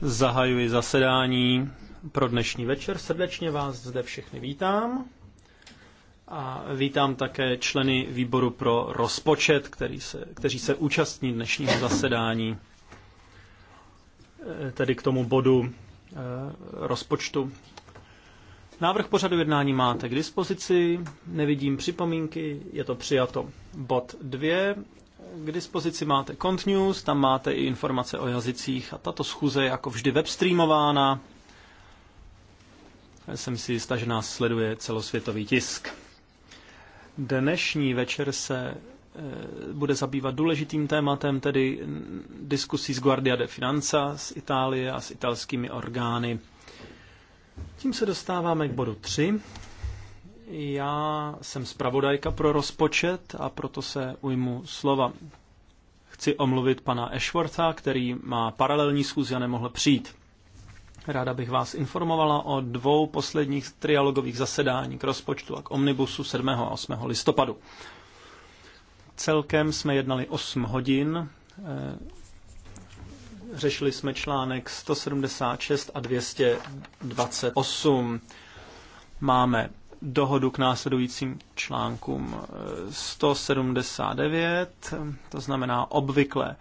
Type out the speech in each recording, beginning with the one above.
Zahajuji zasedání pro dnešní večer. Srdečně vás zde všechny vítám. A vítám také členy výboru pro rozpočet, který se, kteří se účastní dnešního zasedání, eh, tedy k tomu bodu eh, rozpočtu. Návrh pořadu jednání máte k dispozici, nevidím připomínky, je to přijato. Bod 2, k dispozici máte Cont News, tam máte i informace o jazycích a tato schůze je jako vždy webstreamována. Já jsem si jistá, že nás sleduje celosvětový tisk. Dnešní večer se eh, bude zabývat důležitým tématem, tedy diskusí s Guardia de Finanza z Itálie a s italskými orgány. Tím se dostáváme k bodu 3, já jsem zpravodajka pro rozpočet a proto se ujmu slova. Chci omluvit pana Ashwortha, který má paralelní schůzi a nemohl přijít. Ráda bych vás informovala o dvou posledních trialogových zasedání k rozpočtu a k omnibusu 7. a 8. listopadu. Celkem jsme jednali 8 hodin, eh, řešili jsme článek 176 a 228. Máme dohodu k následujícím článkům 179, to znamená obvykle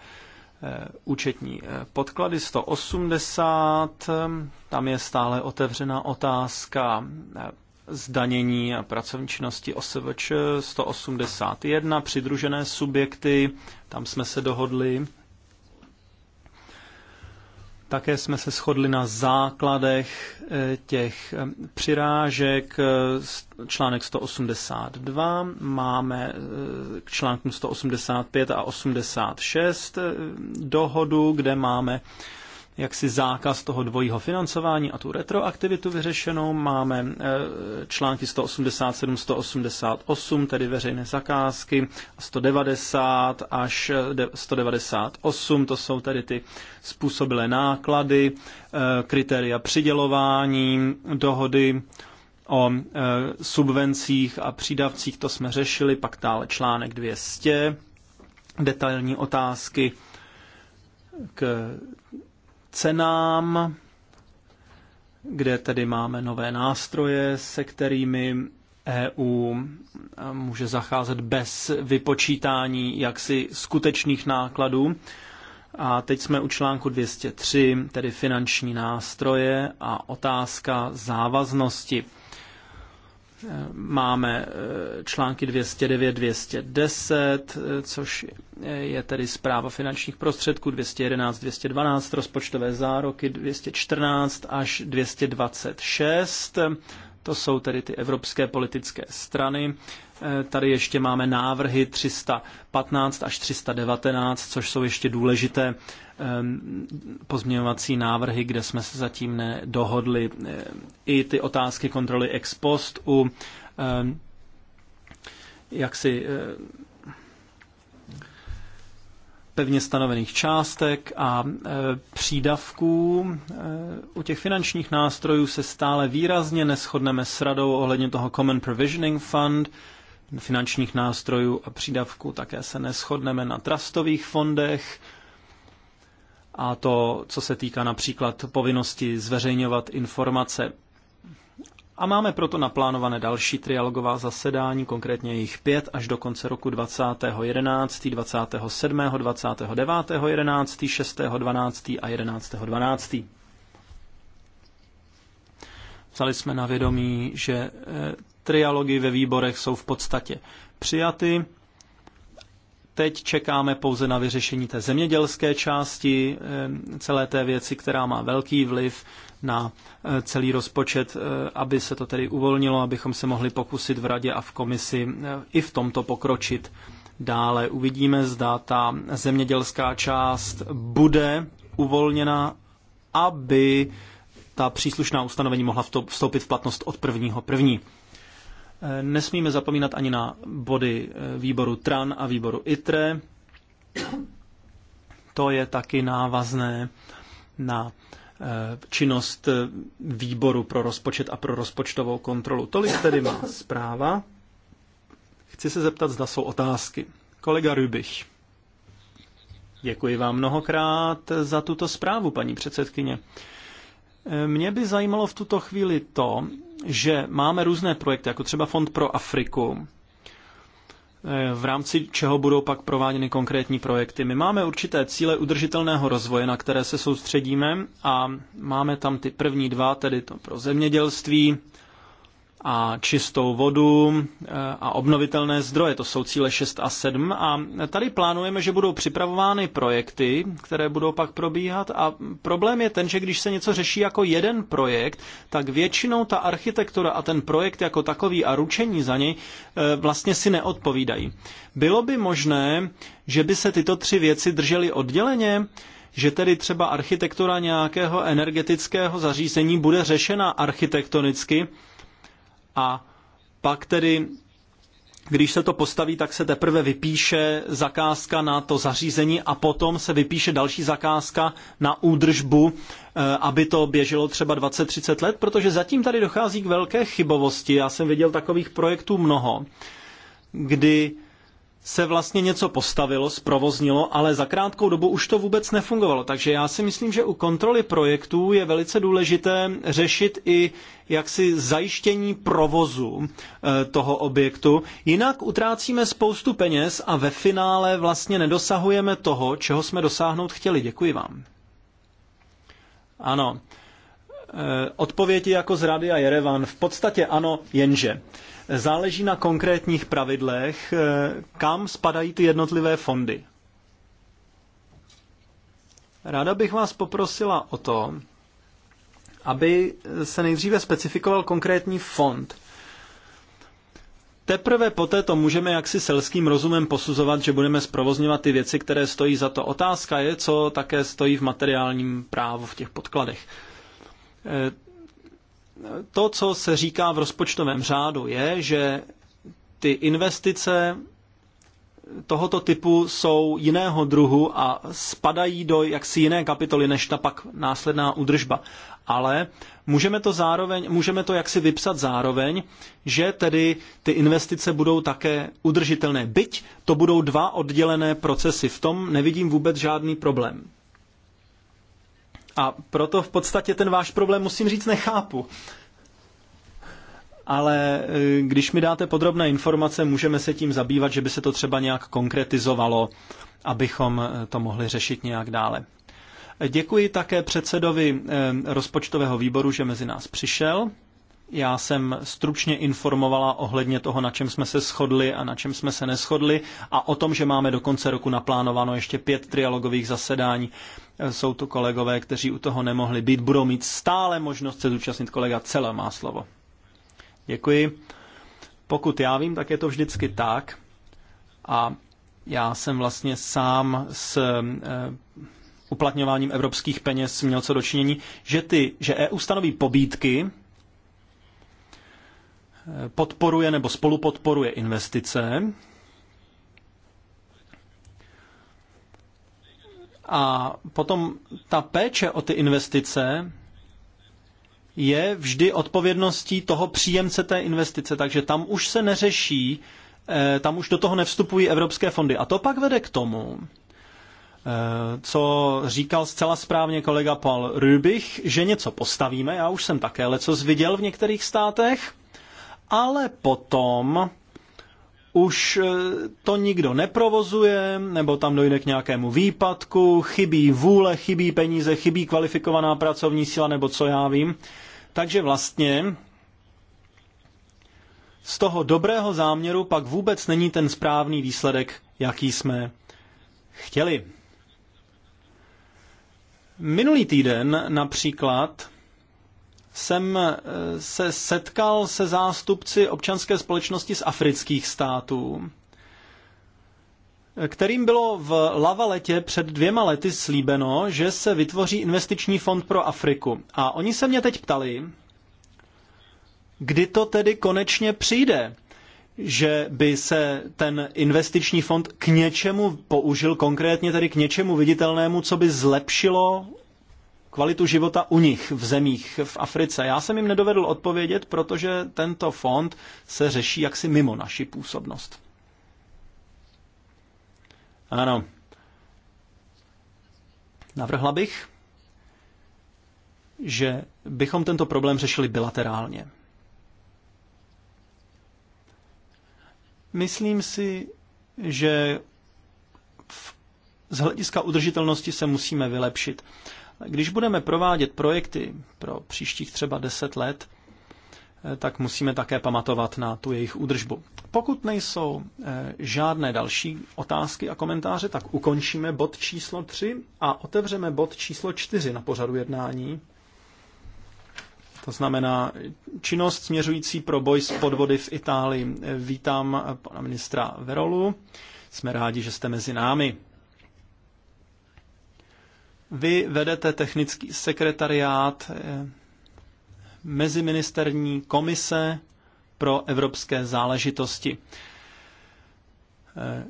eh, účetní eh, podklady 180, tam je stále otevřená otázka eh, zdanění a pracovní činnosti OSVČ 181, přidružené subjekty, tam jsme se dohodli, také jsme se shodli na základech eh, těch eh, přirážek. Eh, článek 182 máme k článkům 185 a 86 dohodu, kde máme jaksi zákaz toho dvojího financování a tu retroaktivitu vyřešenou. Máme eh, články 187, 188, tedy veřejné zakázky, 190 až 198, eh, to jsou tedy ty způsobilé náklady, eh, kritéria přidělování, dohody o subvencích a přídavcích, to jsme řešili, pak dále článek 200, detailní otázky k cenám, kde tedy máme nové nástroje, se kterými EU může zacházet bez vypočítání jaksi skutečných nákladů. A teď jsme u článku 203, tedy finanční nástroje a otázka závaznosti. Máme eh, články 209, 210, eh, což je tedy zpráva finančních prostředků, 211, 212, rozpočtové zároky, 214 až 226. To jsou tedy ty evropské politické strany Eh, tady ještě máme návrhy 315 až 319, což jsou ještě důležité ehm, pozměňovací návrhy, kde jsme se zatím nedohodli. Eh, I ty otázky kontroly ex post u ehm, jaksi eh, pevně stanovených částek a e, přídavků. E, u těch finančních nástrojů se stále výrazně neschodneme s radou ohledně toho Common Provisioning Fund finančních nástrojů a přídavků. Také se neschodneme na trastových fondech a to, co se týká například povinnosti zveřejňovat informace. A máme proto naplánované další trialogová zasedání, konkrétně jich pět až do konce roku 20.11., 27., 29., 11., 6. 12. a 11. 12. Vzali jsme na vědomí, že eh, trialogy ve výborech jsou v podstatě přijaty. Teď čekáme pouze na vyřešení té zemědělské části eh, celé té věci, která má velký vliv na eh, celý rozpočet, eh, aby se to tedy uvolnilo, abychom se mohli pokusit v radě a v komisi i v tomto pokročit. Dále uvidíme, zda ta zemědělská část bude uvolněna, aby ta příslušná ustanovení mohla vstoupit v platnost od prvního první. Nesmíme zapomínat ani na body eh, výboru TRAN a výboru ITRE. To je taky návazné na eh, činnost eh, výboru pro rozpočet a pro rozpočtovou kontrolu. Tolik tedy má zpráva. Chci se zeptat, zda jsou otázky. Kolega Rybich. Děkuji vám mnohokrát za tuto zprávu, paní předsedkyně. Mě by zajímalo v tuto chvíli to, že máme různé projekty, jako třeba Fond pro Afriku, eh, v rámci čeho budou pak prováděny konkrétní projekty. My máme určité cíle udržitelného rozvoje, na které se soustředíme a máme tam ty první dva, tedy to pro zemědělství a čistou vodu e, a obnovitelné zdroje. To jsou cíle 6 a 7. A tady plánujeme, že budou připravovány projekty, které budou pak probíhat. A problém je ten, že když se něco řeší jako jeden projekt, tak většinou ta architektura a ten projekt jako takový a ručení za něj e, vlastně si neodpovídají. Bylo by možné, že by se tyto tři věci držely odděleně? že tedy třeba architektura nějakého energetického zařízení bude řešena architektonicky, a pak tedy když se to postaví, tak se teprve vypíše zakázka na to zařízení a potom se vypíše další zakázka na údržbu, eh, aby to běželo třeba 20-30 let, protože zatím tady dochází k velké chybovosti. Já jsem viděl takových projektů mnoho, kdy se vlastně něco postavilo, zprovoznilo, ale za krátkou dobu už to vůbec nefungovalo. Takže já si myslím, že u kontroly projektů je velice důležité řešit i jaksi zajištění provozu e, toho objektu. Jinak utrácíme spoustu peněz a ve finále vlastně nedosahujeme toho, čeho jsme dosáhnout chtěli. Děkuji vám. Ano. E, Odpovědi jako z Rady a Jerevan. V podstatě ano, jenže. Záleží na konkrétních pravidlech, eh, kam spadají ty jednotlivé fondy. Ráda bych vás poprosila o to, aby se nejdříve specifikoval konkrétní fond. Teprve poté to můžeme jaksi selským rozumem posuzovat, že budeme zprovozňovat ty věci, které stojí za to. Otázka je, co také stojí v materiálním právu v těch podkladech. Eh, to, co se říká v rozpočtovém řádu, je, že ty investice tohoto typu jsou jiného druhu a spadají do jaksi jiné kapitoly než ta pak následná udržba. Ale můžeme to, zároveň, můžeme to jaksi vypsat zároveň, že tedy ty investice budou také udržitelné. Byť to budou dva oddělené procesy. V tom nevidím vůbec žádný problém. A proto v podstatě ten váš problém, musím říct, nechápu. Ale e, když mi dáte podrobné informace, můžeme se tím zabývat, že by se to třeba nějak konkretizovalo, abychom e, to mohli řešit nějak dále. E, děkuji také předsedovi rozpočtového výboru, že mezi nás přišel. Já jsem stručně informovala ohledně toho, na čem jsme se shodli a na čem jsme se neschodli a o tom, že máme do konce roku naplánováno ještě pět trialogových zasedání jsou to kolegové, kteří u toho nemohli být, budou mít stále možnost se zúčastnit. Kolega celé má slovo. Děkuji. Pokud já vím, tak je to vždycky tak. A já jsem vlastně sám s eh, uplatňováním evropských peněz měl co dočinění, že, ty, že EU stanoví pobídky, eh, podporuje nebo spolupodporuje investice, A potom ta péče o ty investice je vždy odpovědností toho příjemce té investice, takže tam už se neřeší, eh, tam už do toho nevstupují evropské fondy. A to pak vede k tomu, eh, co říkal zcela správně kolega Paul Rübich, že něco postavíme, já už jsem také leco zviděl v některých státech, ale potom už eh, to nikdo neprovozuje, nebo tam dojde k nějakému výpadku, chybí vůle, chybí peníze, chybí kvalifikovaná pracovní síla, nebo co já vím. Takže vlastně z toho dobrého záměru pak vůbec není ten správný výsledek, jaký jsme chtěli. Minulý týden například jsem eh, se setkal se zástupci občanské společnosti z afrických států, kterým bylo v Lavaletě před dvěma lety slíbeno, že se vytvoří investiční fond pro Afriku. A oni se mě teď ptali, kdy to tedy konečně přijde, že by se ten investiční fond k něčemu použil, konkrétně tedy k něčemu viditelnému, co by zlepšilo kvalitu života u nich v zemích v Africe. Já jsem jim nedovedl odpovědět, protože tento fond se řeší jaksi mimo naši působnost. Ano. Navrhla bych, že bychom tento problém řešili bilaterálně. Myslím si, že v, z hlediska udržitelnosti se musíme vylepšit. Když budeme provádět projekty pro příštích třeba 10 let, eh, tak musíme také pamatovat na tu jejich údržbu. Pokud nejsou eh, žádné další otázky a komentáře, tak ukončíme bod číslo 3 a otevřeme bod číslo 4 na pořadu jednání. To znamená činnost směřující pro boj s podvody v Itálii. Eh, vítám pana ministra Verolu. Jsme rádi, že jste mezi námi. Vy vedete technický sekretariát eh, Meziministerní komise pro evropské záležitosti. Eh,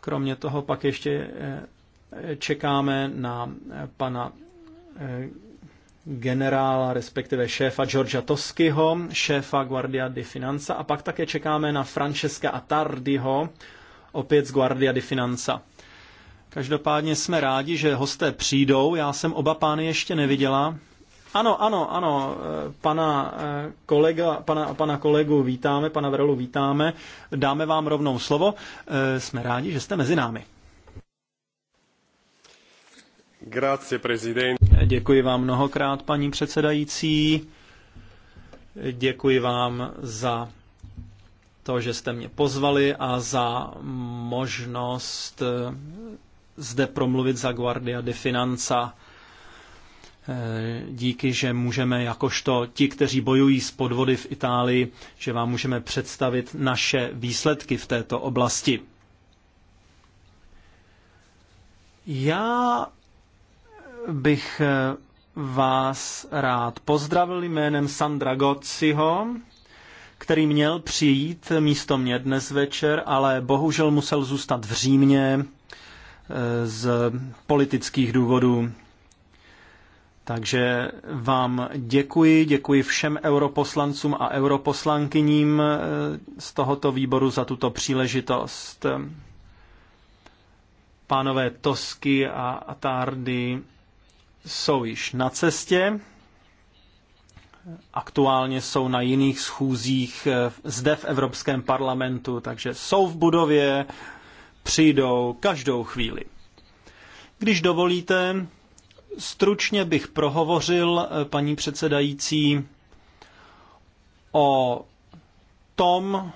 kromě toho pak ještě eh, čekáme na pana generála, respektive šéfa Georgia Toskyho, šéfa Guardia di Finanza a pak také čekáme na Francesca Atardiho, opět z Guardia di Finanza. Každopádně jsme rádi, že hosté přijdou. Já jsem oba pány ještě neviděla. Ano, ano, ano, eh, pana, eh, kolega, pana, pana kolegu vítáme, pana Vrelu vítáme. Dáme vám rovnou slovo. Eh, jsme rádi, že jste mezi námi. Grazie, prezident. Děkuji vám mnohokrát, paní předsedající. Děkuji vám za to, že jste mě pozvali a za možnost zde promluvit za Guardia de financa eh, díky, že můžeme jakožto ti, kteří bojují s podvody v Itálii, že vám můžeme představit naše výsledky v této oblasti. Já bych eh, vás rád pozdravil jménem Sandra Gociho, který měl přijít místo mě dnes večer, ale bohužel musel zůstat v Římě z politických důvodů. Takže vám děkuji, děkuji všem europoslancům a europoslankyním eh, z tohoto výboru za tuto příležitost. Pánové Tosky a Atardy jsou již na cestě. Aktuálně jsou na jiných schůzích eh, zde v Evropském parlamentu, takže jsou v budově, přijdou každou chvíli. Když dovolíte, stručně bych prohovořil, eh, paní předsedající, o tom,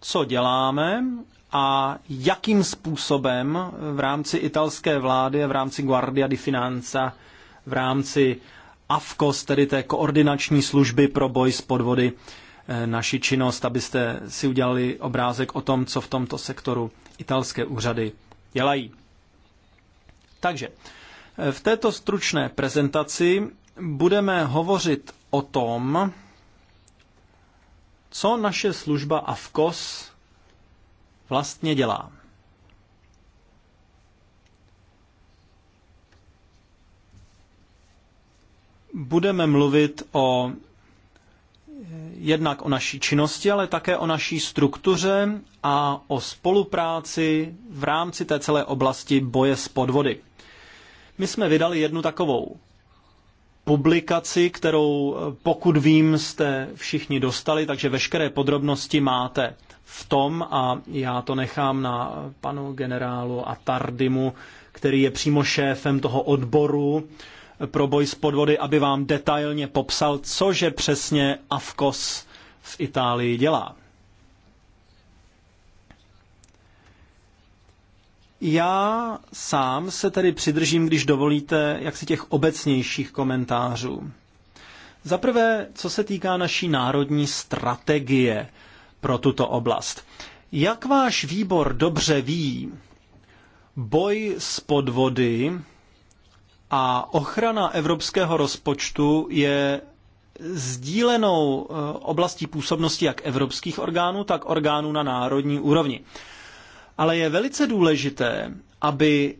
co děláme a jakým způsobem v rámci italské vlády a v rámci Guardia di Finanza, v rámci AFKOS, tedy té koordinační služby pro boj s podvody, Eh, naši činnost, abyste si udělali obrázek o tom, co v tomto sektoru italské úřady dělají. Takže eh, v této stručné prezentaci budeme hovořit o tom, co naše služba AFKOS vlastně dělá. Budeme mluvit o jednak o naší činnosti, ale také o naší struktuře a o spolupráci v rámci té celé oblasti boje s podvody. My jsme vydali jednu takovou publikaci, kterou pokud vím, jste všichni dostali, takže veškeré podrobnosti máte v tom a já to nechám na panu generálu Atardimu, který je přímo šéfem toho odboru pro boj s podvody, aby vám detailně popsal, cože přesně AFKOS v Itálii dělá. Já sám se tedy přidržím, když dovolíte, jak si těch obecnějších komentářů. Za prvé, co se týká naší národní strategie pro tuto oblast. Jak váš výbor dobře ví, boj s podvody a ochrana evropského rozpočtu je sdílenou eh, oblastí působnosti jak evropských orgánů, tak orgánů na národní úrovni. Ale je velice důležité, aby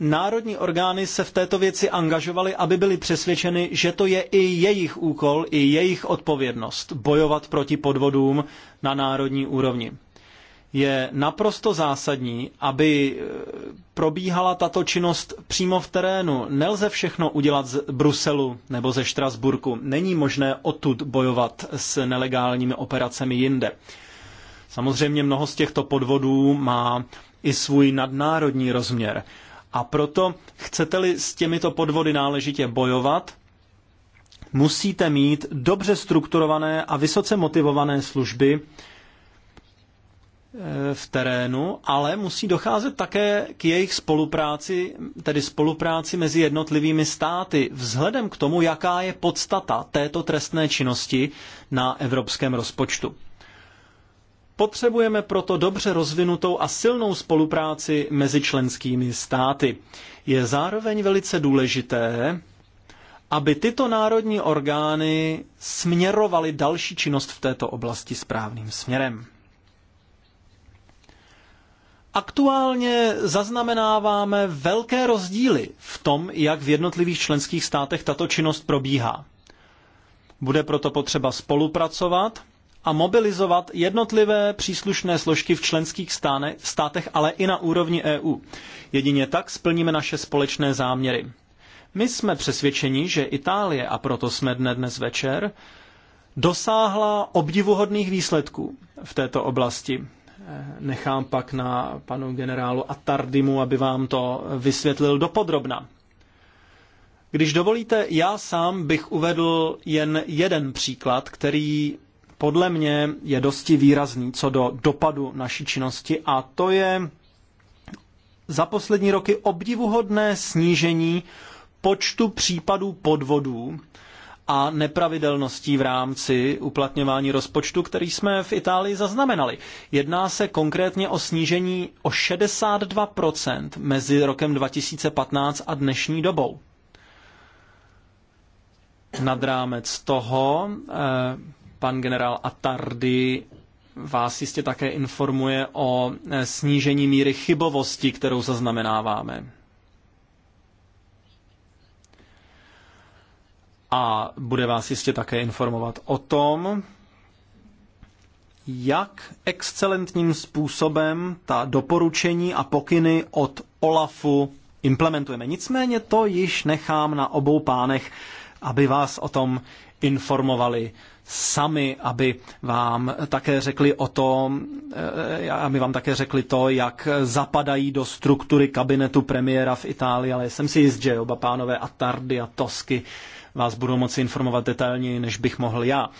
národní orgány se v této věci angažovaly, aby byly přesvědčeny, že to je i jejich úkol, i jejich odpovědnost bojovat proti podvodům na národní úrovni je naprosto zásadní, aby eh, probíhala tato činnost přímo v terénu. Nelze všechno udělat z Bruselu nebo ze Štrasburku. Není možné odtud bojovat s nelegálními operacemi jinde. Samozřejmě mnoho z těchto podvodů má i svůj nadnárodní rozměr. A proto chcete-li s těmito podvody náležitě bojovat, musíte mít dobře strukturované a vysoce motivované služby, Eh, v terénu, ale musí docházet také k jejich spolupráci, tedy spolupráci mezi jednotlivými státy, vzhledem k tomu, jaká je podstata této trestné činnosti na evropském rozpočtu. Potřebujeme proto dobře rozvinutou a silnou spolupráci mezi členskými státy. Je zároveň velice důležité, aby tyto národní orgány směrovaly další činnost v této oblasti správným směrem. Aktuálně zaznamenáváme velké rozdíly v tom, jak v jednotlivých členských státech tato činnost probíhá. Bude proto potřeba spolupracovat a mobilizovat jednotlivé příslušné složky v členských státech, ale i na úrovni EU. Jedině tak splníme naše společné záměry. My jsme přesvědčeni, že Itálie, a proto jsme dne dnes večer, dosáhla obdivuhodných výsledků v této oblasti nechám pak na panu generálu Atardimu, aby vám to vysvětlil dopodrobna. Když dovolíte, já sám bych uvedl jen jeden příklad, který podle mě je dosti výrazný co do dopadu naší činnosti a to je za poslední roky obdivuhodné snížení počtu případů podvodů, a nepravidelností v rámci uplatňování rozpočtu, který jsme v Itálii zaznamenali. Jedná se konkrétně o snížení o 62% mezi rokem 2015 a dnešní dobou. Nad rámec toho eh, pan generál Attardi vás jistě také informuje o eh, snížení míry chybovosti, kterou zaznamenáváme. a bude vás jistě také informovat o tom, jak excelentním způsobem ta doporučení a pokyny od OLAFu implementujeme. Nicméně to již nechám na obou pánech, aby vás o tom informovali sami, aby vám také řekli o tom, eh, aby vám také řekli to, jak zapadají do struktury kabinetu premiéra v Itálii, ale jsem si jist, že oba pánové Atardy a Tosky vás budou moci informovat detailněji, než bych mohl já.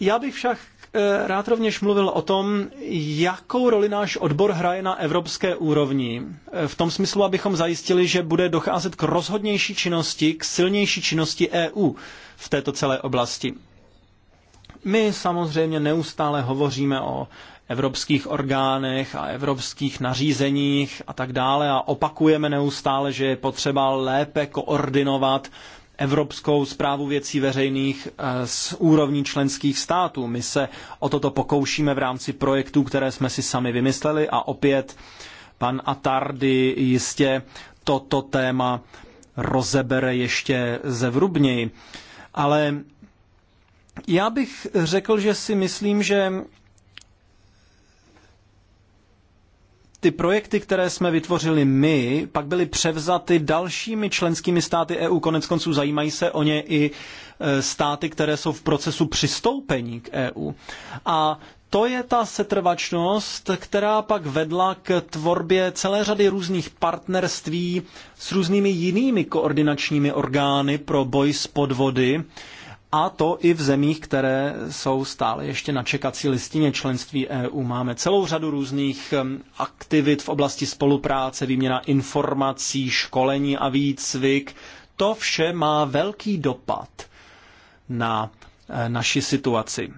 Já bych však eh, rád rovněž mluvil o tom, jakou roli náš odbor hraje na evropské úrovni. Eh, v tom smyslu, abychom zajistili, že bude docházet k rozhodnější činnosti, k silnější činnosti EU v této celé oblasti. My samozřejmě neustále hovoříme o evropských orgánech a evropských nařízeních a tak dále a opakujeme neustále, že je potřeba lépe koordinovat evropskou zprávu věcí veřejných z eh, úrovní členských států. My se o toto pokoušíme v rámci projektů, které jsme si sami vymysleli a opět pan Atardy jistě toto téma rozebere ještě zevrubněji. Ale já bych řekl, že si myslím, že ty projekty, které jsme vytvořili my, pak byly převzaty dalšími členskými státy EU. Konec konců zajímají se o ně i e, státy, které jsou v procesu přistoupení k EU. A to je ta setrvačnost, která pak vedla k tvorbě celé řady různých partnerství s různými jinými koordinačními orgány pro boj s podvody, a to i v zemích, které jsou stále ještě na čekací listině členství EU. Máme celou řadu různých aktivit v oblasti spolupráce, výměna informací, školení a výcvik. To vše má velký dopad na e, naši situaci.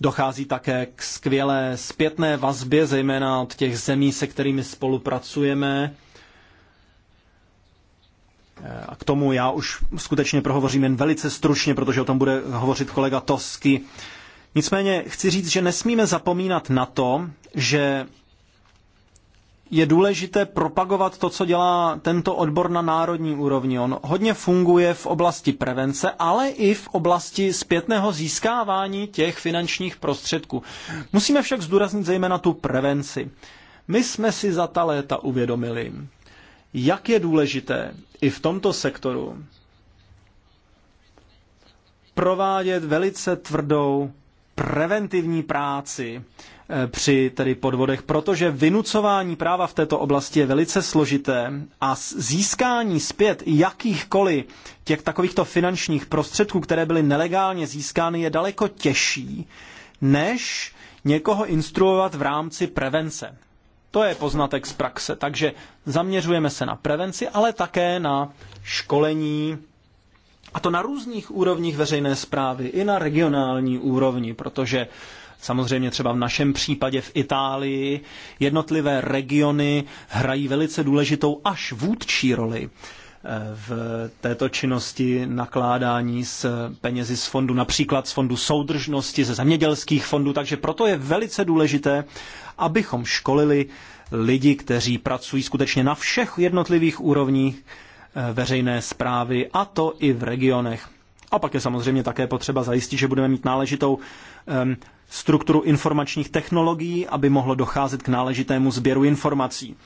Dochází také k skvělé zpětné vazbě, zejména od těch zemí, se kterými spolupracujeme, a k tomu já už skutečně prohovořím jen velice stručně, protože o tom bude hovořit kolega Tosky. Nicméně chci říct, že nesmíme zapomínat na to, že je důležité propagovat to, co dělá tento odbor na národní úrovni. On hodně funguje v oblasti prevence, ale i v oblasti zpětného získávání těch finančních prostředků. Musíme však zdůraznit zejména tu prevenci. My jsme si za ta léta uvědomili, jak je důležité i v tomto sektoru provádět velice tvrdou preventivní práci eh, při tedy podvodech, protože vynucování práva v této oblasti je velice složité a získání zpět jakýchkoliv těch takovýchto finančních prostředků, které byly nelegálně získány, je daleko těžší, než někoho instruovat v rámci prevence. To je poznatek z praxe. Takže zaměřujeme se na prevenci, ale také na školení a to na různých úrovních veřejné zprávy, i na regionální úrovni, protože samozřejmě třeba v našem případě v Itálii jednotlivé regiony hrají velice důležitou až vůdčí roli v této činnosti nakládání s penězi z fondu, například z fondu soudržnosti, ze zemědělských fondů, takže proto je velice důležité, abychom školili lidi, kteří pracují skutečně na všech jednotlivých úrovních eh, veřejné zprávy, a to i v regionech. A pak je samozřejmě také potřeba zajistit, že budeme mít náležitou strukturu informačních technologií, aby mohlo docházet k náležitému sběru informací.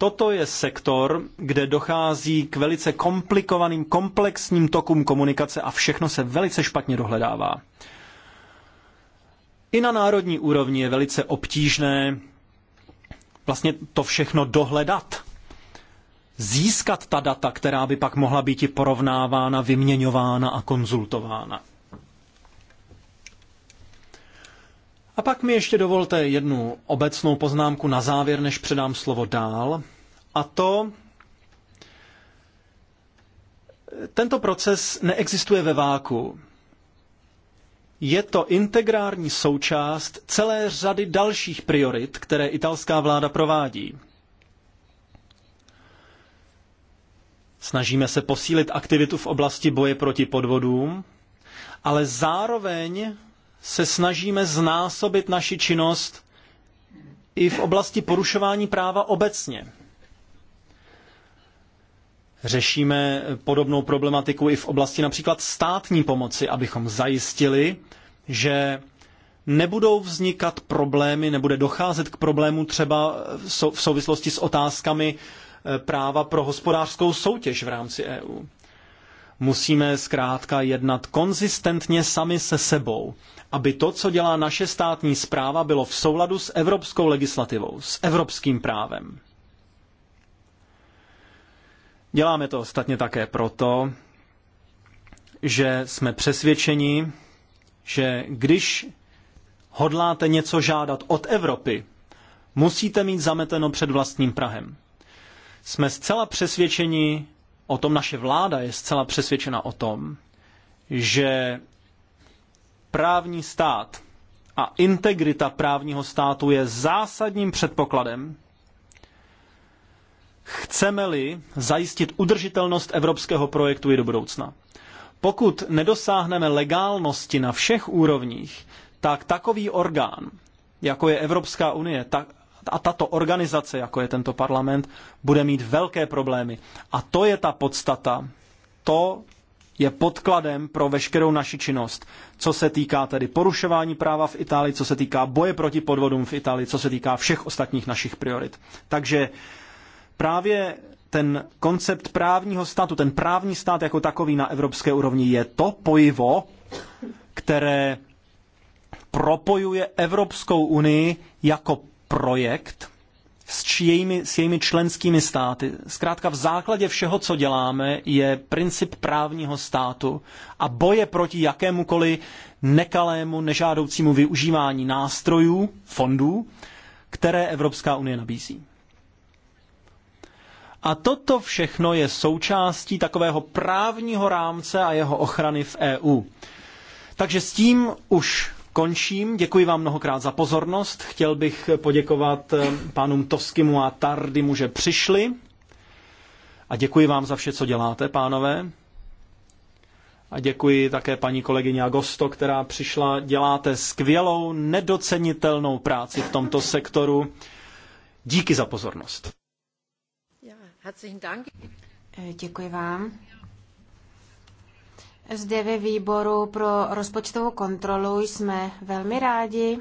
Toto je sektor, kde dochází k velice komplikovaným, komplexním tokům komunikace a všechno se velice špatně dohledává. I na národní úrovni je velice obtížné vlastně to všechno dohledat. Získat ta data, která by pak mohla být i porovnávána, vyměňována a konzultována. A pak mi ještě dovolte jednu obecnou poznámku na závěr, než předám slovo dál. A to, tento proces neexistuje ve váku. Je to integrální součást celé řady dalších priorit, které italská vláda provádí. Snažíme se posílit aktivitu v oblasti boje proti podvodům, ale zároveň se snažíme znásobit naši činnost i v oblasti porušování práva obecně. Řešíme podobnou problematiku i v oblasti například státní pomoci, abychom zajistili, že nebudou vznikat problémy, nebude docházet k problému třeba v souvislosti s otázkami eh, práva pro hospodářskou soutěž v rámci EU. Musíme zkrátka jednat konzistentně sami se sebou, aby to, co dělá naše státní správa, bylo v souladu s evropskou legislativou, s evropským právem. Děláme to ostatně také proto, že jsme přesvědčeni, že když hodláte něco žádat od Evropy, musíte mít zameteno před vlastním Prahem. Jsme zcela přesvědčeni, o tom naše vláda je zcela přesvědčena o tom, že právní stát a integrita právního státu je zásadním předpokladem, chceme-li zajistit udržitelnost evropského projektu i do budoucna. Pokud nedosáhneme legálnosti na všech úrovních, tak takový orgán, jako je Evropská unie, tak a tato organizace, jako je tento parlament, bude mít velké problémy. A to je ta podstata. To je podkladem pro veškerou naši činnost. Co se týká tedy porušování práva v Itálii, co se týká boje proti podvodům v Itálii, co se týká všech ostatních našich priorit. Takže právě ten koncept právního státu, ten právní stát jako takový na evropské úrovni je to pojivo, které propojuje Evropskou unii jako projekt s, čijimi, s jejími členskými státy. Zkrátka v základě všeho, co děláme, je princip právního státu a boje proti jakémukoli nekalému, nežádoucímu využívání nástrojů, fondů, které Evropská unie nabízí. A toto všechno je součástí takového právního rámce a jeho ochrany v EU. Takže s tím už končím. Děkuji vám mnohokrát za pozornost. Chtěl bych poděkovat eh, pánům Toskimu a Tardymu, že přišli. A děkuji vám za vše, co děláte, pánové. A děkuji také paní kolegyně Agosto, která přišla. Děláte skvělou, nedocenitelnou práci v tomto sektoru. Díky za pozornost. Děkuji vám. Zde ve výboru pro rozpočtovou kontrolu jsme velmi rádi,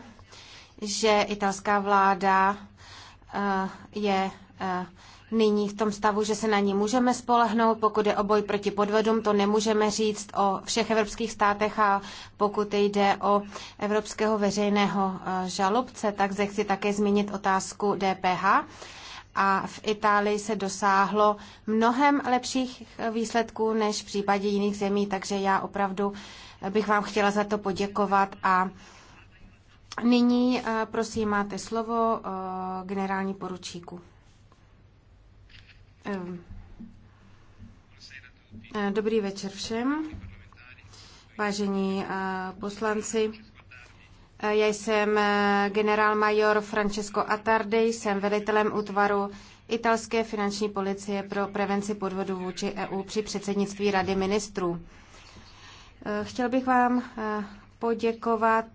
že italská vláda eh, je eh, nyní v tom stavu, že se na ní můžeme spolehnout. Pokud je oboj proti podvodům, to nemůžeme říct o všech evropských státech a pokud jde o evropského veřejného eh, žalobce, tak zde chci také zmínit otázku DPH a v Itálii se dosáhlo mnohem lepších výsledků než v případě jiných zemí, takže já opravdu bych vám chtěla za to poděkovat a nyní eh, prosím máte slovo eh, generální poručíku. Eh, dobrý večer všem, vážení poslanci. Já jsem eh, generálmajor Francesco Attardi, jsem velitelem útvaru italské finanční policie pro prevenci podvodu vůči EU při předsednictví Rady ministrů. Eh, chtěl bych vám eh, poděkovat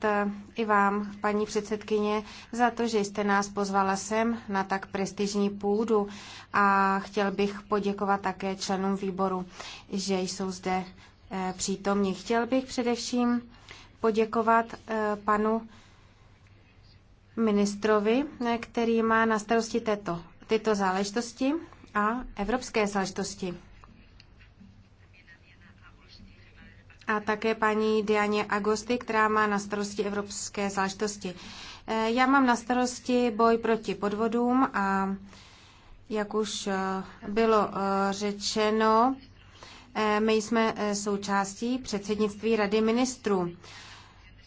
i vám, paní předsedkyně, za to, že jste nás pozvala sem na tak prestižní půdu a chtěl bych poděkovat také členům výboru, že jsou zde přítomní. Chtěl bych především poděkovat eh, panu ministrovi, eh, který má na starosti této, tyto záležitosti a evropské záležitosti. A také paní Dianě Agosty, která má na starosti evropské záležitosti. Eh, já mám na starosti boj proti podvodům a jak už bylo řečeno, my jsme součástí předsednictví Rady ministrů.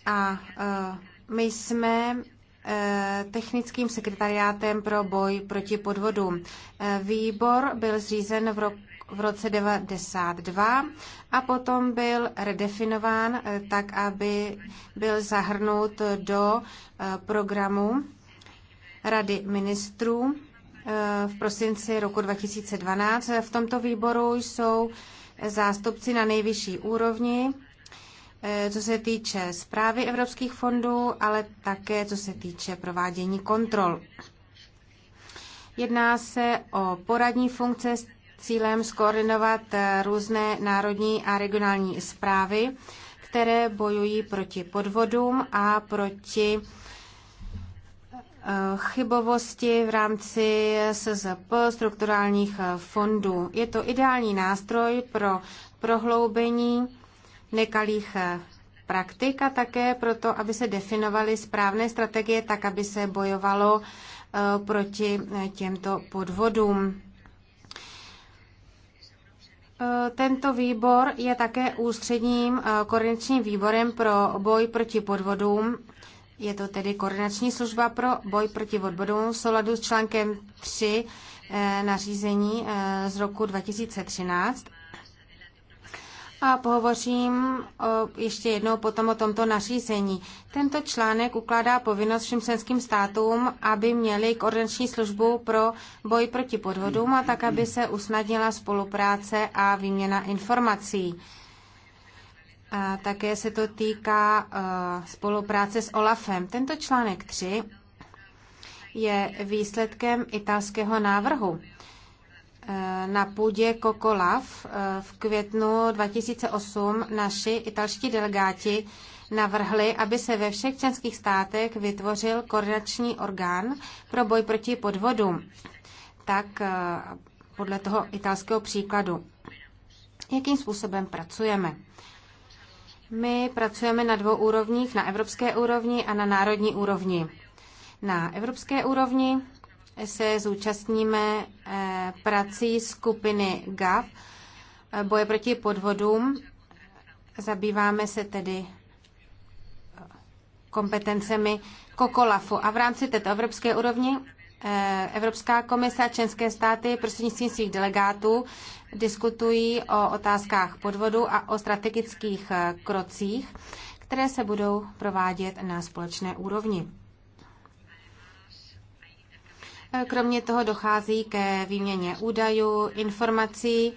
A eh, my jsme eh, technickým sekretariátem pro boj proti podvodům. Eh, výbor byl zřízen v roku v roce 92 a potom byl redefinován tak, aby byl zahrnut do programu Rady ministrů v prosinci roku 2012. V tomto výboru jsou zástupci na nejvyšší úrovni Eh, co se týče zprávy evropských fondů, ale také co se týče provádění kontrol. Jedná se o poradní funkce s cílem skoordinovat eh, různé národní a regionální zprávy, které bojují proti podvodům a proti eh, chybovosti v rámci SZP strukturálních fondů. Je to ideální nástroj pro prohloubení nekalých eh, praktik a také proto, aby se definovaly správné strategie tak, aby se bojovalo eh, proti eh, těmto podvodům. Tento výbor je také ústředním koordinačním výborem pro boj proti podvodům. Je to tedy koordinační služba pro boj proti podvodům v souladu s článkem 3 nařízení z roku 2013 a pohovořím o, ještě jednou potom o tomto nařízení. Tento článek ukládá povinnost všem členským státům, aby měli koordinační službu pro boj proti podvodům a tak, aby se usnadnila spolupráce a výměna informací. A také se to týká uh, spolupráce s OLAFem. Tento článek 3 je výsledkem italského návrhu Eh, na půdě Kokolav eh, v květnu 2008 naši italští delegáti navrhli, aby se ve všech členských státech vytvořil koordinační orgán pro boj proti podvodům. Tak eh, podle toho italského příkladu. Jakým způsobem pracujeme? My pracujeme na dvou úrovních, na evropské úrovni a na národní úrovni. Na evropské úrovni se zúčastníme eh, prací skupiny GAF, eh, boje proti podvodům. Zabýváme se tedy eh, kompetencemi Kokolafu. A v rámci této evropské úrovni Evropská komise a členské státy prostřednictvím svých delegátů diskutují o otázkách podvodu a o strategických krocích, které se budou provádět na společné úrovni. Kromě toho dochází ke výměně údajů, informací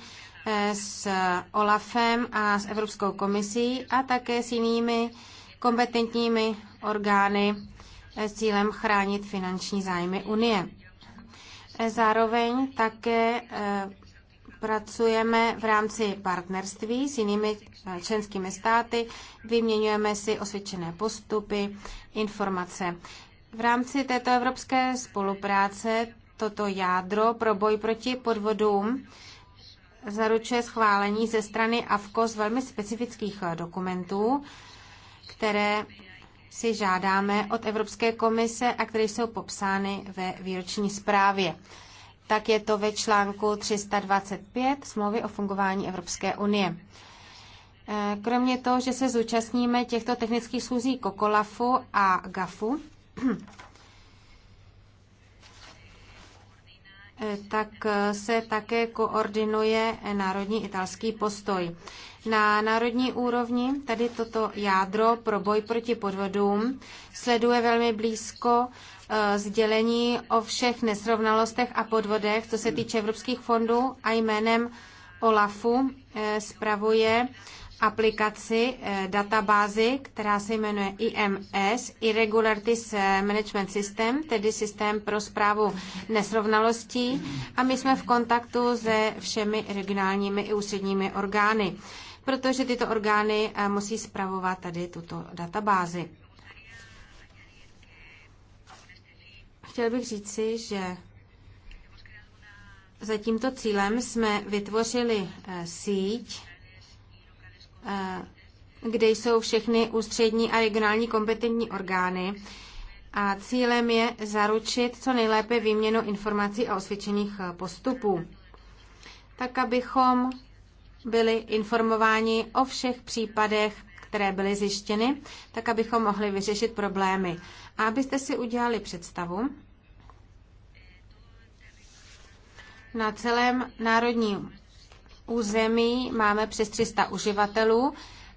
eh, s OLAFem a s Evropskou komisí a také s jinými kompetentními orgány s cílem chránit finanční zájmy Unie. Eh, zároveň také eh, pracujeme v rámci partnerství s jinými členskými státy, vyměňujeme si osvědčené postupy, informace. V rámci této evropské spolupráce toto jádro pro boj proti podvodům zaručuje schválení ze strany Afkos z velmi specifických eh, dokumentů, které si žádáme od Evropské komise a které jsou popsány ve výroční zprávě. Tak je to ve článku 325 smlouvy o fungování Evropské unie. Eh, kromě toho, že se zúčastníme těchto technických schůzí Kokolafu a GAFu, tak se také koordinuje národní italský postoj. Na národní úrovni tady toto jádro pro boj proti podvodům sleduje velmi blízko eh, sdělení o všech nesrovnalostech a podvodech, co se týče evropských fondů a jménem OLAFu eh, spravuje aplikaci, eh, databázi, která se jmenuje IMS, Irregularities eh, Management System, tedy systém pro zprávu nesrovnalostí a my jsme v kontaktu se všemi regionálními i ústředními orgány, protože tyto orgány eh, musí zpravovat tady tuto databázi. Chtěl bych říci, že za tímto cílem jsme vytvořili síť Eh, kde jsou všechny ústřední a regionální kompetentní orgány. A cílem je zaručit co nejlépe výměnu informací a osvědčených eh, postupů, tak abychom byli informováni o všech případech, které byly zjištěny, tak abychom mohli vyřešit problémy. A abyste si udělali představu, na celém národním území máme přes 300 uživatelů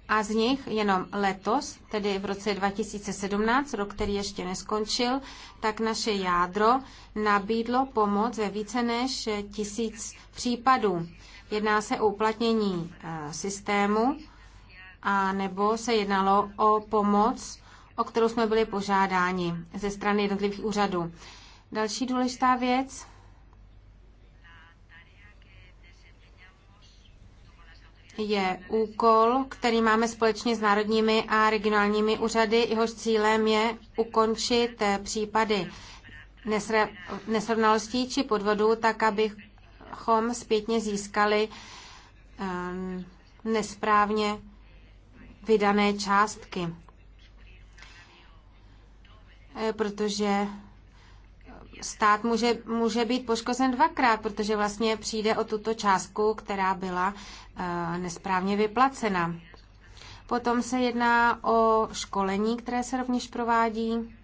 a z nich jenom letos, tedy v roce 2017, rok, který ještě neskončil, tak naše jádro nabídlo pomoc ve více než tisíc případů. Jedná se o uplatnění eh, systému a nebo se jednalo o pomoc, o kterou jsme byli požádáni ze strany jednotlivých úřadů. Další důležitá věc je úkol, který máme společně s národními a regionálními úřady. Jehož cílem je ukončit eh, případy nesrovnalostí či podvodů, tak abychom zpětně získali ehm, nesprávně vydané částky. Eh, protože stát může, může být poškozen dvakrát, protože vlastně přijde o tuto částku, která byla eh, nesprávně vyplacena. Potom se jedná o školení, které se rovněž provádí.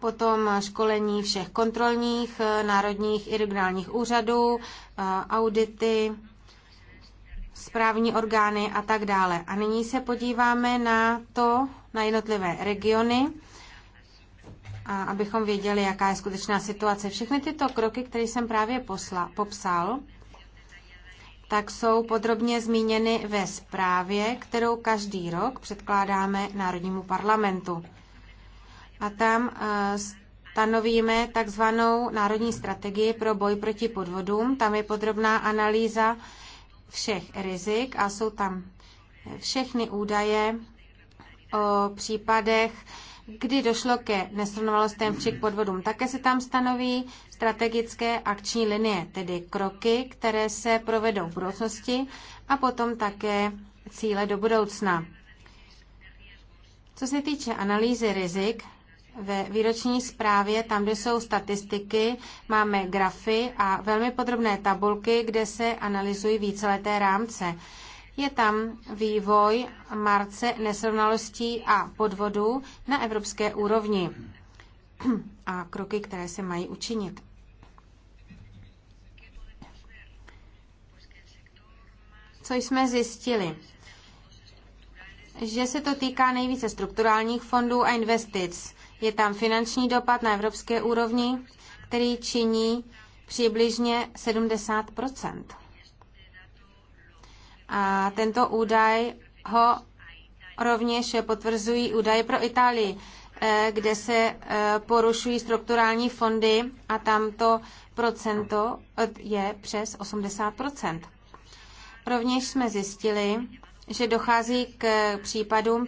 Potom školení všech kontrolních, eh, národních i regionálních úřadů, eh, audity, správní orgány a tak dále. A nyní se podíváme na to, na jednotlivé regiony a abychom věděli, jaká je skutečná situace. Všechny tyto kroky, které jsem právě posla, popsal, tak jsou podrobně zmíněny ve zprávě, kterou každý rok předkládáme Národnímu parlamentu. A tam eh, stanovíme takzvanou národní strategii pro boj proti podvodům. Tam je podrobná analýza všech rizik a jsou tam všechny údaje o případech kdy došlo ke nesrovnalostem či k podvodům. Také se tam stanoví strategické akční linie, tedy kroky, které se provedou v budoucnosti a potom také cíle do budoucna. Co se týče analýzy rizik, ve výroční zprávě, tam, kde jsou statistiky, máme grafy a velmi podrobné tabulky, kde se analyzují víceleté rámce. Je tam vývoj marce nesrovnalostí a podvodů na evropské úrovni a kroky, které se mají učinit. Co jsme zjistili? Že se to týká nejvíce strukturálních fondů a investic. Je tam finanční dopad na evropské úrovni, který činí přibližně 70 a tento údaj ho rovněž potvrzují údaje pro Itálii, eh, kde se eh, porušují strukturální fondy a tam to procento eh, je přes 80 Rovněž jsme zjistili, že dochází k případům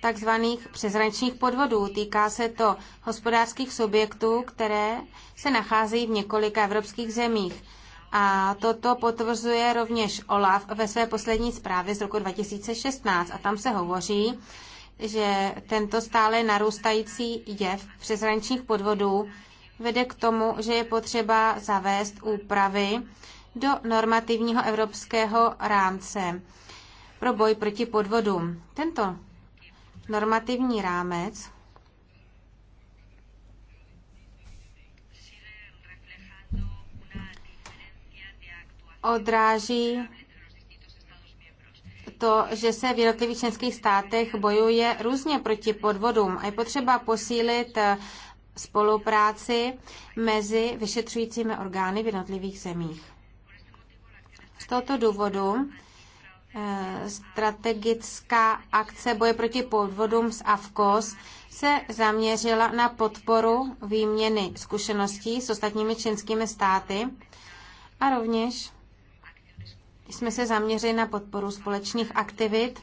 takzvaných přezrančních podvodů. Týká se to hospodářských subjektů, které se nacházejí v několika evropských zemích. A toto potvrzuje rovněž OLAF ve své poslední zprávě z roku 2016 a tam se hovoří, že tento stále narůstající jev přeshraničních podvodů vede k tomu, že je potřeba zavést úpravy do normativního evropského rámce pro boj proti podvodům. Tento normativní rámec odráží to, že se v jednotlivých členských státech bojuje různě proti podvodům a je potřeba posílit eh, spolupráci mezi vyšetřujícími orgány v jednotlivých zemích. Z tohoto důvodu eh, strategická akce boje proti podvodům z AFKOS se zaměřila na podporu výměny zkušeností s ostatními členskými státy a rovněž jsme se zaměřili na podporu společných aktivit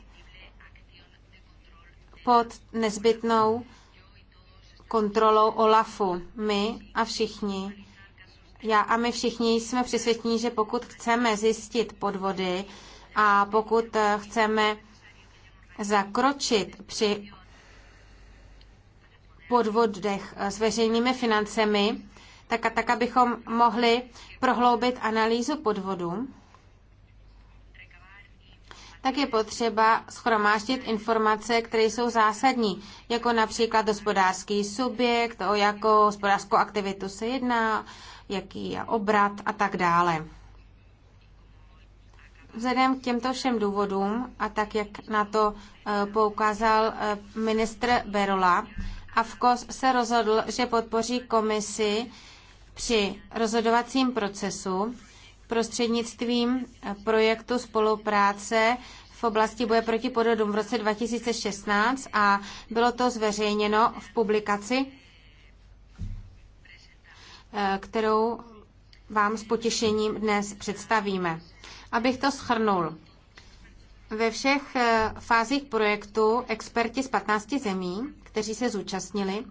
pod nezbytnou kontrolou OLAFu. My a všichni. Já a my všichni jsme přesvědčeni, že pokud chceme zjistit podvody a pokud eh, chceme zakročit při podvodech eh, s veřejnými financemi, tak a tak, abychom mohli prohloubit analýzu podvodu, tak je potřeba schromáždit informace, které jsou zásadní, jako například hospodářský subjekt, o jakou hospodářskou aktivitu se jedná, jaký je obrat a tak dále. Vzhledem k těmto všem důvodům a tak, jak na to eh, poukázal eh, ministr Berola, AFKOS se rozhodl, že podpoří komisi při rozhodovacím procesu prostřednictvím projektu spolupráce v oblasti boje proti podvodům v roce 2016 a bylo to zveřejněno v publikaci, eh, kterou vám s potěšením dnes představíme. Abych to schrnul. Ve všech eh, fázích projektu experti z 15 zemí, kteří se zúčastnili,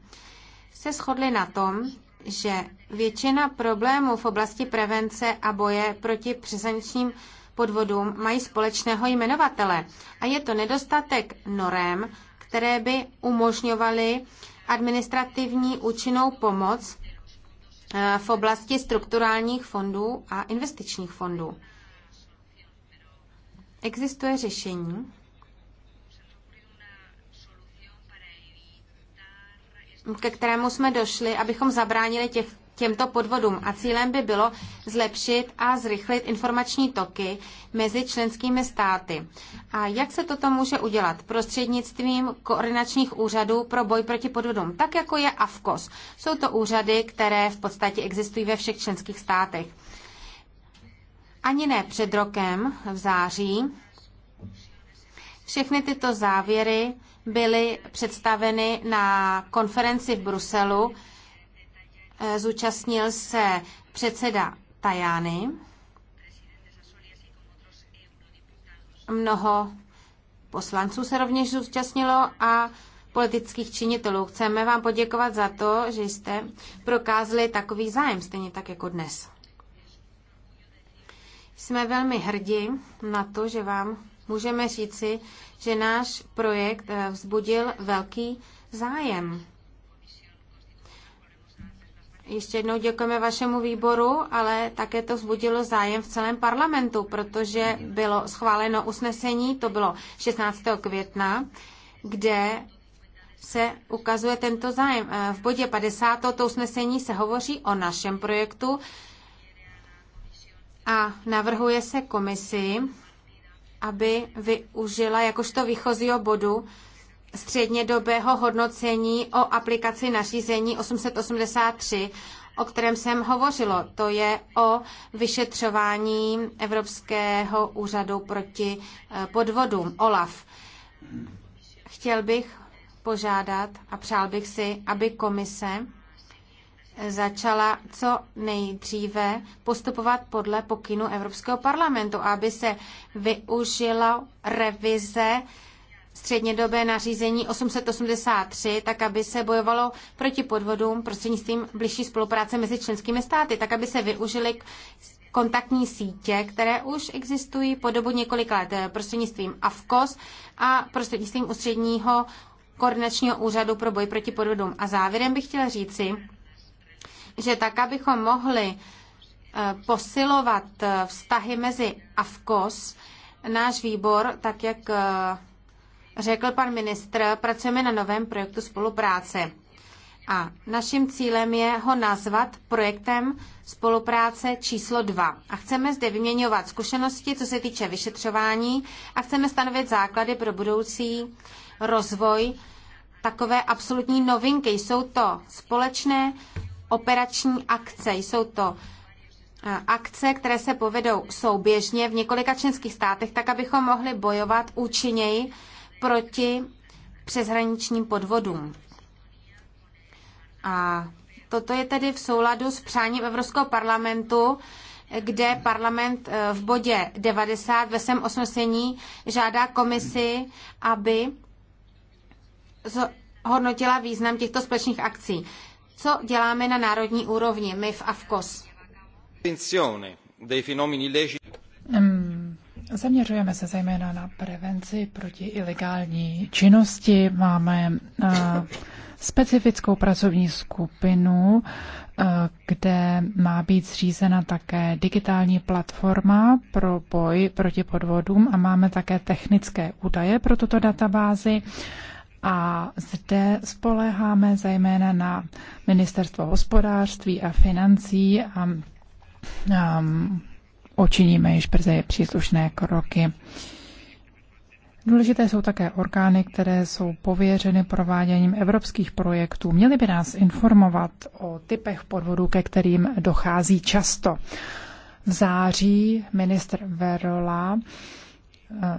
se shodli na tom, že většina problémů v oblasti prevence a boje proti přeshraničním podvodům mají společného jmenovatele a je to nedostatek norem, které by umožňovaly administrativní účinnou pomoc eh, v oblasti strukturálních fondů a investičních fondů. Existuje řešení, ke kterému jsme došli, abychom zabránili těch, těmto podvodům. A cílem by bylo zlepšit a zrychlit informační toky mezi členskými státy. A jak se toto může udělat? Prostřednictvím koordinačních úřadů pro boj proti podvodům, tak jako je AFKOS. Jsou to úřady, které v podstatě existují ve všech členských státech. Ani ne před rokem, v září, všechny tyto závěry byly představeny na konferenci v Bruselu. E, zúčastnil se předseda Tajány, mnoho poslanců se rovněž zúčastnilo a politických činitelů. Chceme vám poděkovat za to, že jste prokázali takový zájem, stejně tak jako dnes. Jsme velmi hrdí na to, že vám můžeme říci, že náš projekt eh, vzbudil velký zájem. Ještě jednou děkujeme vašemu výboru, ale také to vzbudilo zájem v celém parlamentu, protože bylo schváleno usnesení, to bylo 16. května, kde se ukazuje tento zájem. Eh, v bodě 50. to usnesení se hovoří o našem projektu a navrhuje se komisi, aby využila jakožto výchozího bodu střednědobého hodnocení o aplikaci nařízení 883, o kterém jsem hovořilo. To je o vyšetřování Evropského úřadu proti eh, podvodům, OLAF. Chtěl bych požádat a přál bych si, aby komise začala co nejdříve postupovat podle pokynu Evropského parlamentu, aby se využila revize střednědobé nařízení 883, tak aby se bojovalo proti podvodům prostřednictvím blížší spolupráce mezi členskými státy, tak aby se využili kontaktní sítě, které už existují po dobu několik let eh, prostřednictvím AFKOS a prostřednictvím ústředního koordinačního úřadu pro boj proti podvodům. A závěrem bych chtěla říci, že tak, abychom mohli eh, posilovat eh, vztahy mezi AFKOS, náš výbor, tak jak eh, řekl pan ministr, pracujeme na novém projektu spolupráce. A naším cílem je ho nazvat projektem spolupráce číslo 2. A chceme zde vyměňovat zkušenosti, co se týče vyšetřování a chceme stanovit základy pro budoucí rozvoj takové absolutní novinky. Jsou to společné operační akce. Jsou to eh, akce, které se povedou souběžně v několika členských státech, tak abychom mohli bojovat účinněji proti přeshraničním podvodům. A toto je tedy v souladu s přáním Evropského parlamentu, kde parlament eh, v bodě 90 ve svém osnesení žádá komisi, aby hodnotila význam těchto společných akcí co děláme na národní úrovni, my v AFKOS. Um, zaměřujeme se zejména na prevenci proti ilegální činnosti. Máme uh, specifickou pracovní skupinu, eh, kde má být zřízena také digitální platforma pro boj proti podvodům a máme také technické údaje pro tuto databázi. A zde spoleháme zejména na ministerstvo hospodářství a financí a um, očiníme již brzy příslušné kroky. Důležité jsou také orgány, které jsou pověřeny prováděním evropských projektů. Měly by nás informovat o typech podvodů, ke kterým dochází často. V září ministr Verola eh,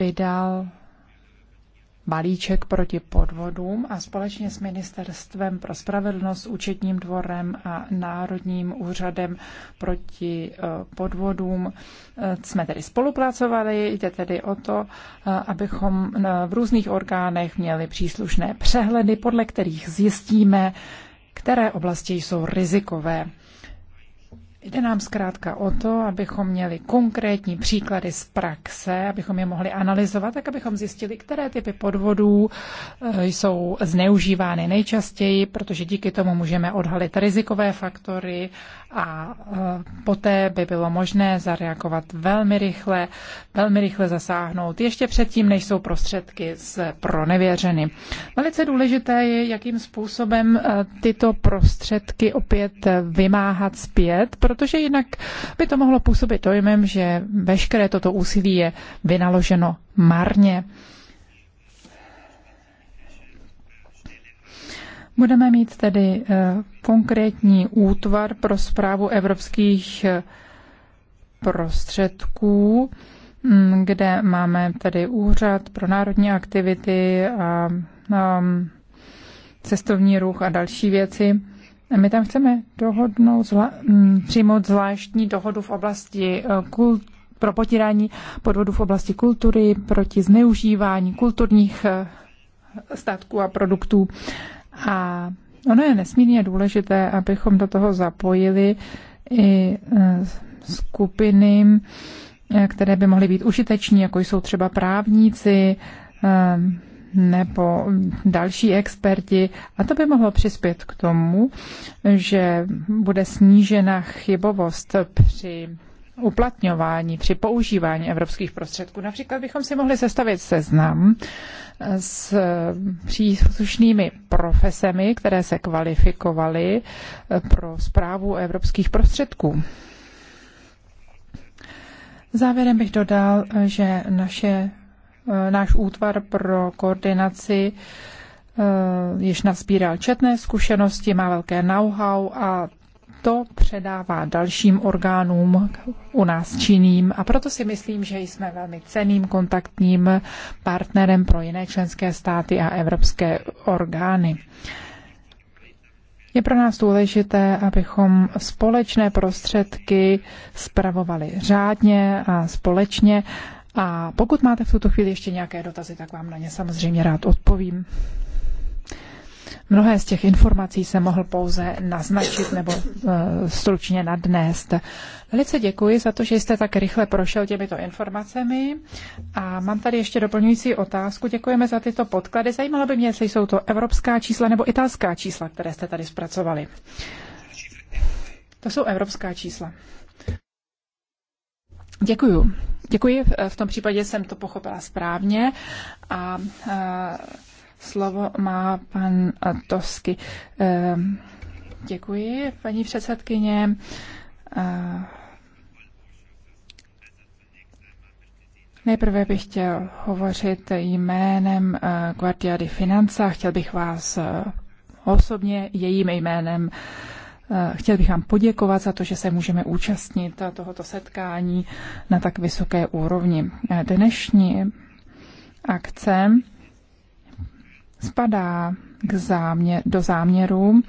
vydal balíček proti podvodům a společně s Ministerstvem pro spravedlnost, účetním dvorem a Národním úřadem proti eh, podvodům eh, jsme tedy spolupracovali. Jde tedy o to, eh, abychom v různých orgánech měli příslušné přehledy, podle kterých zjistíme, které oblasti jsou rizikové. Jde nám zkrátka o to, abychom měli konkrétní příklady z praxe, abychom je mohli analyzovat, tak abychom zjistili, které typy podvodů eh, jsou zneužívány nejčastěji, protože díky tomu můžeme odhalit rizikové faktory a e, poté by bylo možné zareagovat velmi rychle, velmi rychle zasáhnout ještě předtím, než jsou prostředky pronevěřeny. Velice důležité je, jakým způsobem e, tyto prostředky opět vymáhat zpět, protože jinak by to mohlo působit dojmem, že veškeré toto úsilí je vynaloženo marně. Budeme mít tedy eh, konkrétní útvar pro zprávu evropských eh, prostředků, mm, kde máme tedy úřad pro národní aktivity a um, cestovní ruch a další věci. My tam chceme dohodnout, zla, mm, přijmout zvláštní dohodu v oblasti eh, kult, pro potírání podvodů v oblasti kultury, proti zneužívání kulturních statků a produktů. A ono je nesmírně důležité, abychom do toho zapojili i e, skupiny, e, které by mohly být užiteční, jako jsou třeba právníci e, nebo další experti. A to by mohlo přispět k tomu, že bude snížena chybovost při uplatňování, při používání evropských prostředků. Například bychom si mohli sestavit seznam s příslušnými profesemi, které se kvalifikovaly pro zprávu evropských prostředků. Závěrem bych dodal, že naše, náš útvar pro koordinaci eh, již nazbíral četné zkušenosti, má velké know-how a to předává dalším orgánům u nás činným a proto si myslím, že jsme velmi ceným kontaktním partnerem pro jiné členské státy a evropské orgány. Je pro nás důležité, abychom společné prostředky spravovali řádně a společně. A pokud máte v tuto chvíli ještě nějaké dotazy, tak vám na ně samozřejmě rád odpovím. Mnohé z těch informací se mohl pouze naznačit nebo eh, stručně nadnést. Velice děkuji za to, že jste tak rychle prošel těmito informacemi. A mám tady ještě doplňující otázku. Děkujeme za tyto podklady. Zajímalo by mě, jestli jsou to evropská čísla nebo italská čísla, které jste tady zpracovali. To jsou evropská čísla. Děkuji. Děkuji, v tom případě jsem to pochopila správně. A, a eh, Slovo má pan Tosky. Ehm, děkuji, paní předsedkyně. Ehm, nejprve bych chtěl hovořit jménem eh, Guardia di Finanza. Chtěl bych vás eh, osobně jejím jménem eh, Chtěl bych vám poděkovat za to, že se můžeme účastnit tohoto setkání na tak vysoké úrovni. Dnešní akce spadá k zámě, do záměru,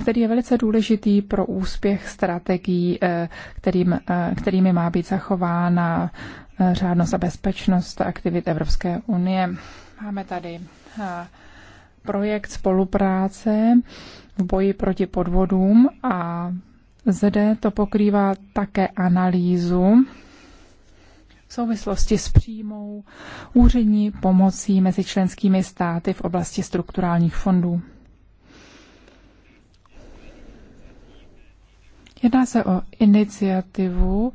který je velice důležitý pro úspěch strategií, eh, kterým, eh, kterými má být zachována eh, řádnost a bezpečnost aktivit Evropské unie. Máme tady projekt spolupráce v boji proti podvodům a zde to pokrývá také analýzu v souvislosti s přímou úřední pomocí mezi členskými státy v oblasti strukturálních fondů. Jedná se o iniciativu,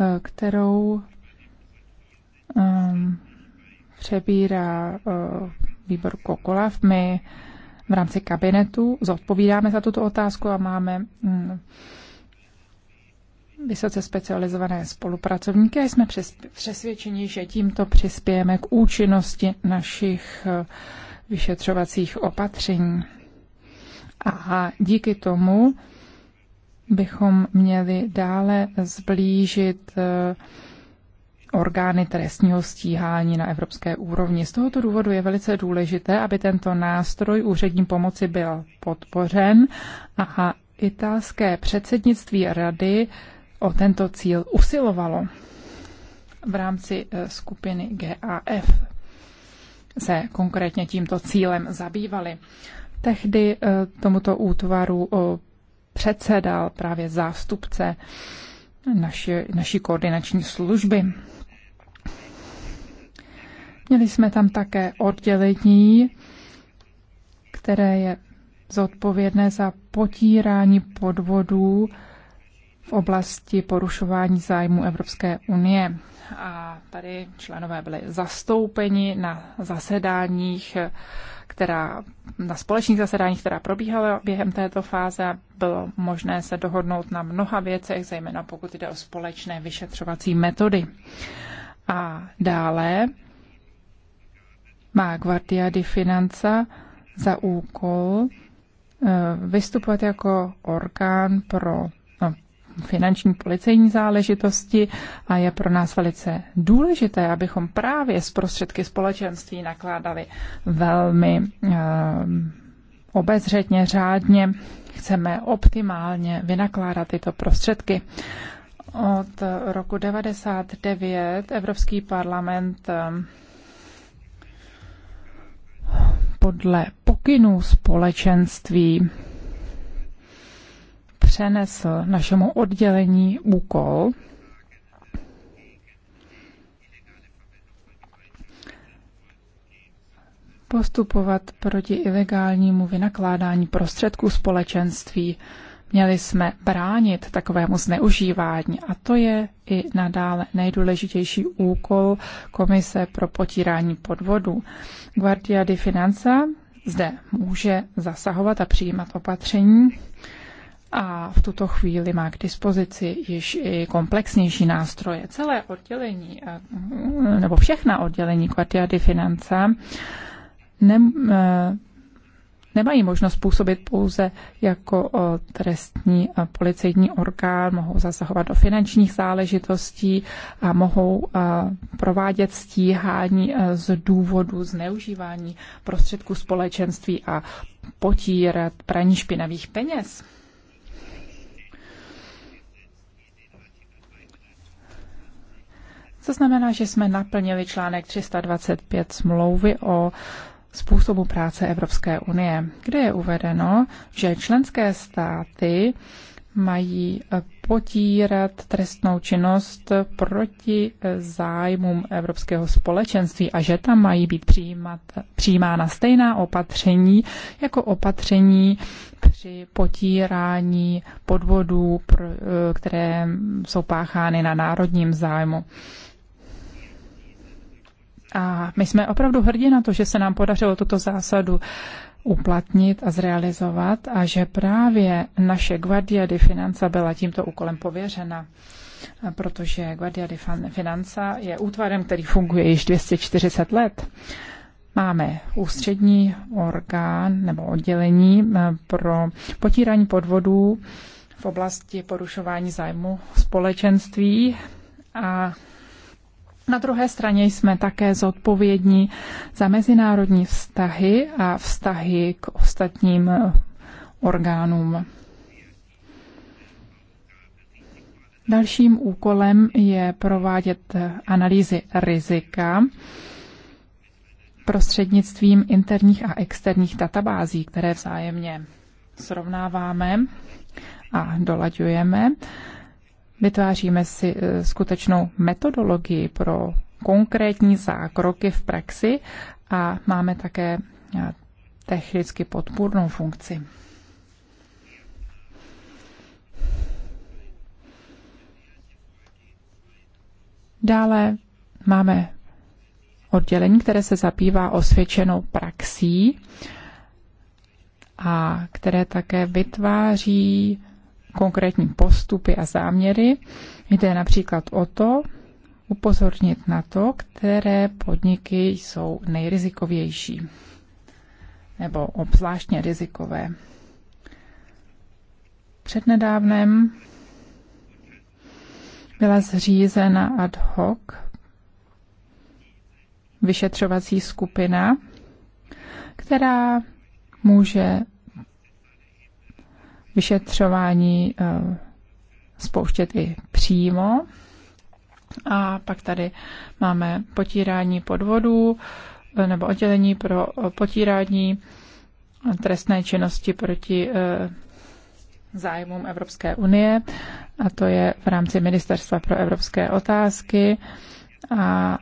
eh, kterou ehm, přebírá eh, výbor Kokolav. My v rámci kabinetu zodpovídáme za tuto otázku a máme mm, vysoce specializované spolupracovníky a jsme přesvědčeni, že tímto přispějeme k účinnosti našich eh, vyšetřovacích opatření. A díky tomu bychom měli dále zblížit eh, orgány trestního stíhání na evropské úrovni. Z tohoto důvodu je velice důležité, aby tento nástroj úřední pomoci byl podpořen a italské předsednictví rady o tento cíl usilovalo v rámci eh, skupiny GAF se konkrétně tímto cílem zabývali. Tehdy eh, tomuto útvaru eh, předsedal právě zástupce naši, naší koordinační služby. Měli jsme tam také oddělení, které je zodpovědné za potírání podvodů v oblasti porušování zájmu Evropské unie. A tady členové byli zastoupeni na zasedáních, která, na společných zasedáních, která probíhala během této fáze. Bylo možné se dohodnout na mnoha věcech, zejména pokud jde o společné vyšetřovací metody. A dále má Guardia di Finanza za úkol eh, vystupovat jako orgán pro finanční policejní záležitosti a je pro nás velice důležité, abychom právě z prostředky společenství nakládali velmi ehm, obezřetně, řádně. Chceme optimálně vynakládat tyto prostředky. Od roku 1999 Evropský parlament ehm, podle pokynů společenství přenesl našemu oddělení úkol postupovat proti ilegálnímu vynakládání prostředků společenství. Měli jsme bránit takovému zneužívání a to je i nadále nejdůležitější úkol Komise pro potírání podvodů. Guardia di Finanza zde může zasahovat a přijímat opatření, a v tuto chvíli má k dispozici již i komplexnější nástroje. Celé oddělení, eh, nebo všechna oddělení Quartiady Finance ne, eh, nemají možnost působit pouze jako eh, trestní policejní orgán, mohou zasahovat do finančních záležitostí a mohou provádět stíhání z důvodu zneužívání prostředků společenství a potírat praní špinavých peněz. To znamená, že jsme naplnili článek 325 smlouvy o způsobu práce Evropské unie, kde je uvedeno, že členské státy mají potírat trestnou činnost proti zájmům Evropského společenství a že tam mají být přijímat, přijímána stejná opatření jako opatření při potírání podvodů, které jsou páchány na národním zájmu. A my jsme opravdu hrdí na to, že se nám podařilo tuto zásadu uplatnit a zrealizovat a že právě naše Guardia di Finanza byla tímto úkolem pověřena, protože Guardia di Finanza je útvarem, který funguje již 240 let. Máme ústřední orgán nebo oddělení pro potírání podvodů v oblasti porušování zájmu společenství a na druhé straně jsme také zodpovědní za mezinárodní vztahy a vztahy k ostatním eh, orgánům. Dalším úkolem je provádět eh, analýzy rizika prostřednictvím interních a externích databází, které vzájemně srovnáváme a dolaďujeme. Vytváříme si e, skutečnou metodologii pro konkrétní zákroky v praxi a máme také e, technicky podpůrnou funkci. Dále máme oddělení, které se zabývá osvědčenou praxí a které také vytváří konkrétní postupy a záměry. Jde například o to, upozornit na to, které podniky jsou nejrizikovější nebo obzvláštně rizikové. Přednedávnem byla zřízena ad hoc vyšetřovací skupina, která může vyšetřování eh, spouštět i přímo. A pak tady máme potírání podvodů eh, nebo oddělení pro eh, potírání trestné činnosti proti zájmům Evropské unie, a to je v rámci Ministerstva pro evropské otázky. A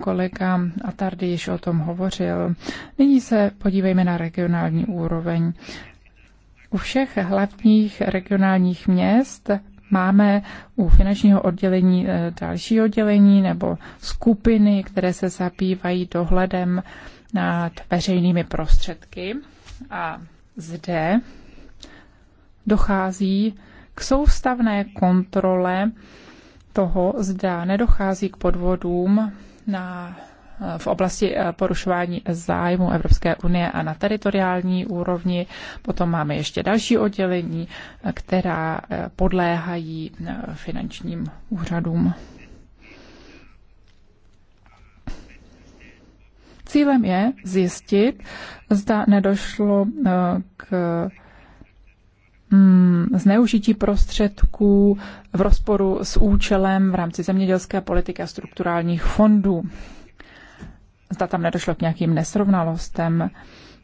kolega Atardy již o tom hovořil. Nyní se podívejme na regionální úroveň. U všech hlavních regionálních měst máme u finančního oddělení eh, další oddělení nebo skupiny, které se zabývají dohledem nad veřejnými prostředky. A zde dochází k soustavné kontrole toho, zda nedochází k podvodům na v oblasti eh, porušování zájmu Evropské unie a na teritoriální úrovni. Potom máme ještě další oddělení, eh, která eh, podléhají finančním úřadům. Cílem je zjistit, zda nedošlo k mm, zneužití prostředků v rozporu s účelem v rámci zemědělské politiky a strukturálních fondů zda tam nedošlo k nějakým nesrovnalostem.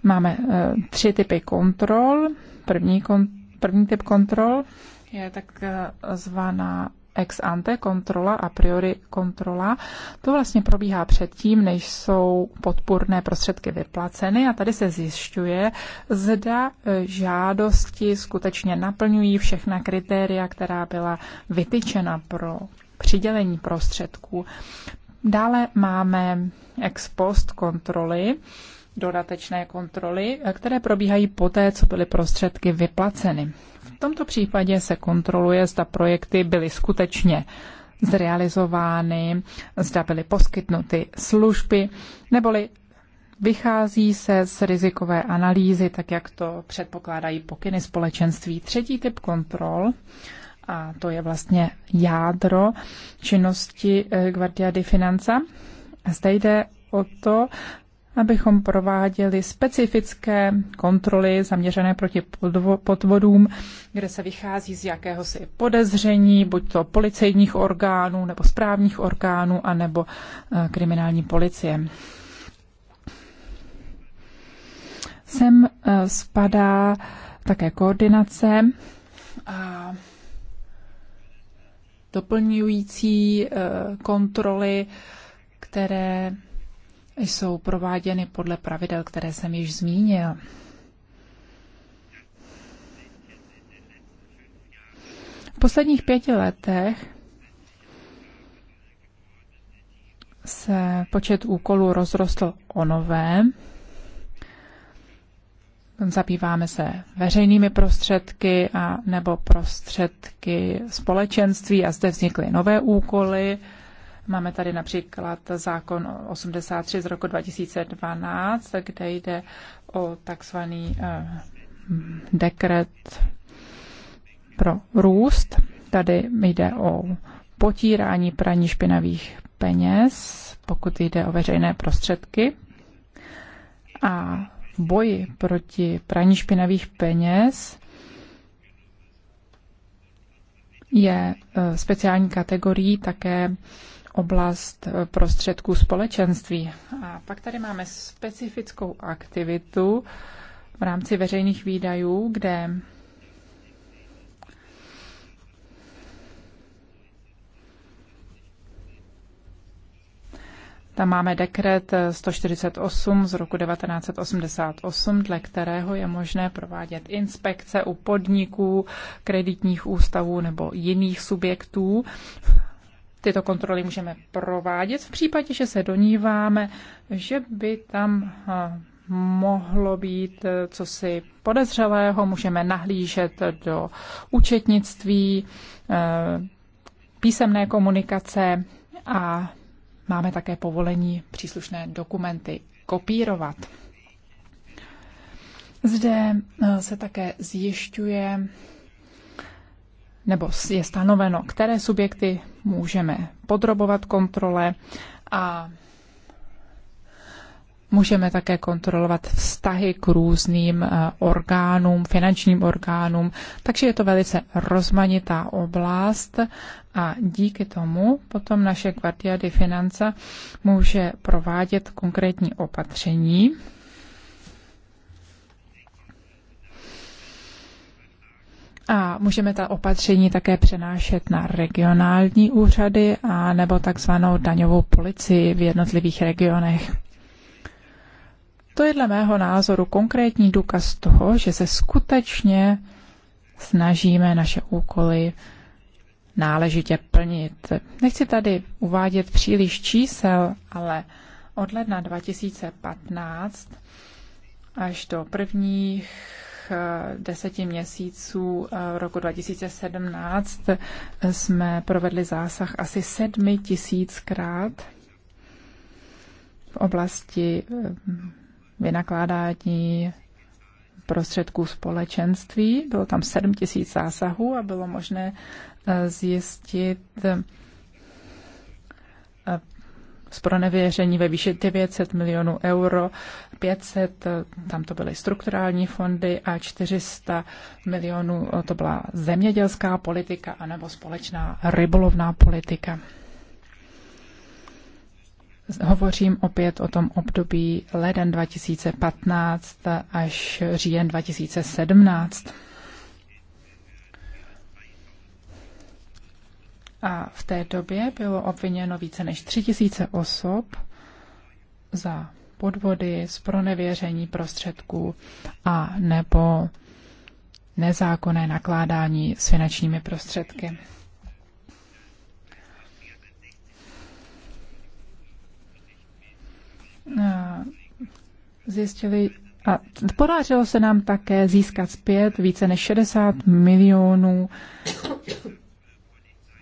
Máme eh, tři typy kontrol. První, kon, první typ kontrol je tak eh, zvaná ex ante kontrola, a priori kontrola. To vlastně probíhá předtím, než jsou podpůrné prostředky vyplaceny a tady se zjišťuje, zda eh, žádosti skutečně naplňují všechna kritéria, která byla vytyčena pro přidělení prostředků. Dále máme ex post kontroly, dodatečné kontroly, které probíhají poté, co byly prostředky vyplaceny. V tomto případě se kontroluje, zda projekty byly skutečně zrealizovány, zda byly poskytnuty služby, neboli vychází se z rizikové analýzy, tak jak to předpokládají pokyny společenství. Třetí typ kontrol a to je vlastně jádro činnosti eh, Guardia di Finanza. Zde jde o to, abychom prováděli specifické kontroly zaměřené proti podvodům, kde se vychází z jakéhosi podezření, buď to policejních orgánů, nebo správních orgánů, anebo eh, kriminální policie. Sem eh, spadá také koordinace a doplňující eh, kontroly, které jsou prováděny podle pravidel, které jsem již zmínil. V posledních pěti letech se počet úkolů rozrostl o nové zabýváme se veřejnými prostředky a nebo prostředky společenství a zde vznikly nové úkoly. Máme tady například zákon 83 z roku 2012, kde jde o takzvaný eh, dekret pro růst. Tady jde o potírání praní špinavých peněz, pokud jde o veřejné prostředky. A boji proti praní špinavých peněz je e, speciální kategorií také oblast e, prostředků společenství. A pak tady máme specifickou aktivitu v rámci veřejných výdajů, kde Tam máme dekret 148 z roku 1988, dle kterého je možné provádět inspekce u podniků, kreditních ústavů nebo jiných subjektů. Tyto kontroly můžeme provádět v případě, že se doníváme, že by tam eh, mohlo být eh, cosi podezřelého, můžeme nahlížet do účetnictví, eh, písemné komunikace a máme také povolení příslušné dokumenty kopírovat. Zde eh, se také zjišťuje, nebo je stanoveno, které subjekty můžeme podrobovat kontrole a Můžeme také kontrolovat vztahy k různým eh, orgánům, finančním orgánům, takže je to velice rozmanitá oblast a díky tomu potom naše Guardia di může provádět konkrétní opatření. A můžeme ta opatření také přenášet na regionální úřady a nebo takzvanou daňovou policii v jednotlivých regionech. To je dle mého názoru konkrétní důkaz toho, že se skutečně snažíme naše úkoly náležitě plnit. Nechci tady uvádět příliš čísel, ale od ledna 2015 až do prvních eh, deseti měsíců eh, roku 2017 jsme provedli zásah asi sedmi tisíckrát v oblasti eh, vynakládání prostředků společenství. Bylo tam 7 tisíc zásahů a bylo možné eh, zjistit eh, z pronevěření ve výši 900 milionů euro, 500, eh, tam to byly strukturální fondy a 400 milionů to byla zemědělská politika anebo společná rybolovná politika. Hovořím opět o tom období leden 2015 až říjen 2017. A v té době bylo obviněno více než 3000 osob za podvody, z pronevěření prostředků a nebo nezákonné nakládání s finančními prostředky. zjistili, a podařilo se nám také získat zpět více než 60 milionů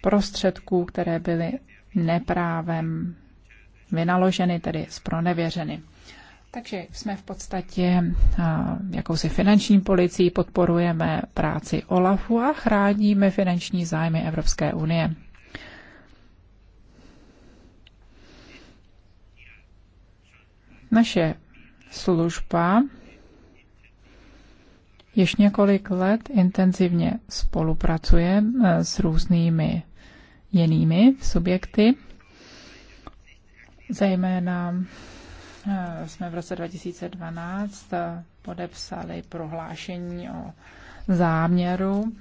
prostředků, které byly neprávem vynaloženy, tedy zpronevěřeny. Takže jsme v podstatě jakousi finanční policií, podporujeme práci OLAFu a chráníme finanční zájmy Evropské unie. Naše služba již několik let intenzivně spolupracuje eh, s různými jinými subjekty. Zejména eh, jsme v roce 2012 eh, podepsali prohlášení o záměru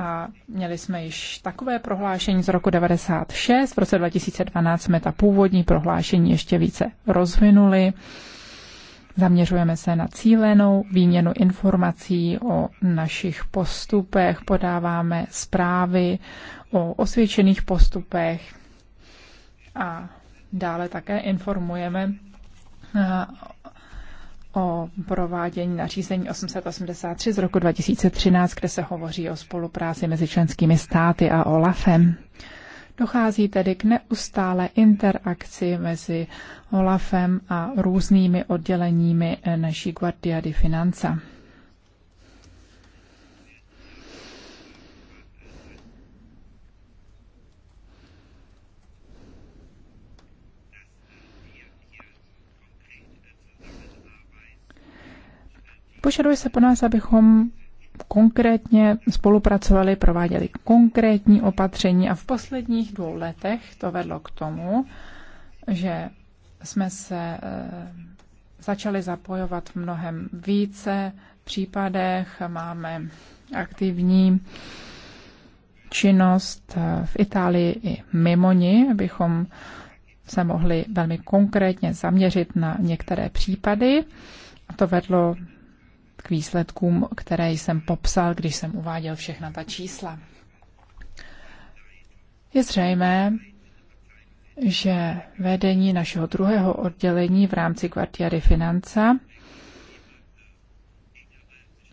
a měli jsme již takové prohlášení z roku 96. V roce 2012 jsme ta původní prohlášení ještě více rozvinuli. Zaměřujeme se na cílenou výměnu informací o našich postupech, podáváme zprávy o osvědčených postupech a dále také informujeme o provádění nařízení 883 z roku 2013, kde se hovoří o spolupráci mezi členskými státy a OLAFem. Dochází tedy k neustále interakci mezi OLAFem a různými odděleními naší Guardia di Finanza. Požaduje se po nás, abychom konkrétně spolupracovali, prováděli konkrétní opatření a v posledních dvou letech to vedlo k tomu, že jsme se eh, začali zapojovat v mnohem více případech. Máme aktivní činnost eh, v Itálii i mimo ní, abychom se mohli velmi konkrétně zaměřit na některé případy. A to vedlo k výsledkům, které jsem popsal, když jsem uváděl všechna ta čísla. Je zřejmé, že vedení našeho druhého oddělení v rámci kvartiary Financa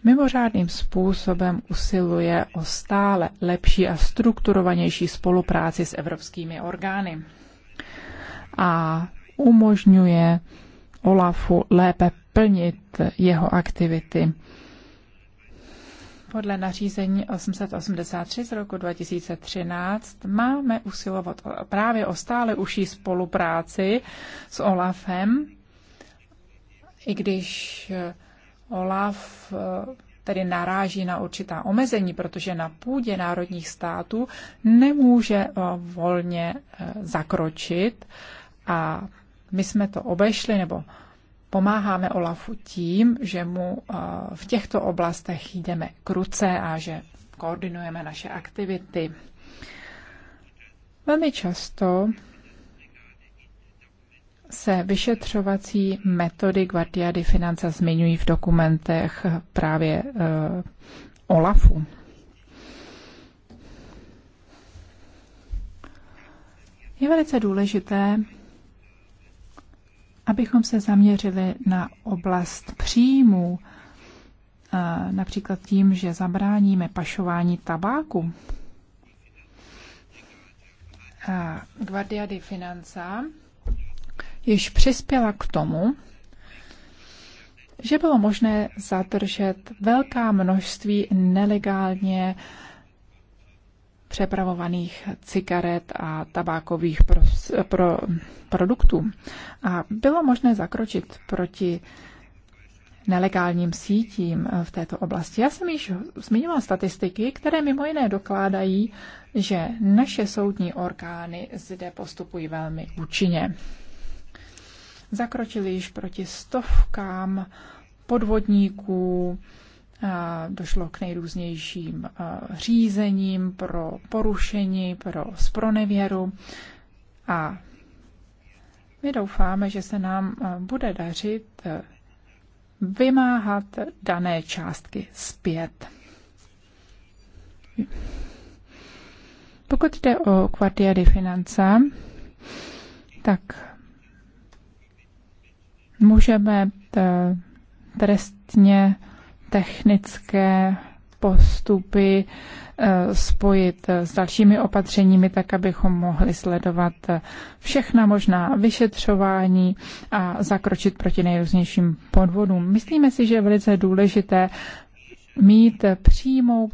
mimořádným způsobem usiluje o stále lepší a strukturovanější spolupráci s evropskými orgány a umožňuje OLAFu lépe plnit jeho aktivity. Podle nařízení 883 z roku 2013 máme usilovat právě o stále užší spolupráci s OLAFem, i když eh, OLAF eh, tedy naráží na určitá omezení, protože na půdě národních států nemůže eh, volně zakročit a my jsme to obešli nebo pomáháme Olafu tím, že mu eh, v těchto oblastech jdeme k ruce a že koordinujeme naše aktivity. Velmi často se vyšetřovací metody di Financa zmiňují v dokumentech právě uh, OLAFu. Je velice důležité, abychom se zaměřili na oblast příjmů, eh, například tím, že zabráníme pašování tabáku. Guardia di Finanza již přispěla k tomu, že bylo možné zadržet velká množství nelegálně uh, přepravovaných cigaret a tabákových pro, pro, produktů. A bylo možné zakročit proti nelegálním sítím v této oblasti. Já jsem již zmiňovala statistiky, které mimo jiné dokládají, že naše soudní orgány zde postupují velmi účinně. Zakročili již proti stovkám podvodníků, došlo k nejrůznějším řízením pro porušení, pro spronevěru a my doufáme, že se nám bude dařit vymáhat dané částky zpět. Pokud jde o Quartia di tak můžeme e, trestně technické postupy eh, spojit eh, s dalšími opatřeními, tak abychom mohli sledovat eh, všechna možná vyšetřování a zakročit proti nejrůznějším podvodům. Myslíme si, že je velice důležité mít přímou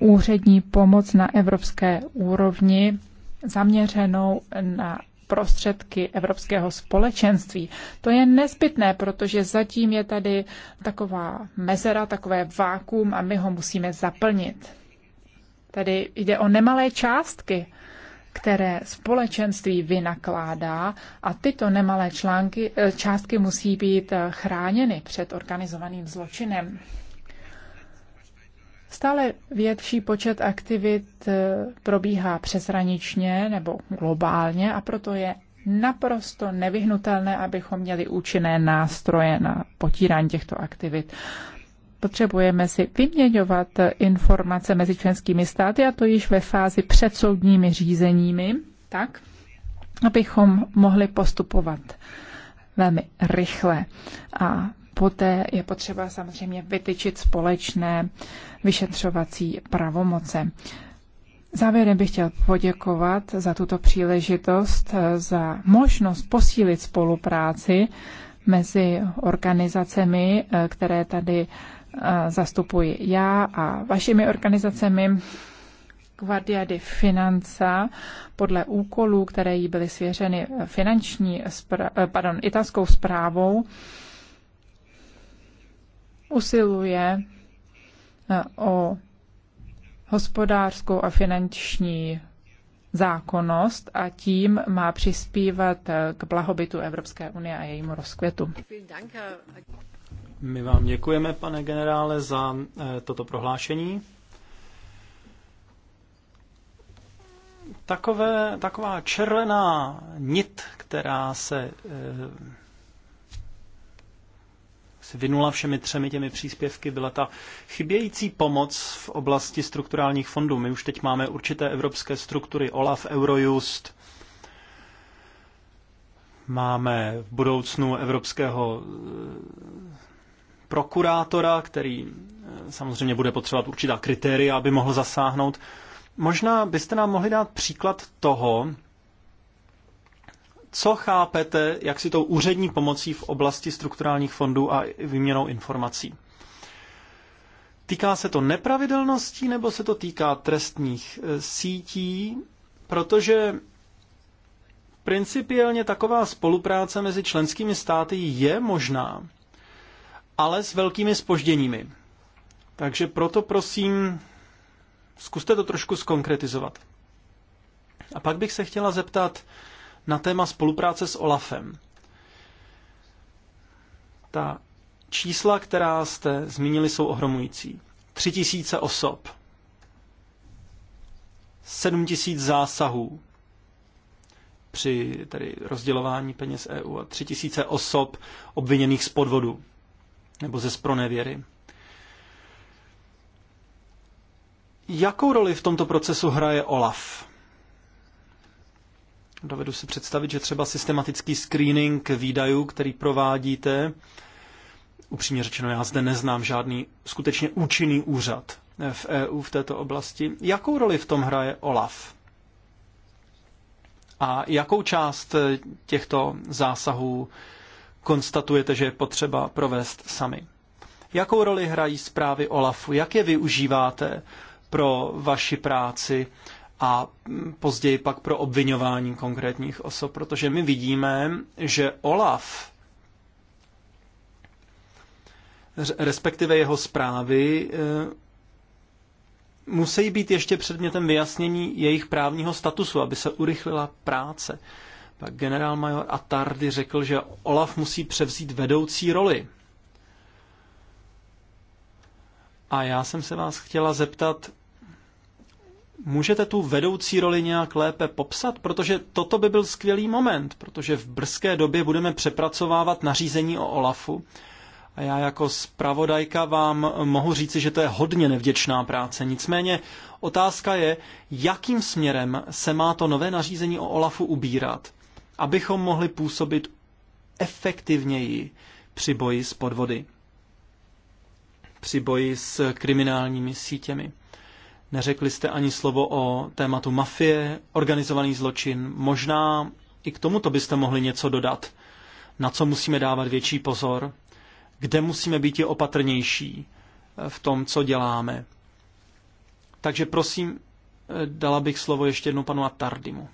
úřední pomoc na evropské úrovni zaměřenou na prostředky Evropského společenství. To je nezbytné, protože zatím je tady taková mezera, takové vákuum a my ho musíme zaplnit. Tady jde o nemalé částky, které společenství vynakládá a tyto nemalé články, eh, částky musí být eh, chráněny před organizovaným zločinem. Stále větší počet aktivit eh, probíhá přeshraničně nebo globálně a proto je naprosto nevyhnutelné, abychom měli účinné nástroje na potírání těchto aktivit. Potřebujeme si vyměňovat eh, informace mezi členskými státy a to již ve fázi před soudními řízeními, tak, abychom mohli postupovat velmi rychle. A Poté je potřeba samozřejmě vytyčit společné vyšetřovací pravomoce. Závěrem bych chtěl poděkovat za tuto příležitost, za možnost posílit spolupráci mezi organizacemi, které tady eh, zastupuji já a vašimi organizacemi Guardia di Finanza podle úkolů, které jí byly svěřeny finanční, eh, pardon, italskou zprávou, usiluje eh, o hospodářskou a finanční zákonnost a tím má přispívat eh, k blahobytu Evropské unie a jejímu rozkvětu. My vám děkujeme, pane generále, za eh, toto prohlášení. Takové, taková červená nit, která se si vynula všemi třemi těmi příspěvky, byla ta chybějící pomoc v oblasti strukturálních fondů. My už teď máme určité evropské struktury, OLAF, Eurojust, máme v budoucnu evropského eh, prokurátora, který eh, samozřejmě bude potřebovat určitá kritéria, aby mohl zasáhnout. Možná byste nám mohli dát příklad toho, co chápete, jak si tou úřední pomocí v oblasti strukturálních fondů a vyměnou informací? Týká se to nepravidelností nebo se to týká trestních eh, sítí? Protože principiálně taková spolupráce mezi členskými státy je možná, ale s velkými spožděními. Takže proto prosím, zkuste to trošku skonkretizovat. A pak bych se chtěla zeptat, na téma spolupráce s OLAFem. Ta čísla, která jste zmínili, jsou ohromující. Tři tisíce osob, sedm tisíc zásahů při tedy rozdělování peněz EU a tři tisíce osob obviněných z podvodu nebo ze spronevěry. Jakou roli v tomto procesu hraje OLAF? Dovedu si představit, že třeba systematický screening výdajů, který provádíte, upřímně řečeno, já zde neznám žádný skutečně účinný úřad eh, v EU v této oblasti. Jakou roli v tom hraje OLAF? A jakou část eh, těchto zásahů konstatujete, že je potřeba provést sami? Jakou roli hrají zprávy OLAFu? Jak je využíváte pro vaši práci a později pak pro obvinování konkrétních osob, protože my vidíme, že Olaf, respektive jeho zprávy, eh, musí být ještě předmětem vyjasnění jejich právního statusu, aby se urychlila práce. Pak generál major Atardy řekl, že Olaf musí převzít vedoucí roli. A já jsem se vás chtěla zeptat, Můžete tu vedoucí roli nějak lépe popsat? Protože toto by byl skvělý moment, protože v brzké době budeme přepracovávat nařízení o OLAFu. A já jako zpravodajka vám mohu říci, že to je hodně nevděčná práce. Nicméně otázka je, jakým směrem se má to nové nařízení o OLAFu ubírat, abychom mohli působit efektivněji při boji s podvody, při boji s kriminálními sítěmi. Neřekli jste ani slovo o tématu mafie, organizovaný zločin. Možná i k tomuto byste mohli něco dodat. Na co musíme dávat větší pozor? Kde musíme být i opatrnější v tom, co děláme? Takže prosím, dala bych slovo ještě jednou panu Atardimu.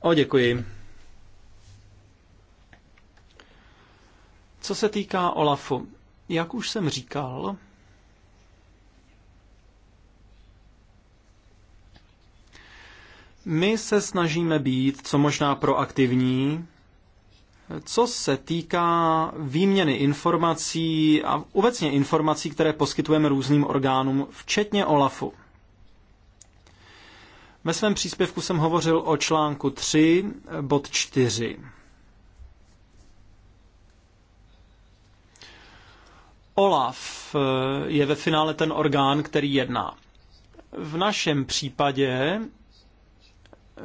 O, děkuji. Co se týká OLAFu, jak už jsem říkal, my se snažíme být co možná proaktivní, co se týká výměny informací a obecně informací, které poskytujeme různým orgánům, včetně OLAFu. Ve svém příspěvku jsem hovořil o článku 3, bod 4. OLAF eh, je ve finále ten orgán, který jedná. V našem případě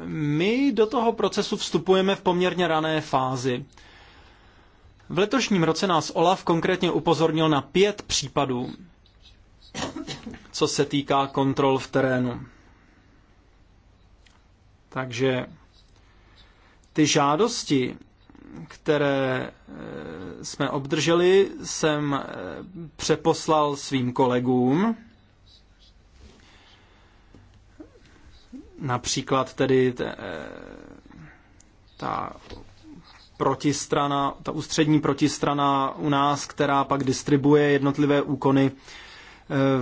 my do toho procesu vstupujeme v poměrně rané fázi. V letošním roce nás OLAF konkrétně upozornil na pět případů, co se týká kontrol v terénu. Takže ty žádosti které eh, jsme obdrželi, jsem eh, přeposlal svým kolegům, například tedy eh, ta protistrana, ta ústřední protistrana u nás, která pak distribuje jednotlivé úkony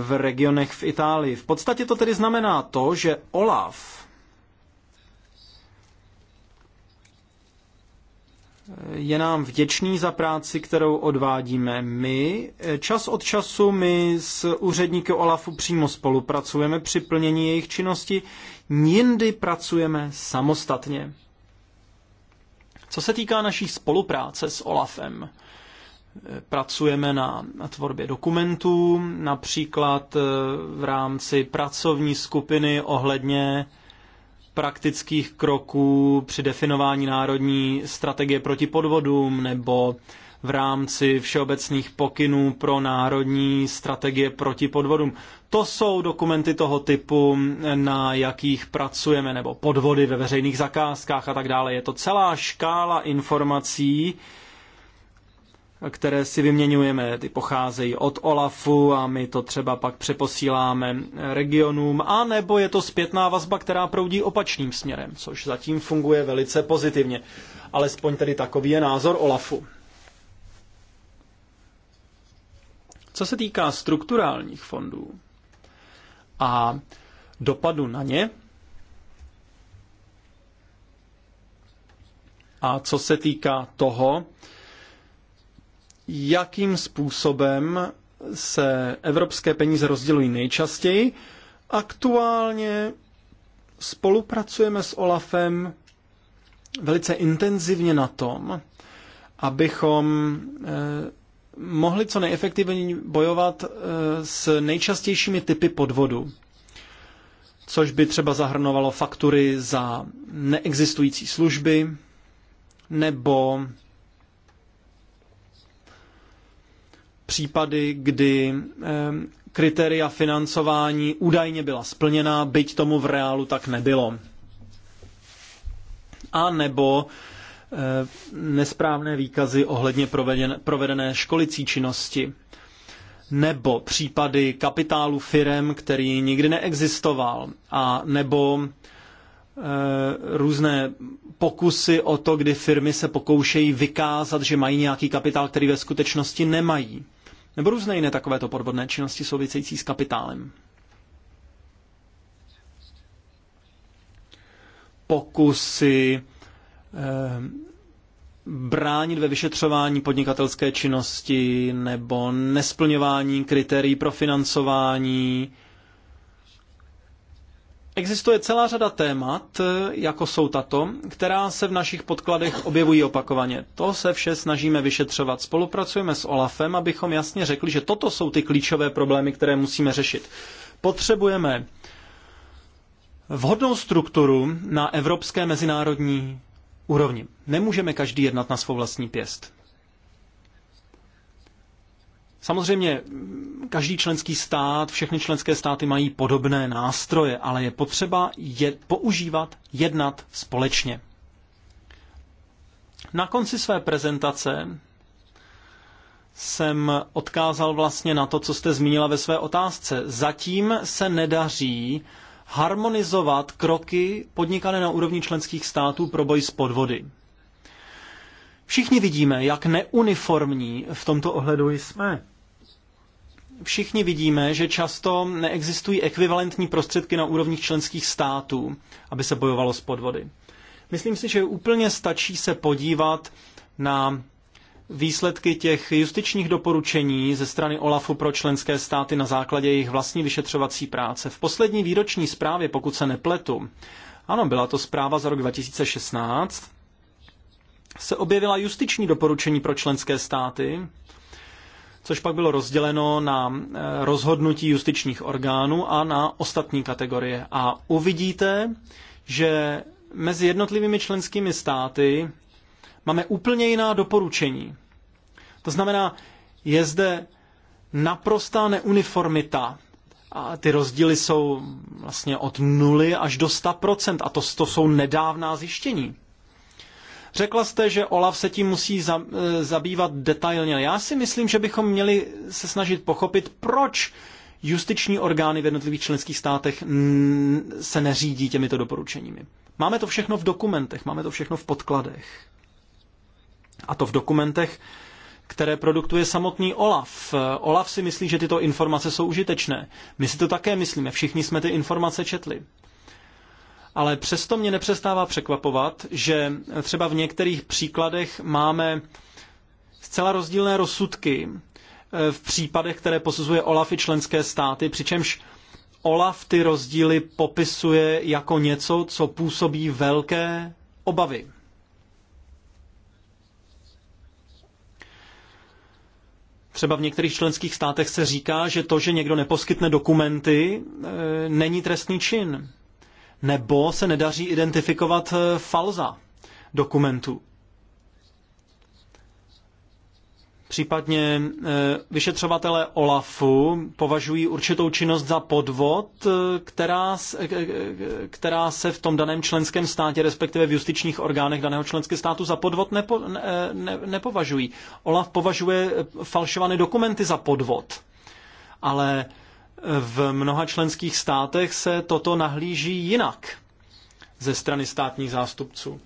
v regionech v Itálii. V podstatě to tedy znamená to, že OLAF je nám vděčný za práci, kterou odvádíme my. Eh, čas od času my s úředníky OLAFu přímo spolupracujeme při plnění jejich činnosti, jindy pracujeme samostatně. Co se týká naší spolupráce s OLAFem, eh, pracujeme na, na tvorbě dokumentů, například eh, v rámci pracovní skupiny ohledně praktických kroků při definování národní strategie proti podvodům nebo v rámci všeobecných pokynů pro národní strategie proti podvodům. To jsou dokumenty toho typu, na jakých pracujeme, nebo podvody ve veřejných zakázkách a tak dále. Je to celá škála informací, které si vyměňujeme, ty pocházejí od OLAFu a my to třeba pak přeposíláme regionům, a nebo je to zpětná vazba, která proudí opačným směrem, což zatím funguje velice pozitivně. Alespoň tedy takový je názor OLAFu. Co se týká strukturálních fondů a dopadu na ně, a co se týká toho, jakým způsobem se evropské peníze rozdělují nejčastěji. Aktuálně spolupracujeme s OLAFem velice intenzivně na tom, abychom eh, mohli co nejefektivněji bojovat eh, s nejčastějšími typy podvodu, což by třeba zahrnovalo faktury za neexistující služby nebo případy, kdy kritéria financování údajně byla splněna, byť tomu v reálu tak nebylo. A nebo nesprávné výkazy ohledně provedené školicí činnosti nebo případy kapitálu firem, který nikdy neexistoval, a nebo e, různé pokusy o to, kdy firmy se pokoušejí vykázat, že mají nějaký kapitál, který ve skutečnosti nemají nebo různé jiné takovéto podvodné činnosti související s kapitálem. Pokusy eh, bránit ve vyšetřování podnikatelské činnosti nebo nesplňování kritérií pro financování Existuje celá řada témat, e, jako jsou tato, která se v našich podkladech objevují opakovaně. To se vše snažíme vyšetřovat. Spolupracujeme s OLAFem, abychom jasně řekli, že toto jsou ty klíčové problémy, které musíme řešit. Potřebujeme vhodnou strukturu na evropské mezinárodní úrovni. Nemůžeme každý jednat na svou vlastní pěst. Samozřejmě každý členský stát, všechny členské státy mají podobné nástroje, ale je potřeba je používat, jednat společně. Na konci své prezentace jsem odkázal vlastně na to, co jste zmínila ve své otázce. Zatím se nedaří harmonizovat kroky podnikané na úrovni členských států pro boj s podvody. Všichni vidíme, jak neuniformní v tomto ohledu jsme všichni vidíme, že často neexistují ekvivalentní prostředky na úrovních členských států, aby se bojovalo s podvody. Myslím si, že úplně stačí se podívat na výsledky těch justičních doporučení ze strany OLAFu pro členské státy na základě jejich vlastní vyšetřovací práce. V poslední výroční zprávě, pokud se nepletu, ano, byla to zpráva za rok 2016, se objevila justiční doporučení pro členské státy, což pak bylo rozděleno na eh, rozhodnutí justičních orgánů a na ostatní kategorie. A uvidíte, že mezi jednotlivými členskými státy máme úplně jiná doporučení. To znamená, je zde naprostá neuniformita a ty rozdíly jsou vlastně od nuly až do 100%, a to, to jsou nedávná zjištění. Řekla jste, že OLAF se tím musí za, eh, zabývat detailně. Já si myslím, že bychom měli se snažit pochopit, proč justiční orgány v jednotlivých členských státech se neřídí těmito doporučeními. Máme to všechno v dokumentech, máme to všechno v podkladech. A to v dokumentech, které produktuje samotný Olaf. Olaf si myslí, že tyto informace jsou užitečné. My si to také myslíme, všichni jsme ty informace četli ale přesto mě nepřestává překvapovat, že třeba v některých příkladech máme zcela rozdílné rozsudky eh, v případech, které posuzuje OLAF i členské státy, přičemž OLAF ty rozdíly popisuje jako něco, co působí velké obavy. Třeba v některých členských státech se říká, že to, že někdo neposkytne dokumenty, eh, není trestný čin nebo se nedaří identifikovat eh, falza dokumentů. Případně eh, vyšetřovatele OLAFu považují určitou činnost za podvod, eh, která, která se v tom daném členském státě, respektive v justičních orgánech daného členského státu za podvod nepo, ne, ne, nepovažují. OLAF považuje falšované dokumenty za podvod. Ale v mnoha členských státech se toto nahlíží jinak ze strany státních zástupců.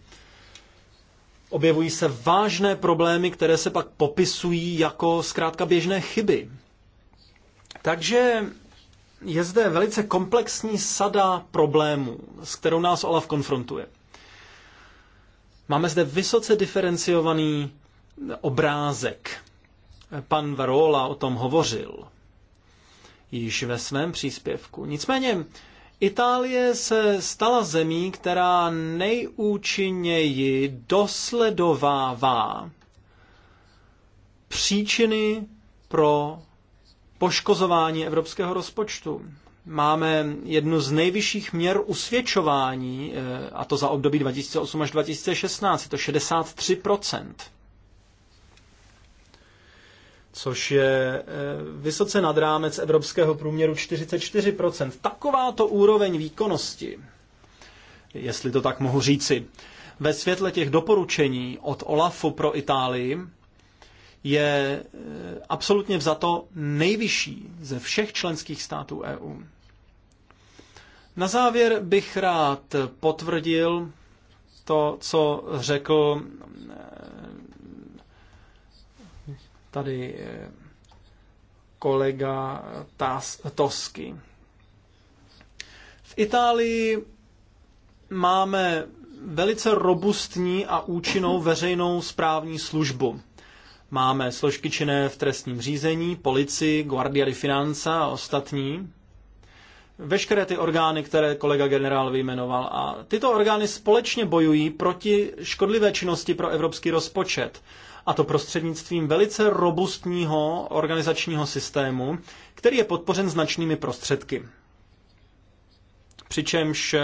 Objevují se vážné problémy, které se pak popisují jako zkrátka běžné chyby. Takže je zde velice komplexní sada problémů, s kterou nás Olaf konfrontuje. Máme zde vysoce diferenciovaný obrázek. Pan Varola o tom hovořil již ve svém příspěvku. Nicméně Itálie se stala zemí, která nejúčinněji dosledovává příčiny pro poškozování evropského rozpočtu. Máme jednu z nejvyšších měr usvědčování, eh, a to za období 2008 až 2016, je to 63 což je eh, vysoce nad rámec evropského průměru 44%. Takováto úroveň výkonnosti, jestli to tak mohu říci, ve světle těch doporučení od OLAFu pro Itálii je eh, absolutně vzato nejvyšší ze všech členských států EU. Na závěr bych rád potvrdil to, co řekl eh, tady eh, kolega Tas, Tosky. V Itálii máme velice robustní a účinnou veřejnou správní službu. Máme složky činné v trestním řízení, policii, Guardia di Finanza a ostatní. Veškeré ty orgány, které kolega generál vyjmenoval. A tyto orgány společně bojují proti škodlivé činnosti pro evropský rozpočet a to prostřednictvím velice robustního organizačního systému, který je podpořen značnými prostředky. Přičemž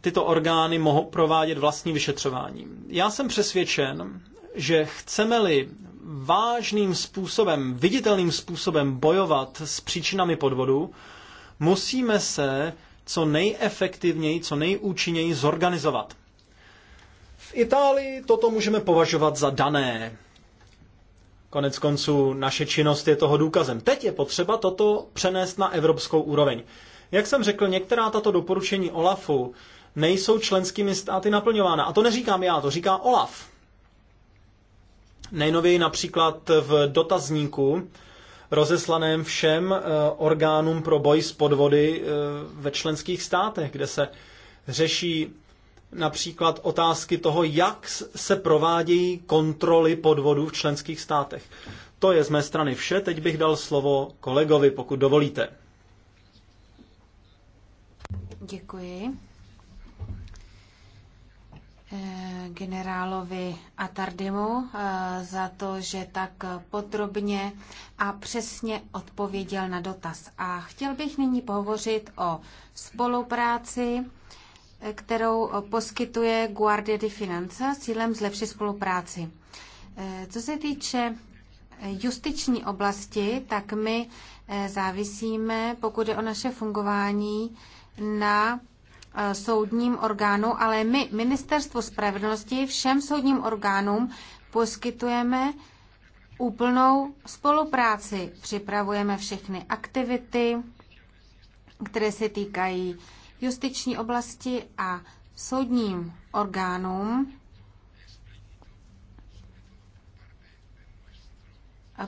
tyto orgány mohou provádět vlastní vyšetřování. Já jsem přesvědčen, že chceme-li vážným způsobem, viditelným způsobem bojovat s příčinami podvodu, musíme se co nejefektivněji, co nejúčinněji zorganizovat. V Itálii toto můžeme považovat za dané. Konec konců naše činnost je toho důkazem. Teď je potřeba toto přenést na evropskou úroveň. Jak jsem řekl, některá tato doporučení OLAFu nejsou členskými státy naplňována. A to neříkám já, to říká OLAF. Nejnověji například v dotazníku rozeslaném všem eh, orgánům pro boj s podvody eh, ve členských státech, kde se řeší například otázky toho, jak se provádějí kontroly podvodů v členských státech. To je z mé strany vše. Teď bych dal slovo kolegovi, pokud dovolíte. Děkuji. Eh, generálovi Atardimu eh, za to, že tak podrobně a přesně odpověděl na dotaz. A chtěl bych nyní pohovořit o spolupráci kterou eh, poskytuje Guardia di Finanza s cílem zlepšit spolupráci. Eh, co se týče eh, justiční oblasti, tak my závisíme, pokud je o naše fungování, na soudním orgánu, ale my, Ministerstvo spravedlnosti, všem soudním orgánům poskytujeme úplnou spolupráci. Připravujeme všechny aktivity, které se týkají justiční oblasti a soudním orgánům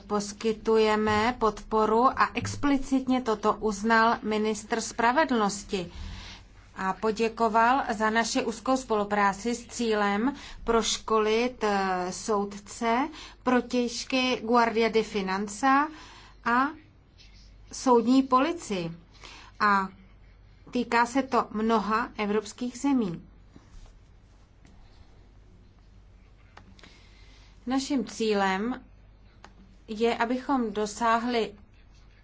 poskytujeme podporu a explicitně toto uznal ministr spravedlnosti a poděkoval za naši úzkou spolupráci s cílem proškolit eh, soudce, protěžky Guardia de Finanza a soudní policii. A Týká se to mnoha evropských zemí. Naším cílem je, abychom dosáhli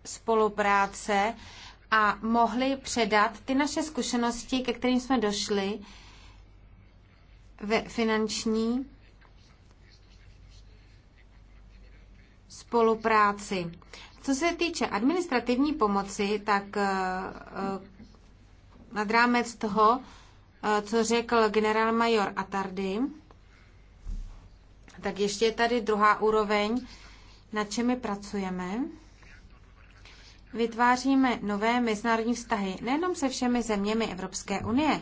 spolupráce a mohli předat ty naše zkušenosti, ke kterým jsme došli ve finanční spolupráci. Co se týče administrativní pomoci, tak eh, nad rámec toho, eh, co řekl generál major Atardy, tak ještě je tady druhá úroveň, na čemi pracujeme. Vytváříme nové mezinárodní vztahy nejenom se všemi zeměmi Evropské unie,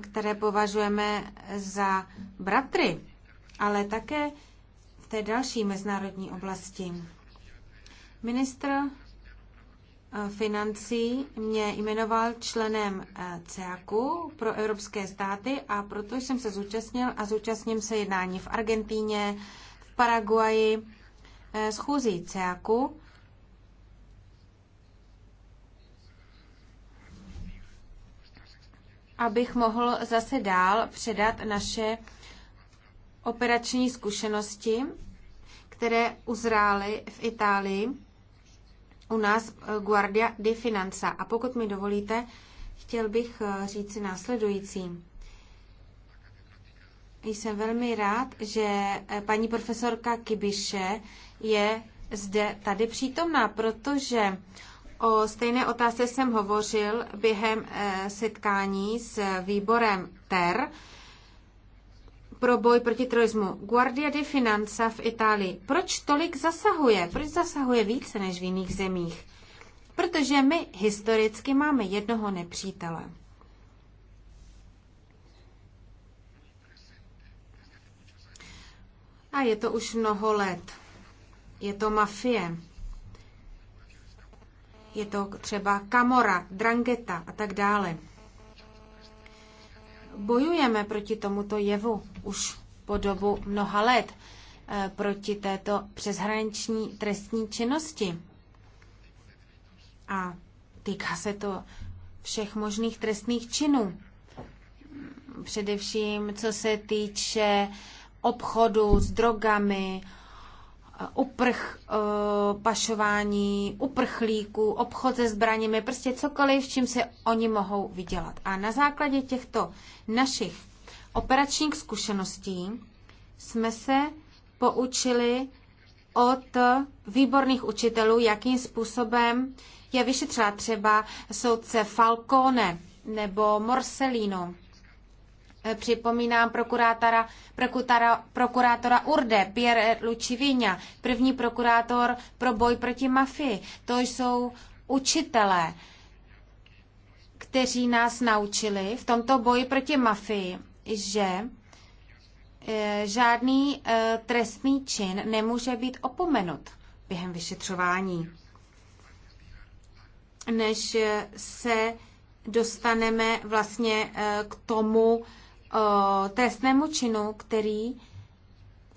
které považujeme za bratry, ale také v té další mezinárodní oblasti. Ministr financí mě jmenoval členem eh, CEACu pro evropské státy a proto jsem se zúčastnil a zúčastním se jednání v Argentíně, v Paraguaji, eh, schůzí CEACu. abych mohl zase dál předat naše operační zkušenosti, které uzrály v Itálii u nás eh, Guardia de Finanza. A pokud mi dovolíte, chtěl bych eh, říci následující. Jsem velmi rád, že eh, paní profesorka Kibiše je zde tady přítomná, protože o stejné otázce jsem hovořil během setkání s výborem TER, pro boj proti terorismu. Guardia di Finanza v Itálii. Proč tolik zasahuje? Proč zasahuje více než v jiných zemích? Protože my historicky máme jednoho nepřítele. A je to už mnoho let. Je to mafie. Je to třeba Kamora, Drangeta a tak dále. Bojujeme proti tomuto jevu už po dobu mnoha let, eh, proti této přeshraniční trestní činnosti. A týká se to všech možných trestných činů. Především co se týče obchodu s drogami, uprch, eh, pašování, uprchlíků, obchod se zbraněmi, prostě cokoliv, čím se oni mohou vydělat. A na základě těchto našich operačních zkušeností jsme se poučili od výborných učitelů, jakým způsobem je vyšetřila třeba soudce Falcone nebo Morselino Eh, připomínám prokurátora, prokurátora, prokurátora Urde, Pierre Lucivina, první prokurátor pro boj proti mafii. To jsou učitelé, kteří nás naučili v tomto boji proti mafii, že eh, žádný eh, trestný čin nemůže být opomenut během vyšetřování. Než se dostaneme vlastně k tomu, trestnému činu, který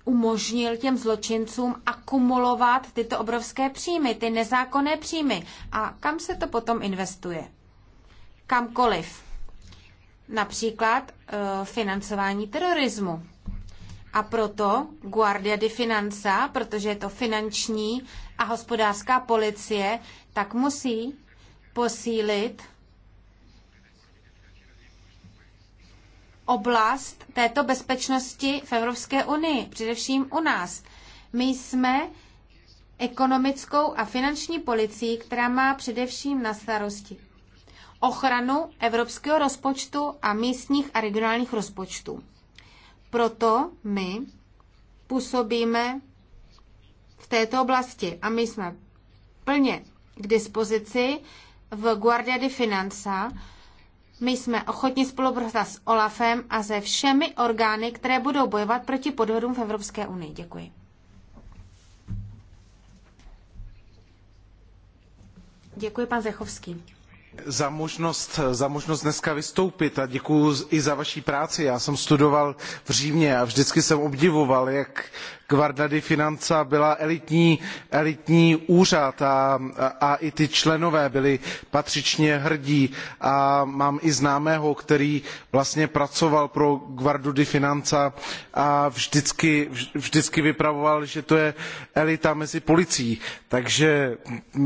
umožnil těm zločincům akumulovat tyto obrovské příjmy, ty nezákonné příjmy. A kam se to potom investuje? Kamkoliv. Například e, financování terorismu. A proto Guardia di Finanza, protože je to finanční a hospodářská policie, tak musí posílit oblast této bezpečnosti v Evropské unii, především u nás. My jsme ekonomickou a finanční policií, která má především na starosti ochranu evropského rozpočtu a místních a regionálních rozpočtů. Proto my působíme v této oblasti a my jsme plně k dispozici v Guardia di Finanza, my jsme ochotni spolupracovat s OLAFem a se všemi orgány, které budou bojovat proti podvodům v Evropské unii. Děkuji. Děkuji, pan Zechovský. Za možnost, za možnost dneska vystoupit a děkuji i za vaší práci. Já jsem studoval v Římě a vždycky jsem obdivoval, jak guarda di finanza byla elitní, elitní úřad a, a i ty členové byli patřičně hrdí a mám i známého, který vlastně pracoval pro guardu di finanza a vždycky, vždycky vypravoval, že to je elita mezi policií. Takže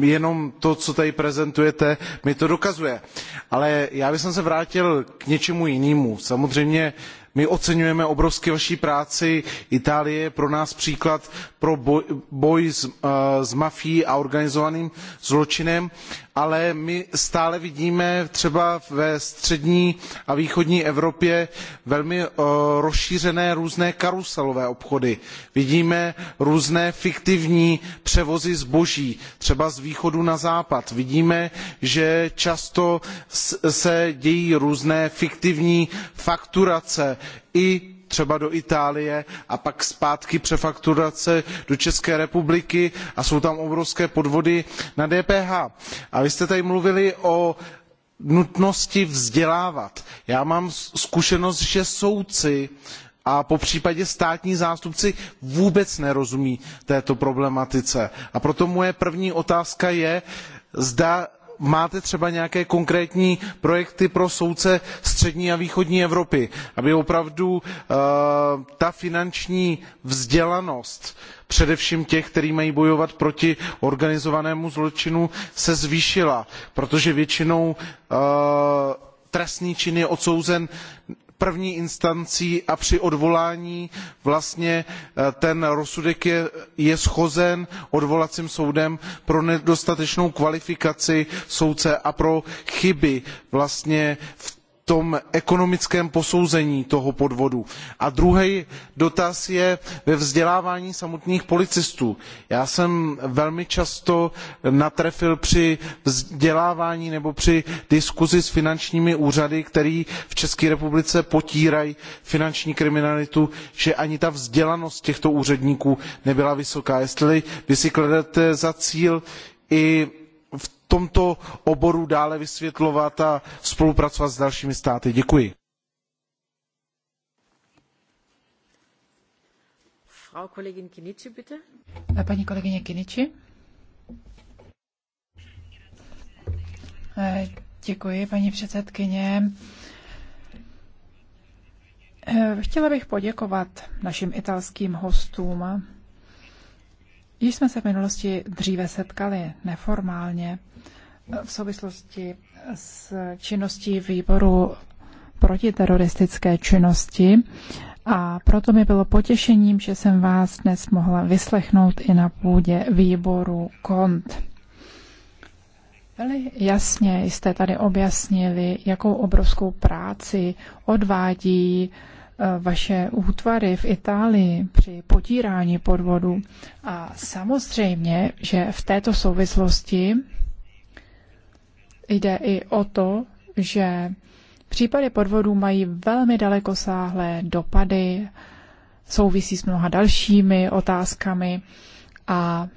jenom to, co tady prezentujete, mi to dokazuje. Ale já bych se vrátil k něčemu jinému. Samozřejmě my oceňujeme obrovsky vaši práci itálie je pro nás příklad pro boj, eh, s mafií a organizovaným zločinem ale my stále vidíme třeba ve střední a východní evropě velmi eh, rozšířené různé karuselové obchody vidíme různé fiktivní převozy zboží třeba z východu na západ vidíme že často se dějí různé fiktivní fakturace i třeba do Itálie a pak zpátky přefakturace do České republiky a jsou tam obrovské podvody na DPH. A vy jste tady mluvili o nutnosti vzdělávat. Já mám zkušenost, že soudci a popřípadě státní zástupci vůbec nerozumí této problematice. A proto moje první otázka je, zda máte třeba nějaké konkrétní projekty pro soudce střední a východní evropy aby opravdu eh, ta finanční vzdělanost především těch kteří mají bojovat proti organizovanému zločinu se zvýšila protože většinou eh, trestný čin je odsouzen první instancí a při odvolání vlastně eh, ten rozsudek je, shozen odvolacím soudem pro nedostatečnou kvalifikaci soudce a pro chyby vlastně v tom ekonomickém posouzení toho podvodu. a druhý dotaz je ve vzdělávání samotných policistů. já jsem velmi často natrefil při vzdělávání nebo při diskusi s finančními úřady které v české republice potírají finanční kriminalitu že ani ta vzdělanost těchto úředníků nebyla vysoká. jestli vy si kladete za cíl i tomto oboru dále vysvětlovat a spolupracovat s dalšími státy. Děkuji. Eh, paní kolegyně Kinici. Eh, děkuji, paní předsedkyně. Eh, chtěla bych poděkovat našim italským hostům Již jsme se v minulosti dříve setkali neformálně v souvislosti s činností výboru protiteroristické činnosti a proto mi bylo potěšením, že jsem vás dnes mohla vyslechnout i na půdě výboru KONT. Velmi jasně jste tady objasnili, jakou obrovskou práci odvádí Eh, vaše útvary v Itálii při potírání podvodu. A samozřejmě, že v této souvislosti jde i o to, že případy podvodu mají velmi dalekosáhlé dopady, souvisí s mnoha dalšími otázkami a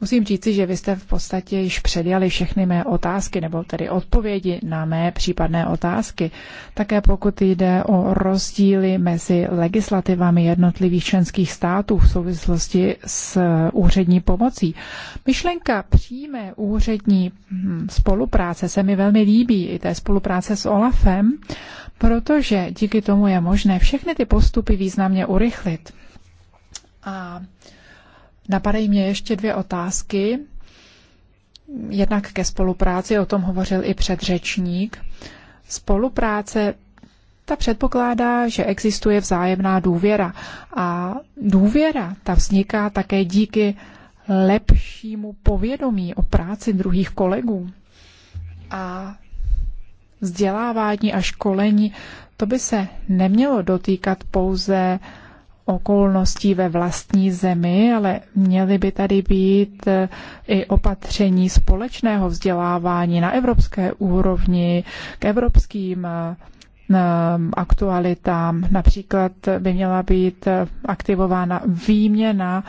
Musím říci, že vy jste v podstatě již předjali všechny mé otázky, nebo tedy odpovědi na mé případné otázky. Také pokud jde o rozdíly mezi legislativami jednotlivých členských států v souvislosti s eh, úřední pomocí. Myšlenka přímé úřední hm, spolupráce se mi velmi líbí, i té spolupráce s OLAFem, protože díky tomu je možné všechny ty postupy významně urychlit. A Napadají mě ještě dvě otázky. Jednak ke spolupráci, o tom hovořil i předřečník. Spolupráce ta předpokládá, že existuje vzájemná důvěra. A důvěra ta vzniká také díky lepšímu povědomí o práci druhých kolegů. A vzdělávání a školení, to by se nemělo dotýkat pouze uh, okolností ve vlastní zemi, ale měly by tady být eh, i opatření společného vzdělávání na evropské úrovni k evropským eh, eh, aktualitám. Například by měla být aktivována výměna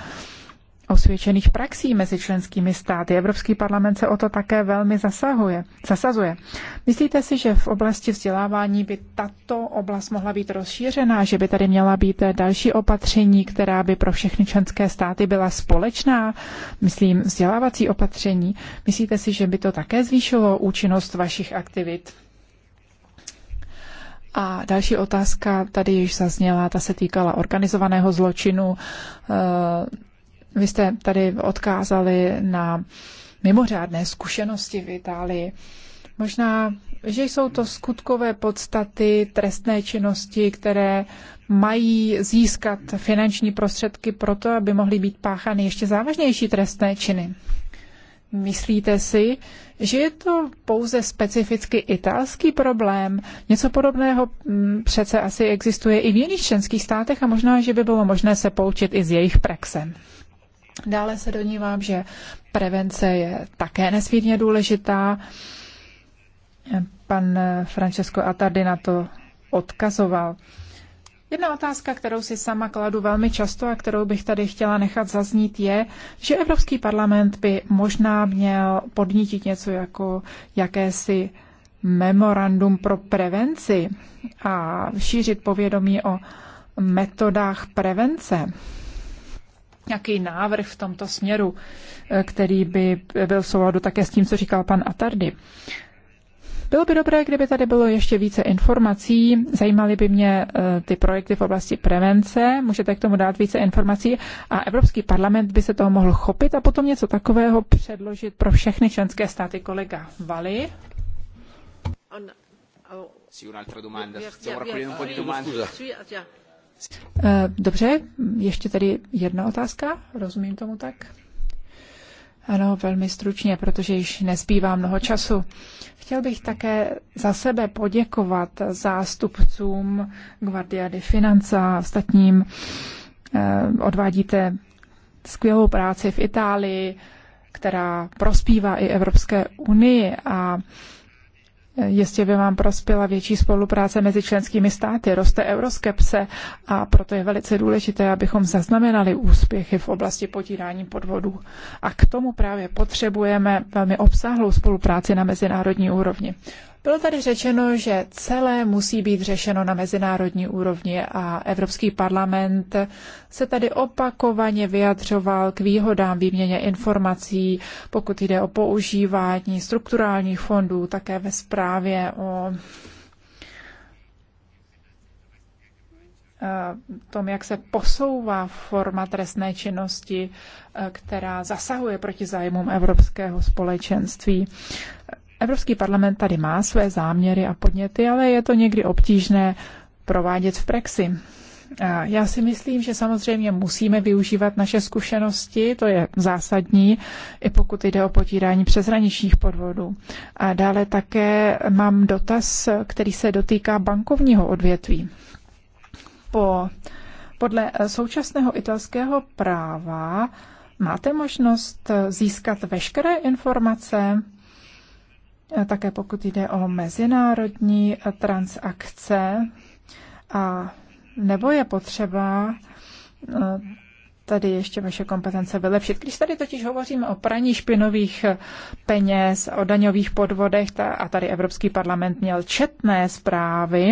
osvědčených praxí mezi členskými státy. Evropský parlament se o to také velmi zasahuje, zasazuje. Myslíte si, že v oblasti vzdělávání by tato oblast mohla být rozšířená, že by tady měla být další opatření, která by pro všechny členské státy byla společná, myslím vzdělávací opatření? Myslíte si, že by to také zvýšilo účinnost vašich aktivit? A další otázka tady již zazněla, ta se týkala organizovaného zločinu. Eh, vy jste tady odkázali na mimořádné zkušenosti v Itálii. Možná, že jsou to skutkové podstaty trestné činnosti, které mají získat finanční prostředky pro to, aby mohly být páchány ještě závažnější trestné činy. Myslíte si, že je to pouze specificky italský problém? Něco podobného mm, přece asi existuje i v jiných členských státech a možná, že by bylo možné se poučit i z jejich praxe. Dále se donívám, že prevence je také nesmírně důležitá. Pan Francesco Atardy na to odkazoval. Jedna otázka, kterou si sama kladu velmi často a kterou bych tady chtěla nechat zaznít, je, že Evropský parlament by možná měl podnítit něco jako jakési memorandum pro prevenci a šířit povědomí o metodách prevence nějaký návrh v tomto směru, eh, který by byl v souladu také s tím, co říkal pan Atardy. Bylo by dobré, kdyby tady bylo ještě více informací. Zajímaly by mě eh, ty projekty v oblasti prevence. Můžete k tomu dát více informací a Evropský parlament by se toho mohl chopit a potom něco takového předložit pro všechny členské státy kolega Vali. Sì, un'altra domanda. Stiamo raccogliendo un po' di domande. Eh, dobře, ještě tady jedna otázka, rozumím tomu tak? Ano, velmi stručně, protože již nezbývá mnoho času. Chtěl bych také za sebe poděkovat zástupcům Guardia de Finance a ostatním. Eh, odvádíte skvělou práci v Itálii, která prospívá i Evropské unii a Jistě by vám prospěla větší spolupráce mezi členskými státy, roste euroskepse a proto je velice důležité, abychom zaznamenali úspěchy v oblasti potírání podvodů. A k tomu právě potřebujeme velmi obsáhlou spolupráci na mezinárodní úrovni. Bylo tady řečeno, že celé musí být řešeno na mezinárodní úrovni a Evropský parlament se tady opakovaně vyjadřoval k výhodám výměně informací, pokud jde o používání strukturálních fondů, také ve zprávě o eh, tom, jak se posouvá forma trestné činnosti, eh, která zasahuje proti zájmům evropského společenství. Evropský parlament tady má své záměry a podněty, ale je to někdy obtížné provádět v praxi. Já si myslím, že samozřejmě musíme využívat naše zkušenosti, to je zásadní, i pokud jde o potírání přeshraničních podvodů. A dále také mám dotaz, který se dotýká bankovního odvětví. Po, podle současného italského práva máte možnost získat veškeré informace také pokud jde o mezinárodní transakce a nebo je potřeba eh, tady ještě vaše kompetence vylepšit. Když tady totiž hovoříme o praní špinových peněz, o daňových podvodech, a tady Evropský parlament měl četné zprávy,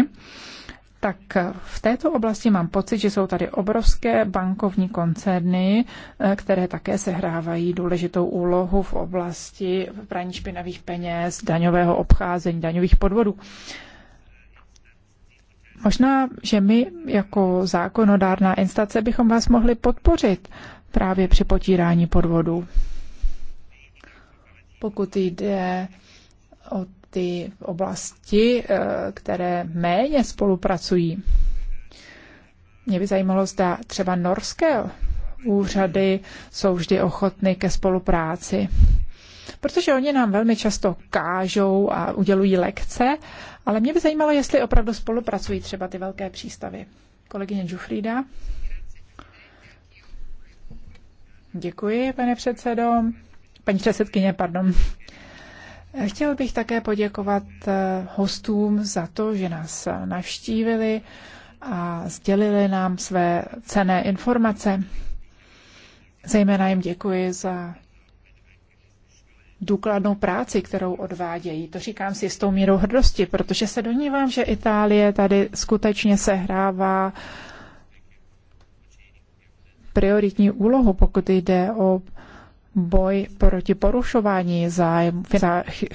tak v této oblasti mám pocit, že jsou tady obrovské bankovní koncerny, eh, které také sehrávají důležitou úlohu v oblasti praní špinavých peněz, daňového obcházení, daňových podvodů. Možná, že my jako zákonodárná instace bychom vás mohli podpořit právě při potírání podvodů. Pokud jde o ty oblasti, eh, které méně spolupracují. Mě by zajímalo, zda třeba norské úřady jsou vždy ochotny ke spolupráci. Protože oni nám velmi často kážou a udělují lekce, ale mě by zajímalo, jestli opravdu spolupracují třeba ty velké přístavy. Kolegyně Džufrída. Děkuji, pane předsedo. Paní předsedkyně, pardon. Chtěl bych také poděkovat eh, hostům za to, že nás navštívili a sdělili nám své cené informace. Zejména jim děkuji za důkladnou práci, kterou odvádějí. To říkám si s tou mírou hrdosti, protože se domnívám, že Itálie tady skutečně sehrává prioritní úlohu, pokud jde o boj proti porušování zájmu,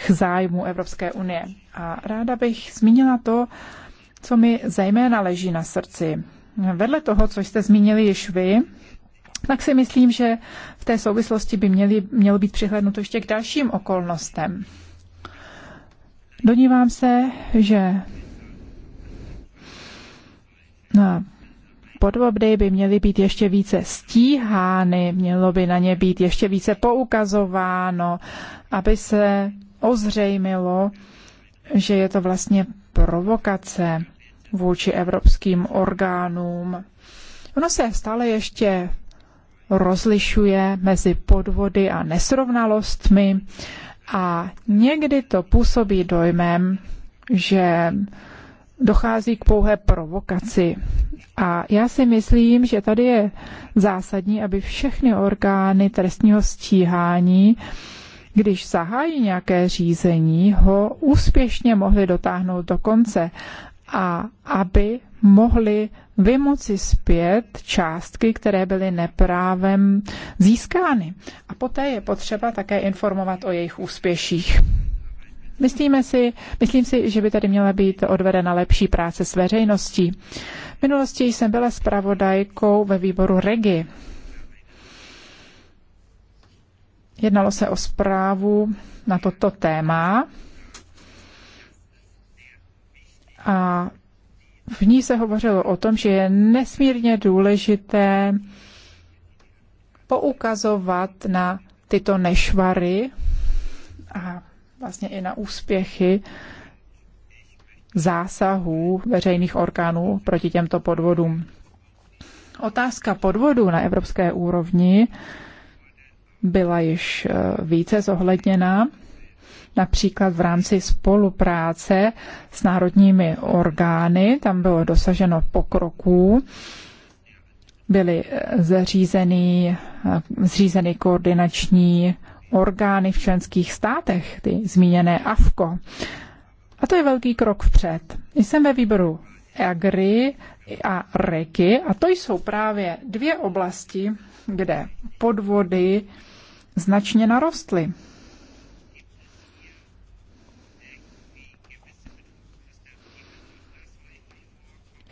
zájmu Evropské unie. A ráda bych zmínila to, co mi zejména leží na srdci. Vedle toho, co jste zmínili již vy, tak si myslím, že v té souvislosti by měli, mělo být přihlednuto ještě k dalším okolnostem. Donívám se, že no, podvody by měly být ještě více stíhány, mělo by na ně být ještě více poukazováno, aby se ozřejmilo, že je to vlastně provokace vůči evropským orgánům. Ono se stále ještě rozlišuje mezi podvody a nesrovnalostmi a někdy to působí dojmem, že dochází k pouhé provokaci. A já si myslím, že tady je zásadní, aby všechny orgány trestního stíhání, když zahájí nějaké řízení, ho úspěšně mohly dotáhnout do konce a aby mohli vymoci zpět částky, které byly neprávem získány. A poté je potřeba také informovat o jejich úspěších. Myslíme si, myslím si, že by tady měla být odvedena lepší práce s veřejností. V minulosti jsem byla zpravodajkou ve výboru REGI. Jednalo se o zprávu na toto téma a v ní se hovořilo o tom, že je nesmírně důležité poukazovat na tyto nešvary a vlastně i na úspěchy zásahů veřejných orgánů proti těmto podvodům. Otázka podvodu na evropské úrovni byla již eh, více zohledněna, například v rámci spolupráce s národními orgány. Tam bylo dosaženo pokroků. Byly eh, zřízeny, eh, zřízeny koordinační orgány v členských státech, ty zmíněné AFKO. A to je velký krok vpřed. Jsem ve výboru Agri a Reky a to jsou právě dvě oblasti, kde podvody značně narostly.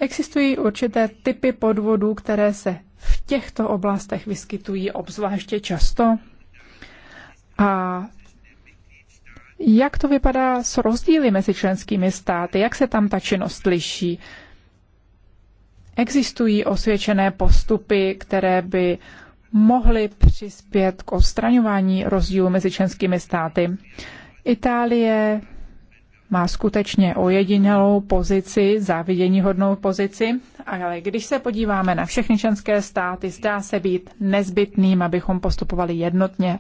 Existují určité typy podvodů, které se v těchto oblastech vyskytují obzvláště často. A jak to vypadá s rozdíly mezi členskými státy? Jak se tam ta činnost liší? Existují osvědčené postupy, které by mohly přispět k odstraňování rozdílů mezi členskými státy. Itálie má skutečně ojedinělou pozici, závidění hodnou pozici, ale když se podíváme na všechny členské státy, zdá se být nezbytným, abychom postupovali jednotně.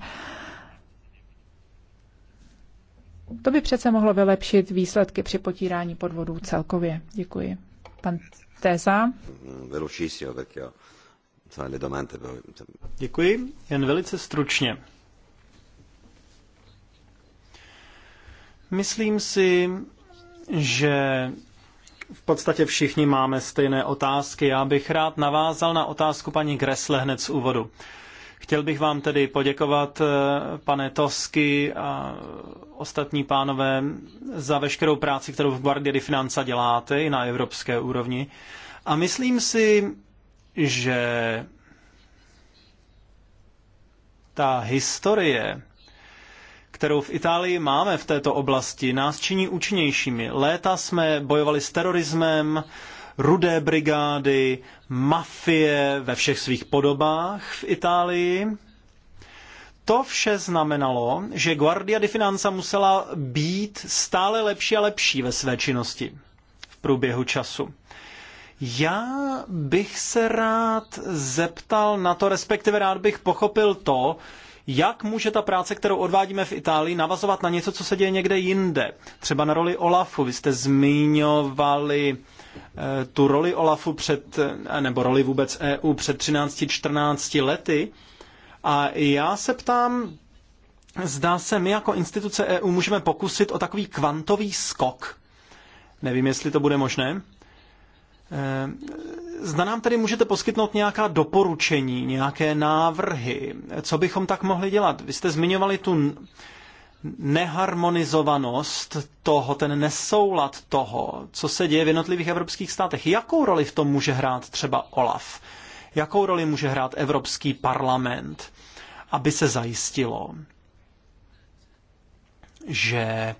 To by přece mohlo vylepšit výsledky při potírání podvodů celkově. Děkuji. Pan Téza. Děkuji. Jen velice stručně. Myslím si, že v podstatě všichni máme stejné otázky. Já bych rád navázal na otázku paní Gresle hned z úvodu. Chtěl bych vám tedy poděkovat, eh, pane Tosky a ostatní pánové, za veškerou práci, kterou v Guardia di Finanza děláte i na evropské úrovni. A myslím si, že ta historie, kterou v Itálii máme v této oblasti, nás činí účinnějšími. Léta jsme bojovali s terorismem, rudé brigády, mafie ve všech svých podobách v Itálii. To vše znamenalo, že Guardia di Finanza musela být stále lepší a lepší ve své činnosti v průběhu času. Já bych se rád zeptal na to, respektive rád bych pochopil to, jak může ta práce, kterou odvádíme v Itálii, navazovat na něco, co se děje někde jinde. Třeba na roli Olafu. Vy jste zmiňovali Eh, tu roli Olafu před, eh, nebo roli vůbec EU před 13-14 lety. A já se ptám, zdá se, my jako instituce EU můžeme pokusit o takový kvantový skok. Nevím, jestli to bude možné. Eh, zda nám tedy můžete poskytnout nějaká doporučení, nějaké návrhy, co bychom tak mohli dělat. Vy jste zmiňovali tu neharmonizovanost toho, ten nesoulad toho, co se děje v jednotlivých evropských státech. Jakou roli v tom může hrát třeba OLAF? Jakou roli může hrát Evropský parlament, aby se zajistilo, že eh,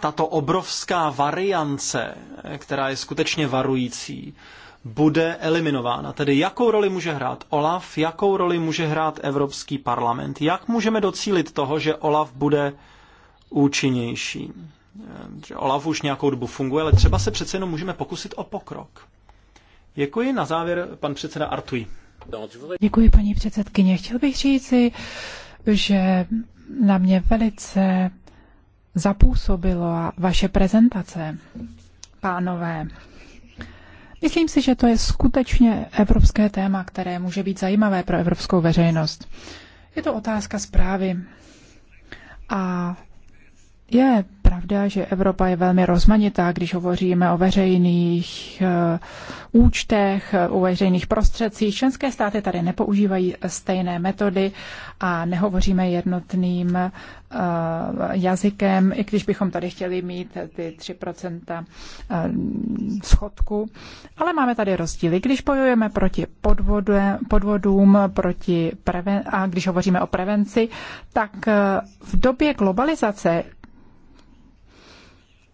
tato obrovská variance, eh, která je skutečně varující, bude eliminována. Tedy jakou roli může hrát OLAF, jakou roli může hrát Evropský parlament, jak můžeme docílit toho, že OLAF bude účinnější. Eh, že OLAF už nějakou dobu funguje, ale třeba se přece jenom můžeme pokusit o pokrok. Děkuji. Na závěr pan předseda Artují. Děkuji, paní předsedkyně. Chtěl bych říci, že na mě velice zapůsobilo vaše prezentace, pánové. Myslím si, že to je skutečně evropské téma, které může být zajímavé pro evropskou veřejnost. Je to otázka zprávy. A je pravda, že Evropa je velmi rozmanitá, když hovoříme o veřejných eh, účtech, o veřejných prostředcích. Členské státy tady nepoužívají stejné metody a nehovoříme jednotným eh, jazykem, i když bychom tady chtěli mít ty 3% eh, schodku. Ale máme tady rozdíly. Když bojujeme proti podvodu, podvodům, proti preven- a když hovoříme o prevenci, tak v době globalizace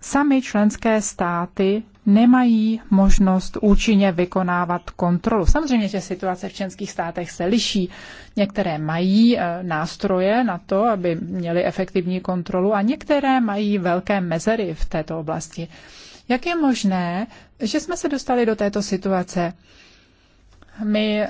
Sami členské státy nemají možnost účinně vykonávat kontrolu. Samozřejmě, že situace v členských státech se liší. Některé mají eh, nástroje na to, aby měly efektivní kontrolu a některé mají velké mezery v této oblasti. Jak je možné, že jsme se dostali do této situace? My eh,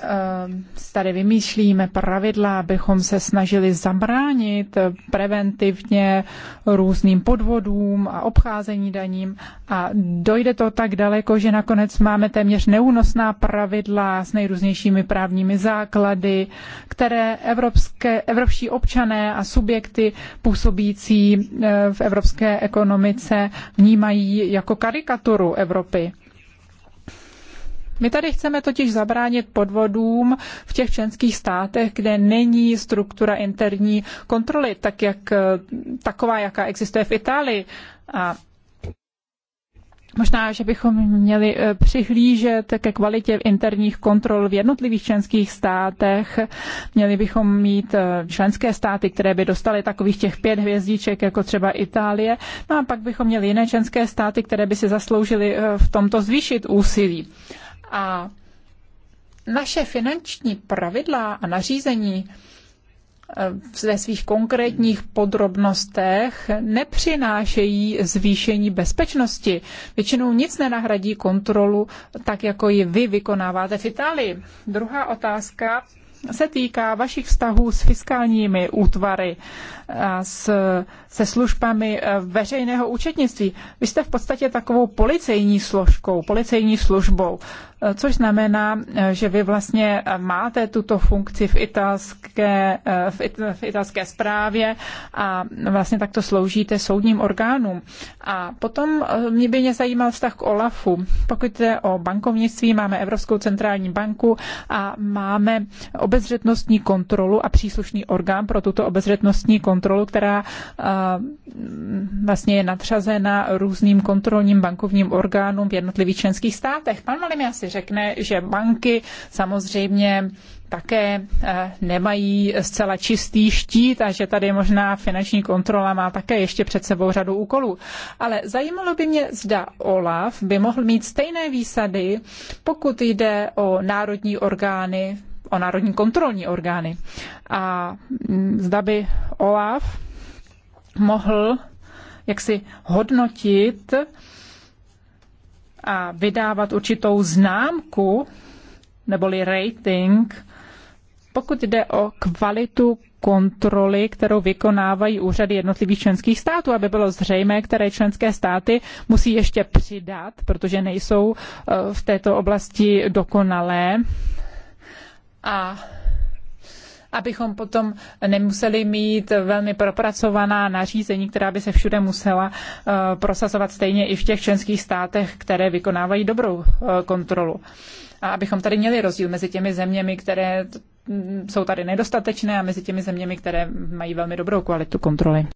tady vymýšlíme pravidla, abychom se snažili zabránit preventivně různým podvodům a obcházení daním a dojde to tak daleko, že nakonec máme téměř neúnosná pravidla s nejrůznějšími právními základy, které evropské, evropští občané a subjekty působící eh, v evropské ekonomice vnímají jako karikaturu Evropy. My tady chceme totiž zabránit podvodům v těch členských státech, kde není struktura interní kontroly, tak jak, eh, taková, jaká existuje v Itálii. A Možná, že bychom měli eh, přihlížet ke kvalitě interních kontrol v jednotlivých členských státech. Měli bychom mít eh, členské státy, které by dostaly takových těch pět hvězdíček, jako třeba Itálie. No a pak bychom měli jiné členské státy, které by si zasloužily v tomto zvýšit úsilí. A naše finanční pravidla a nařízení eh, ve svých konkrétních podrobnostech nepřinášejí zvýšení bezpečnosti. Většinou nic nenahradí kontrolu, tak jako ji vy vykonáváte v Itálii. Druhá otázka se týká vašich vztahů s fiskálními útvary, a s, se službami eh, veřejného účetnictví. Vy jste v podstatě takovou policejní složkou, policejní službou. Eh, což znamená, eh, že vy vlastně eh, máte tuto funkci v italské, v, it, v italské správě a vlastně takto sloužíte soudním orgánům. A potom mě by mě zajímal vztah k OLAFu. Pokud jde o bankovnictví, máme Evropskou centrální banku a máme obezřetnostní kontrolu a příslušný orgán pro tuto obezřetnostní kontrolu, která vlastně je nadřazena různým kontrolním bankovním orgánům v jednotlivých členských státech. Pan Malim, já si řekne, že banky samozřejmě také eh, nemají zcela čistý štít a že tady možná finanční kontrola má také ještě před sebou řadu úkolů. Ale zajímalo by mě, zda OLAF by mohl mít stejné výsady, pokud jde o národní orgány, o národní kontrolní orgány. A mm, zda by OLAF mohl jaksi hodnotit a vydávat určitou známku neboli rating, pokud jde o kvalitu kontroly, kterou vykonávají úřady jednotlivých členských států, aby bylo zřejmé, které členské státy musí ještě přidat, protože nejsou eh, v této oblasti dokonalé. A abychom potom nemuseli mít velmi propracovaná nařízení, která by se všude musela eh, prosazovat stejně i v těch členských státech, které vykonávají dobrou eh, kontrolu. A abychom tady měli rozdíl mezi těmi zeměmi, které mm, jsou tady nedostatečné a mezi těmi zeměmi, které mají velmi dobrou kvalitu kontroly.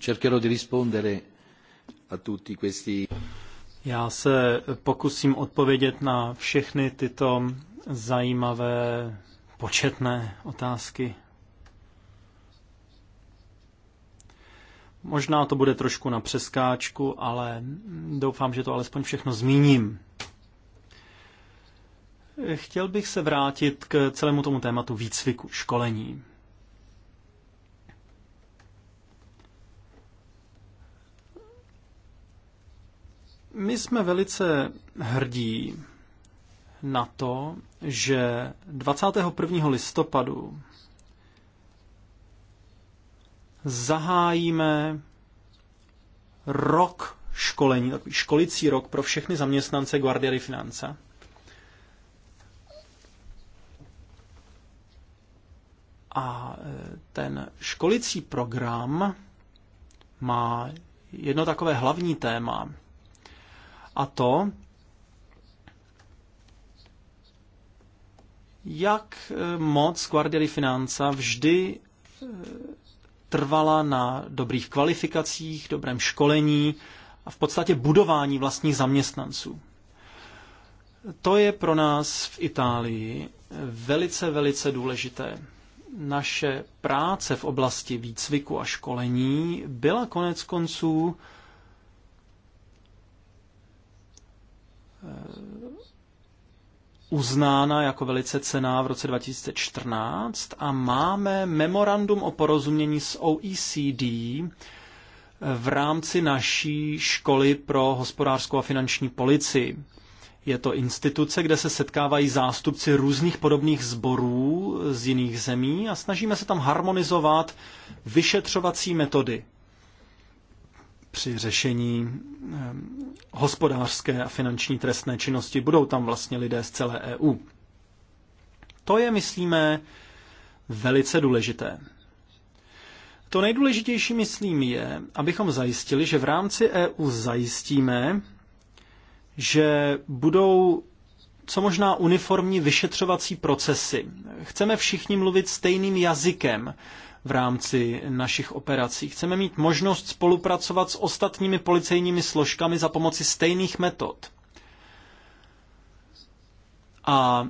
Cercherò di rispondere a tutti questi já se pokusím odpovědět na všechny tyto zajímavé početné otázky. Možná to bude trošku na přeskáčku, ale doufám, že to alespoň všechno zmíním. Chtěl bych se vrátit k celému tomu tématu výcviku, školení. My jsme velice hrdí na to, že 21. listopadu zahájíme rok školení, takový školicí rok pro všechny zaměstnance Guardiary Finance. A e, ten školicí program má jedno takové hlavní téma – a to, jak eh, moc Guardioli Finanza vždy eh, trvala na dobrých kvalifikacích, dobrém školení a v podstatě budování vlastních zaměstnanců. To je pro nás v Itálii eh, velice, velice důležité. Naše práce v oblasti výcviku a školení byla konec konců Eh, uznána jako velice cená v roce 2014 a máme memorandum o porozumění s OECD eh, v rámci naší školy pro hospodářskou a finanční policii. Je to instituce, kde se setkávají zástupci různých podobných sborů eh, z jiných zemí a snažíme se tam harmonizovat vyšetřovací metody při řešení ehm, hospodářské a finanční trestné činnosti. Budou tam vlastně lidé z celé EU. To je, myslíme, velice důležité. To nejdůležitější, myslím, je, abychom zajistili, že v rámci EU zajistíme, že budou co možná uniformní vyšetřovací procesy. Chceme všichni mluvit stejným jazykem v rámci našich operací. Chceme mít možnost spolupracovat s ostatními policejními složkami za pomoci stejných metod. A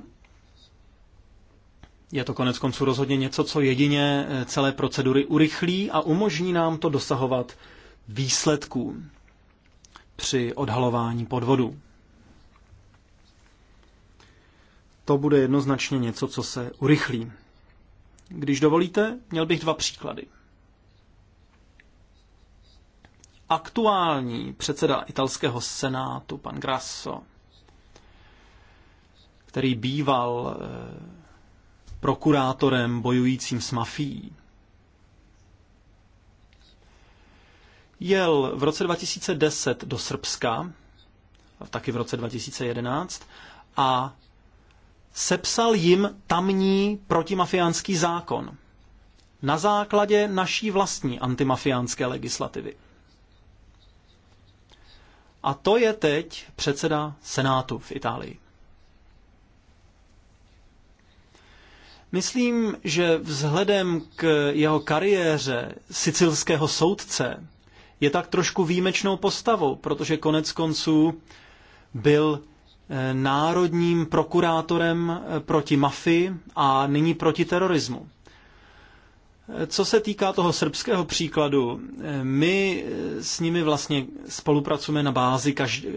je to konec konců rozhodně něco, co jedině eh, celé procedury urychlí a umožní nám to dosahovat výsledků při odhalování podvodu. To bude jednoznačně něco, co se urychlí. Když dovolíte, měl bych dva příklady. Aktuální předseda italského senátu, pan Grasso, který býval eh, prokurátorem bojujícím s mafií, jel v roce 2010 do Srbska, taky v roce 2011, a sepsal jim tamní protimafiánský zákon na základě naší vlastní antimafiánské legislativy. A to je teď předseda Senátu v Itálii. Myslím, že vzhledem k jeho kariéře sicilského soudce je tak trošku výjimečnou postavou, protože konec konců byl národním prokurátorem eh, proti mafii a nyní proti terorismu. Eh, co se týká toho srbského příkladu, eh, my s nimi vlastně spolupracujeme na bázi každ-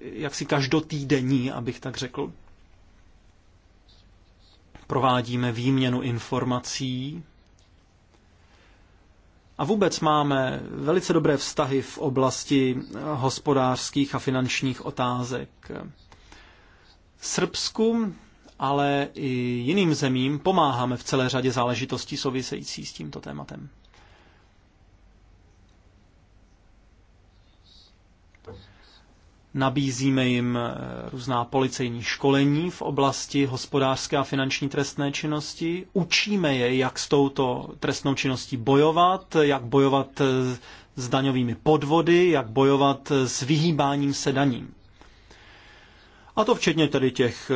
jaksi každotýdenní, abych tak řekl. Provádíme výměnu informací a vůbec máme velice dobré vztahy v oblasti hospodářských a finančních otázek. Srbsku, ale i jiným zemím pomáháme v celé řadě záležitostí související s tímto tématem. Nabízíme jim eh, různá policejní školení v oblasti hospodářské a finanční trestné činnosti. Učíme je, jak s touto trestnou činností bojovat, jak bojovat eh, s daňovými podvody, jak bojovat eh, s vyhýbáním se daním. A to včetně tedy těch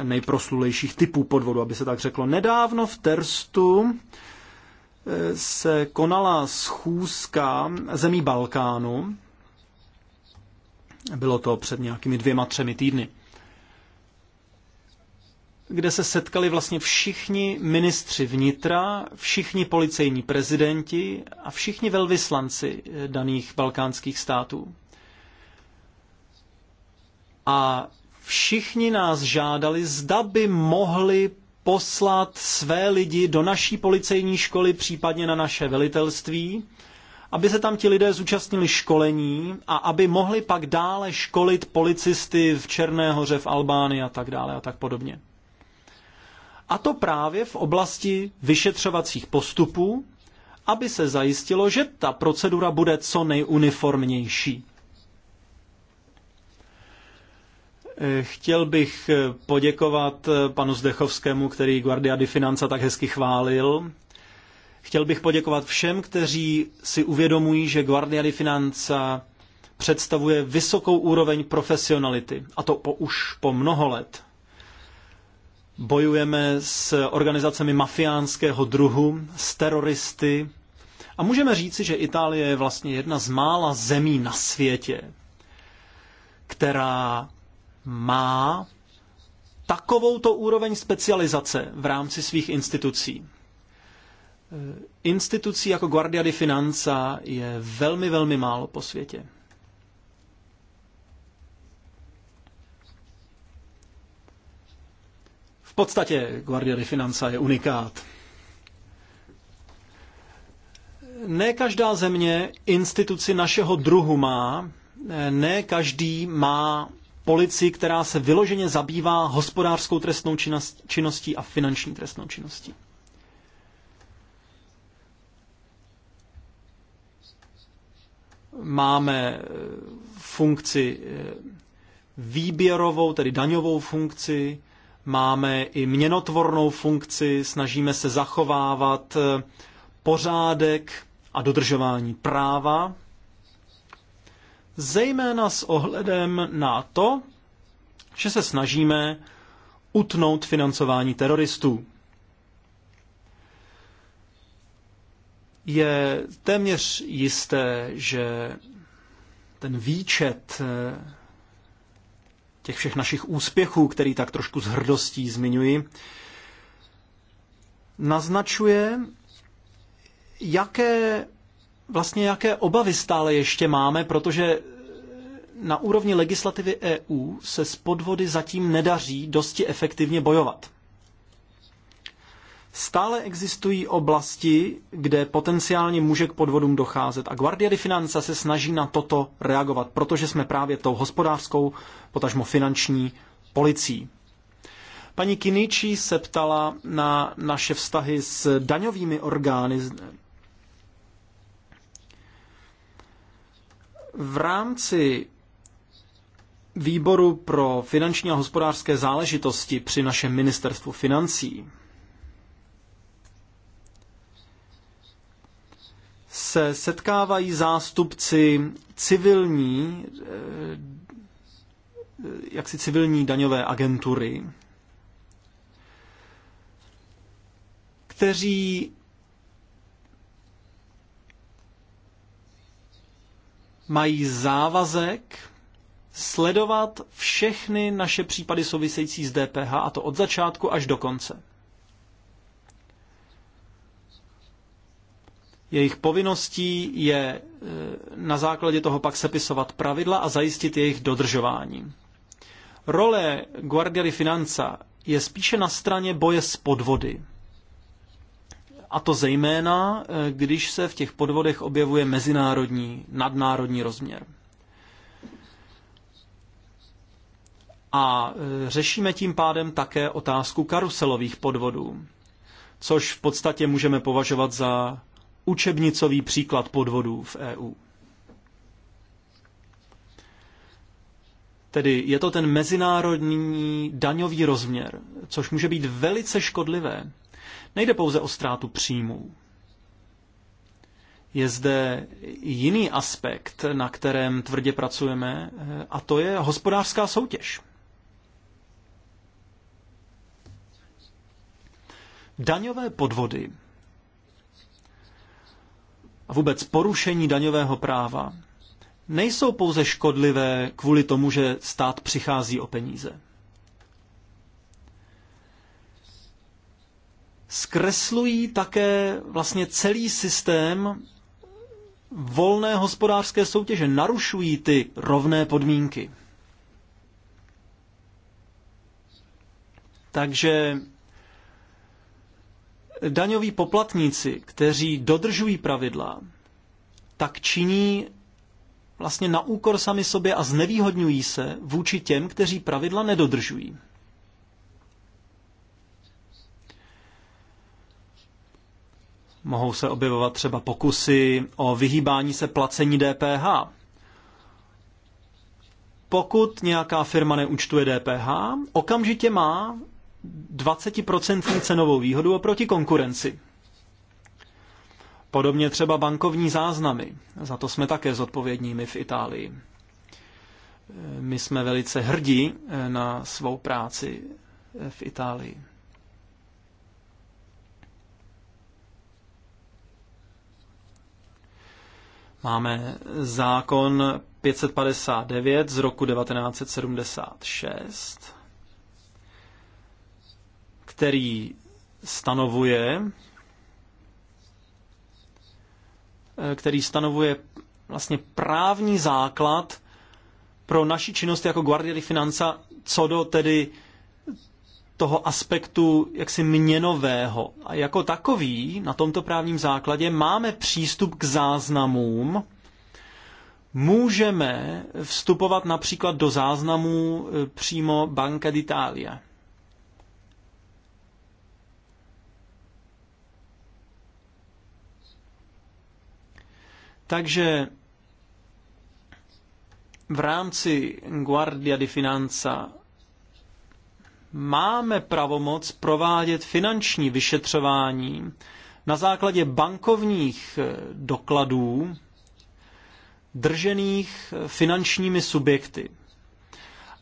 eh, nejproslulejších typů podvodu, aby se tak řeklo. Nedávno v Terstu eh, se konala schůzka zemí Balkánu. Bylo to před nějakými dvěma, třemi týdny kde se setkali vlastně všichni ministři vnitra, všichni policejní prezidenti a všichni velvyslanci eh, daných balkánských států a všichni nás žádali, zda by mohli poslat své lidi do naší policejní školy, případně na naše velitelství, aby se tam ti lidé zúčastnili školení a aby mohli pak dále školit policisty v Černé hoře, v Albánii a tak dále a tak podobně. A to právě v oblasti vyšetřovacích postupů, aby se zajistilo, že ta procedura bude co nejuniformnější. Chtěl bych poděkovat panu Zdechovskému, který Guardia di Finanza tak hezky chválil. Chtěl bych poděkovat všem, kteří si uvědomují, že Guardia di Finanza představuje vysokou úroveň profesionality, a to po, už po mnoho let. Bojujeme s organizacemi mafiánského druhu, s teroristy a můžeme říci, že Itálie je vlastně jedna z mála zemí na světě, která má takovouto úroveň specializace v rámci svých institucí. Institucí jako Guardia di Finanza je velmi, velmi málo po světě. V podstatě Guardia di Finanza je unikát. Ne každá země instituci našeho druhu má, ne každý má policii, která se vyloženě zabývá hospodářskou trestnou činností a finanční trestnou činností. Máme eh, funkci eh, výběrovou, tedy daňovou funkci, máme i měnotvornou funkci, snažíme se zachovávat eh, pořádek a dodržování práva zejména s ohledem na to, že se snažíme utnout financování teroristů. Je téměř jisté, že ten výčet eh, těch všech našich úspěchů, který tak trošku s hrdostí zmiňuji, naznačuje, jaké vlastně jaké obavy stále ještě máme, protože na úrovni legislativy EU se s podvody zatím nedaří dosti efektivně bojovat. Stále existují oblasti, kde potenciálně může k podvodům docházet a Guardia di Finanza se snaží na toto reagovat, protože jsme právě tou hospodářskou, potažmo finanční policií. Paní Kiniči se ptala na naše vztahy s daňovými orgány, V rámci výboru pro finanční a hospodářské záležitosti při našem ministerstvu financí se setkávají zástupci civilní, eh, jaksi civilní daňové agentury, kteří mají závazek sledovat všechny naše případy související s DPH, a to od začátku až do konce. Jejich povinností je e, na základě toho pak sepisovat pravidla a zajistit jejich dodržování. Role Guardiary Finanza je spíše na straně boje s podvody. A to zejména, eh, když se v těch podvodech objevuje mezinárodní, nadnárodní rozměr. A eh, řešíme tím pádem také otázku karuselových podvodů, což v podstatě můžeme považovat za učebnicový příklad podvodů v EU. Tedy je to ten mezinárodní daňový rozměr, což může být velice škodlivé Nejde pouze o ztrátu příjmů. Je zde jiný aspekt, na kterém tvrdě pracujeme, a to je hospodářská soutěž. Daňové podvody a vůbec porušení daňového práva nejsou pouze škodlivé kvůli tomu, že stát přichází o peníze. zkreslují také vlastně celý systém volné hospodářské soutěže, narušují ty rovné podmínky. Takže daňoví poplatníci, kteří dodržují pravidla, tak činí vlastně na úkor sami sobě a znevýhodňují se vůči těm, kteří pravidla nedodržují. Mohou se objevovat třeba pokusy o vyhýbání se placení DPH. Pokud nějaká firma neúčtuje DPH, okamžitě má 20% cenovou výhodu oproti konkurenci. Podobně třeba bankovní záznamy. Za to jsme také zodpovědními v Itálii. My jsme velice hrdí eh, na svou práci eh, v Itálii. Máme zákon 559 z roku 1976, který stanovuje, který stanovuje vlastně právní základ pro naši činnost jako Guardia di co do tedy toho aspektu jaksi měnového. A jako takový na tomto právním základě máme přístup k záznamům, můžeme vstupovat například do záznamů e, přímo Banka d'Italia. Takže v rámci Guardia di Finanza máme pravomoc provádět finanční vyšetřování na základě bankovních eh, dokladů držených eh, finančními subjekty.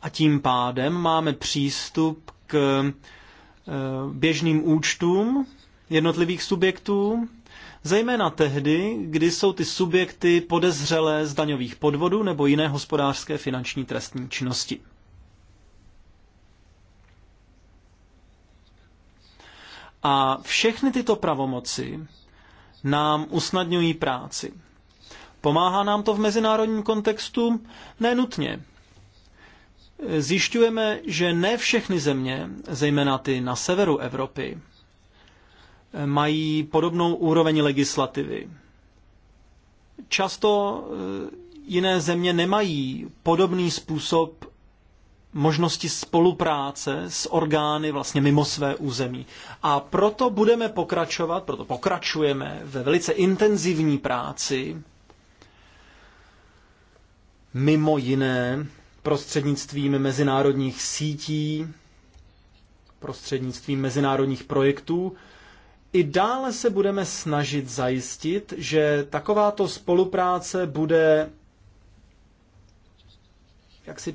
A tím pádem máme přístup k eh, běžným účtům jednotlivých subjektů, zejména tehdy, kdy jsou ty subjekty podezřelé z daňových podvodů nebo jiné hospodářské finanční trestní činnosti. A všechny tyto pravomoci nám usnadňují práci. Pomáhá nám to v mezinárodním kontextu? Nenutně. Zjišťujeme, že ne všechny země, zejména ty na severu Evropy, mají podobnou úroveň legislativy. Často eh, jiné země nemají podobný způsob možnosti spolupráce s orgány vlastně mimo své území. A proto budeme pokračovat, proto pokračujeme ve velice intenzivní práci, mimo jiné prostřednictvím mezinárodních sítí, prostřednictvím mezinárodních projektů, i dále se budeme snažit zajistit, že takováto spolupráce bude jaksi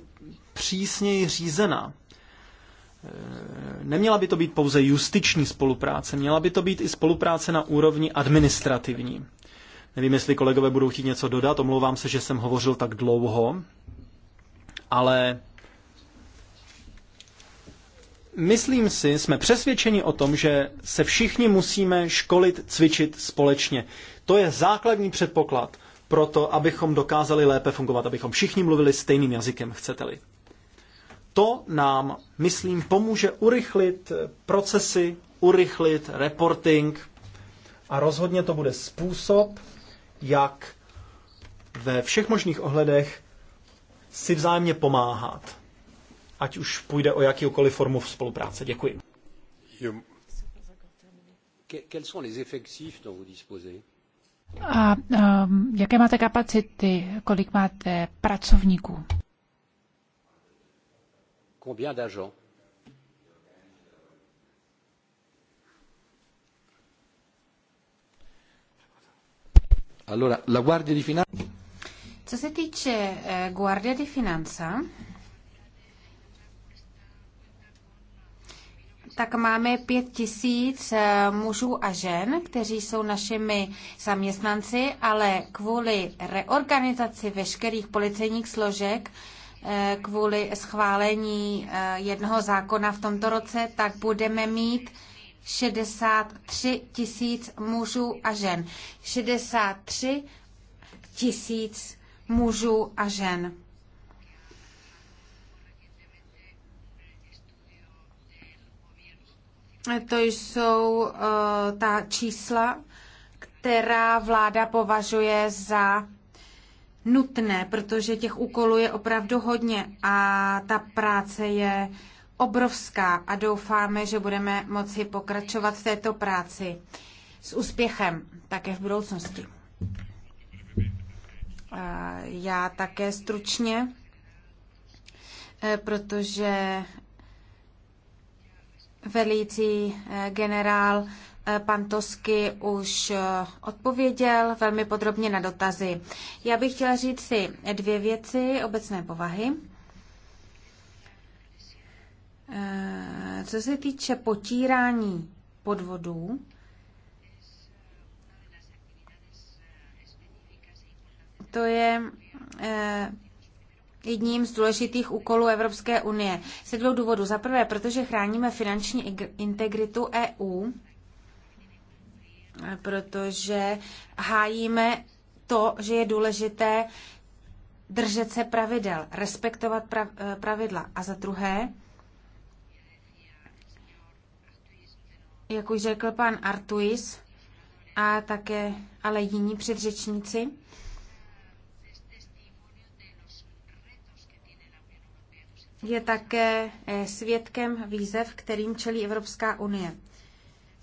přísněji řízena. E, neměla by to být pouze justiční spolupráce, měla by to být i spolupráce na úrovni administrativní. Nevím, jestli kolegové budou chtít něco dodat, omlouvám se, že jsem hovořil tak dlouho, ale myslím si, jsme přesvědčeni o tom, že se všichni musíme školit, cvičit společně. To je základní předpoklad pro to, abychom dokázali lépe fungovat, abychom všichni mluvili stejným jazykem, chcete-li to nám, myslím, pomůže urychlit procesy, urychlit reporting a rozhodně to bude způsob, jak ve všech možných ohledech si vzájemně pomáhat, ať už půjde o jakýkoliv formu v spolupráce. Děkuji. A um, jaké máte kapacity, kolik máte pracovníků? combien d'agents Allora, la Guardia di Finanza. Co se týče eh, Guardia di Finanza, tak máme pět tisíc eh, mužů a žen, kteří jsou našimi zaměstnanci, ale kvůli reorganizaci veškerých policejních složek eh, Eh, kvůli schválení eh, jednoho zákona v tomto roce, tak budeme mít 63 tisíc mužů a žen. 63 tisíc mužů a žen. To jsou uh, ta čísla, která vláda považuje za nutné, protože těch úkolů je opravdu hodně a ta práce je obrovská a doufáme, že budeme moci pokračovat v této práci s úspěchem také v budoucnosti. Já také stručně, eh, protože velící eh, generál Eh, pan Tosky už eh, odpověděl velmi podrobně na dotazy. Já bych chtěla říct si dvě věci obecné povahy. Eh, co se týče potírání podvodů, to je jedním z důležitých úkolů Evropské unie. Se dvou důvodů. Za prvé, protože chráníme finanční integritu EU protože hájíme to, že je důležité držet se pravidel, respektovat eh, pravidla. A za druhé, jak už řekl pan Artuis a také ale jiní předřečníci, je také eh, svědkem výzev, kterým čelí Evropská unie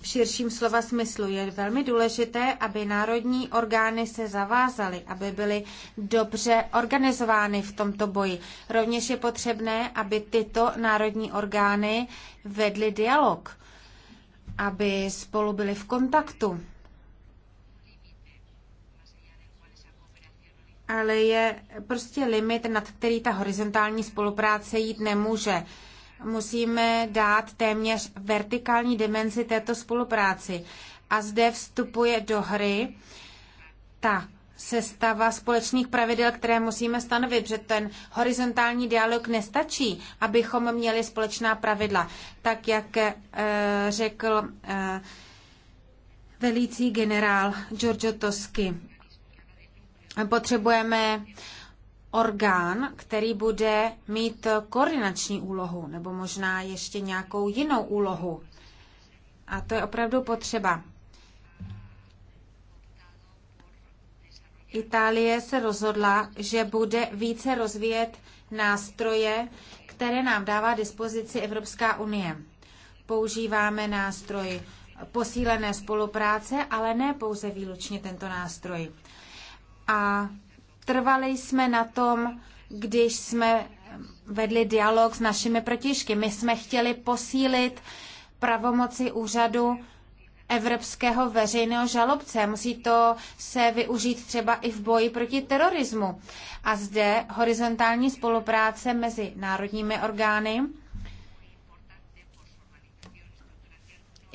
v širším slova smyslu. Je velmi důležité, aby národní orgány se zavázaly, aby byly dobře organizovány v tomto boji. Rovněž je potřebné, aby tyto národní orgány vedly dialog, aby spolu byly v kontaktu. Ale je prostě limit, nad který ta horizontální spolupráce jít nemůže musíme dát téměř vertikální dimenzi této spolupráci. A zde vstupuje do hry ta sestava společných pravidel, které musíme stanovit, že ten horizontální dialog nestačí, abychom měli společná pravidla. Tak, jak e, řekl e, velící generál Giorgio Tosky. Potřebujeme orgán, který bude mít koordinační úlohu nebo možná ještě nějakou jinou úlohu. A to je opravdu potřeba. Itálie se rozhodla, že bude více rozvíjet nástroje, které nám dává dispozici Evropská unie. Používáme nástroj posílené spolupráce, ale ne pouze výlučně tento nástroj. A Trvali jsme na tom, když jsme vedli dialog s našimi protižky. My jsme chtěli posílit pravomoci úřadu evropského veřejného žalobce. Musí to se využít třeba i v boji proti terorismu. A zde horizontální spolupráce mezi národními orgány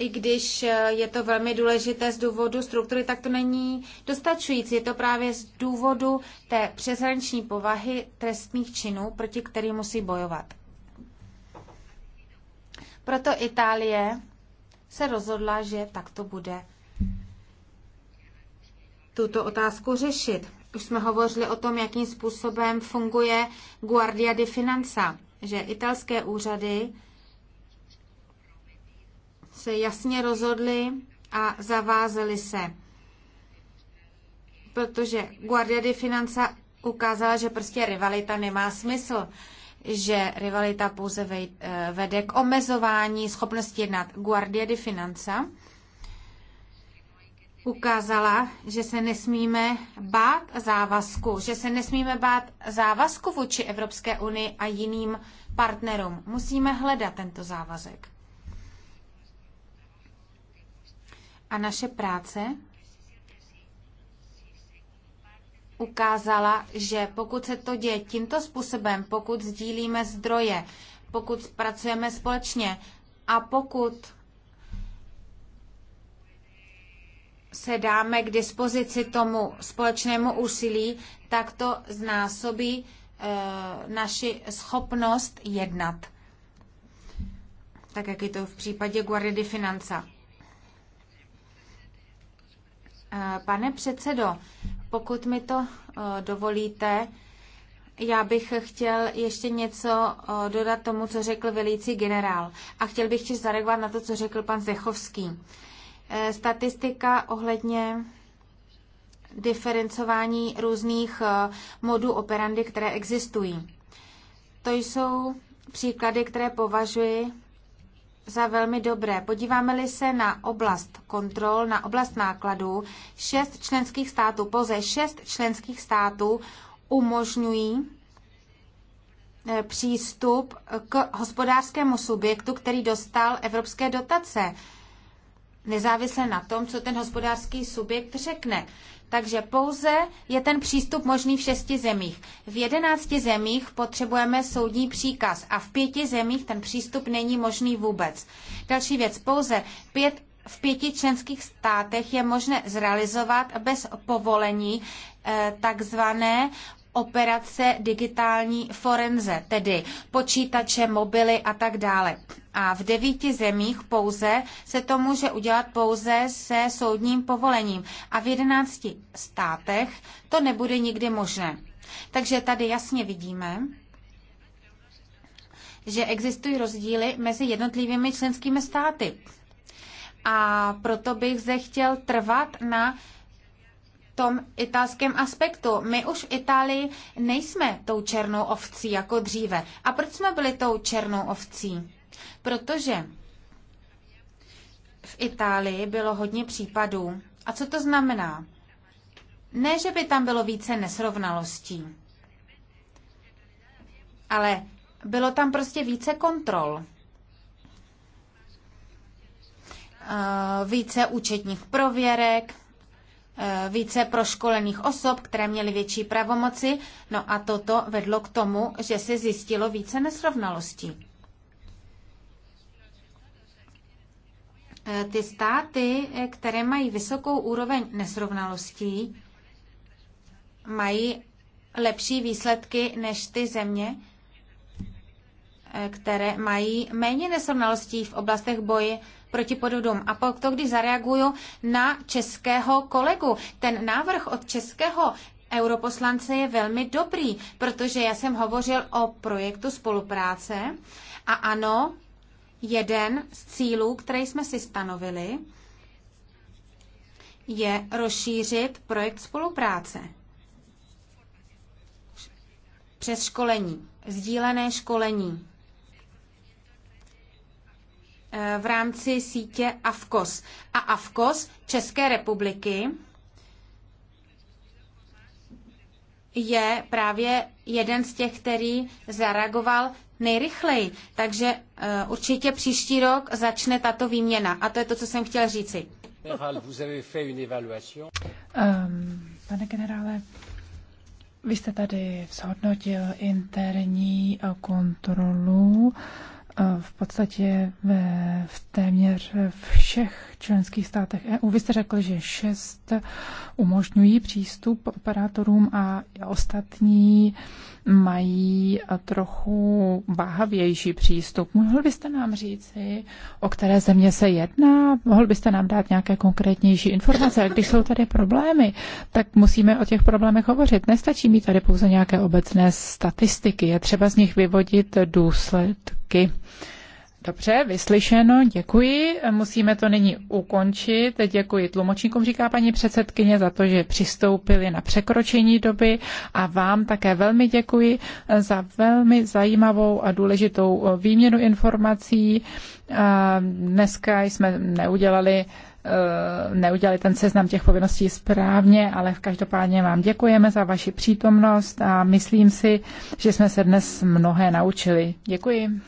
i když eh, je to velmi důležité z důvodu struktury, tak to není dostačující. Je to právě z důvodu té přeshraniční povahy trestných činů, proti kterým musí bojovat. Proto Itálie se rozhodla, že takto bude tuto otázku řešit. Už jsme hovořili o tom, jakým způsobem funguje Guardia di Finanza, že italské úřady se jasně rozhodli a zavázeli se. Protože Guardia di Finanza ukázala, že prostě rivalita nemá smysl, že rivalita pouze eh, vede k omezování schopnosti jednat. Guardia di Finanza ukázala, že se nesmíme bát závazku, že se nesmíme bát závazku vůči Evropské unii a jiným partnerům. Musíme hledat tento závazek. A naše práce ukázala, že pokud se to děje tímto způsobem, pokud sdílíme zdroje, pokud pracujeme společně a pokud se dáme k dispozici tomu společnému úsilí, tak to znásobí e, naši schopnost jednat. Tak jak je to v případě Guardy Financa. Eh, pane předsedo, pokud mi to eh, dovolíte, já bych chtěl ještě něco eh, dodat tomu, co řekl velící generál. A chtěl bych ještě zareagovat na to, co řekl pan Zechovský. Statistika ohledně diferencování různých modů operandy, které existují. To jsou příklady, které považuji za velmi dobré. Podíváme-li se na oblast kontrol, na oblast nákladů, šest členských států, pouze šest členských států umožňují eh, přístup k hospodářskému subjektu, který dostal evropské dotace, nezávisle na tom, co ten hospodářský subjekt řekne. Takže pouze je ten přístup možný v šesti zemích. V jedenácti zemích potřebujeme soudní příkaz a v pěti zemích ten přístup není možný vůbec. Další věc, pouze pět v pěti členských státech je možné zrealizovat bez povolení eh, takzvané operace digitální forenze, tedy počítače, mobily a tak dále. A v devíti zemích pouze se to může udělat pouze se soudním povolením a v jedenácti státech to nebude nikdy možné. Takže tady jasně vidíme, že existují rozdíly mezi jednotlivými členskými státy. A proto bych zde chtěl trvat na tom italském aspektu. My už v Itálii nejsme tou černou ovcí jako dříve. A proč jsme byli tou černou ovcí? Protože v Itálii bylo hodně případů. A co to znamená? Ne, že by tam bylo více nesrovnalostí, ale bylo tam prostě více kontrol. Eh, více účetních prověrek, Eh, více proškolených osob, které měly větší pravomoci, no a toto vedlo k tomu, že se zjistilo více nesrovnalostí. Eh, ty státy, eh, které mají vysokou úroveň nesrovnalostí, mají lepší výsledky než ty země, které mají méně nesrovnalostí v oblastech boje proti podvodům. A pak to, když zareaguju na českého kolegu, ten návrh od českého europoslance je velmi dobrý, protože já jsem hovořil o projektu spolupráce a ano, jeden z cílů, který jsme si stanovili, je rozšířit projekt spolupráce přes školení, sdílené školení v rámci sítě AFKOS. A AFKOS České republiky je právě jeden z těch, který zareagoval nejrychleji. Takže uh, určitě příští rok začne tato výměna. A to je to, co jsem chtěl říci. Um, pane generále, vy jste tady zhodnotil interní kontrolu v podstatě v téměř všech členských státech EU. Vy jste řekl, že šest umožňují přístup operátorům a ostatní mají trochu váhavější přístup. Mohl byste nám říci, o které země se jedná? Mohl byste nám dát nějaké konkrétnější informace? A když jsou tady problémy, tak musíme o těch problémech hovořit. Nestačí mít tady pouze nějaké obecné statistiky. Je třeba z nich vyvodit důsledky. Dobře, vyslyšeno, děkuji. Musíme to nyní ukončit. Děkuji tlumočníkům, říká paní předsedkyně, za to, že přistoupili na překročení doby a vám také velmi děkuji za velmi zajímavou a důležitou výměnu informací. Dneska jsme neudělali eh, neudělali ten seznam těch povinností správně, ale v každopádně vám děkujeme za vaši přítomnost a myslím si, že jsme se dnes mnohé naučili. Děkuji.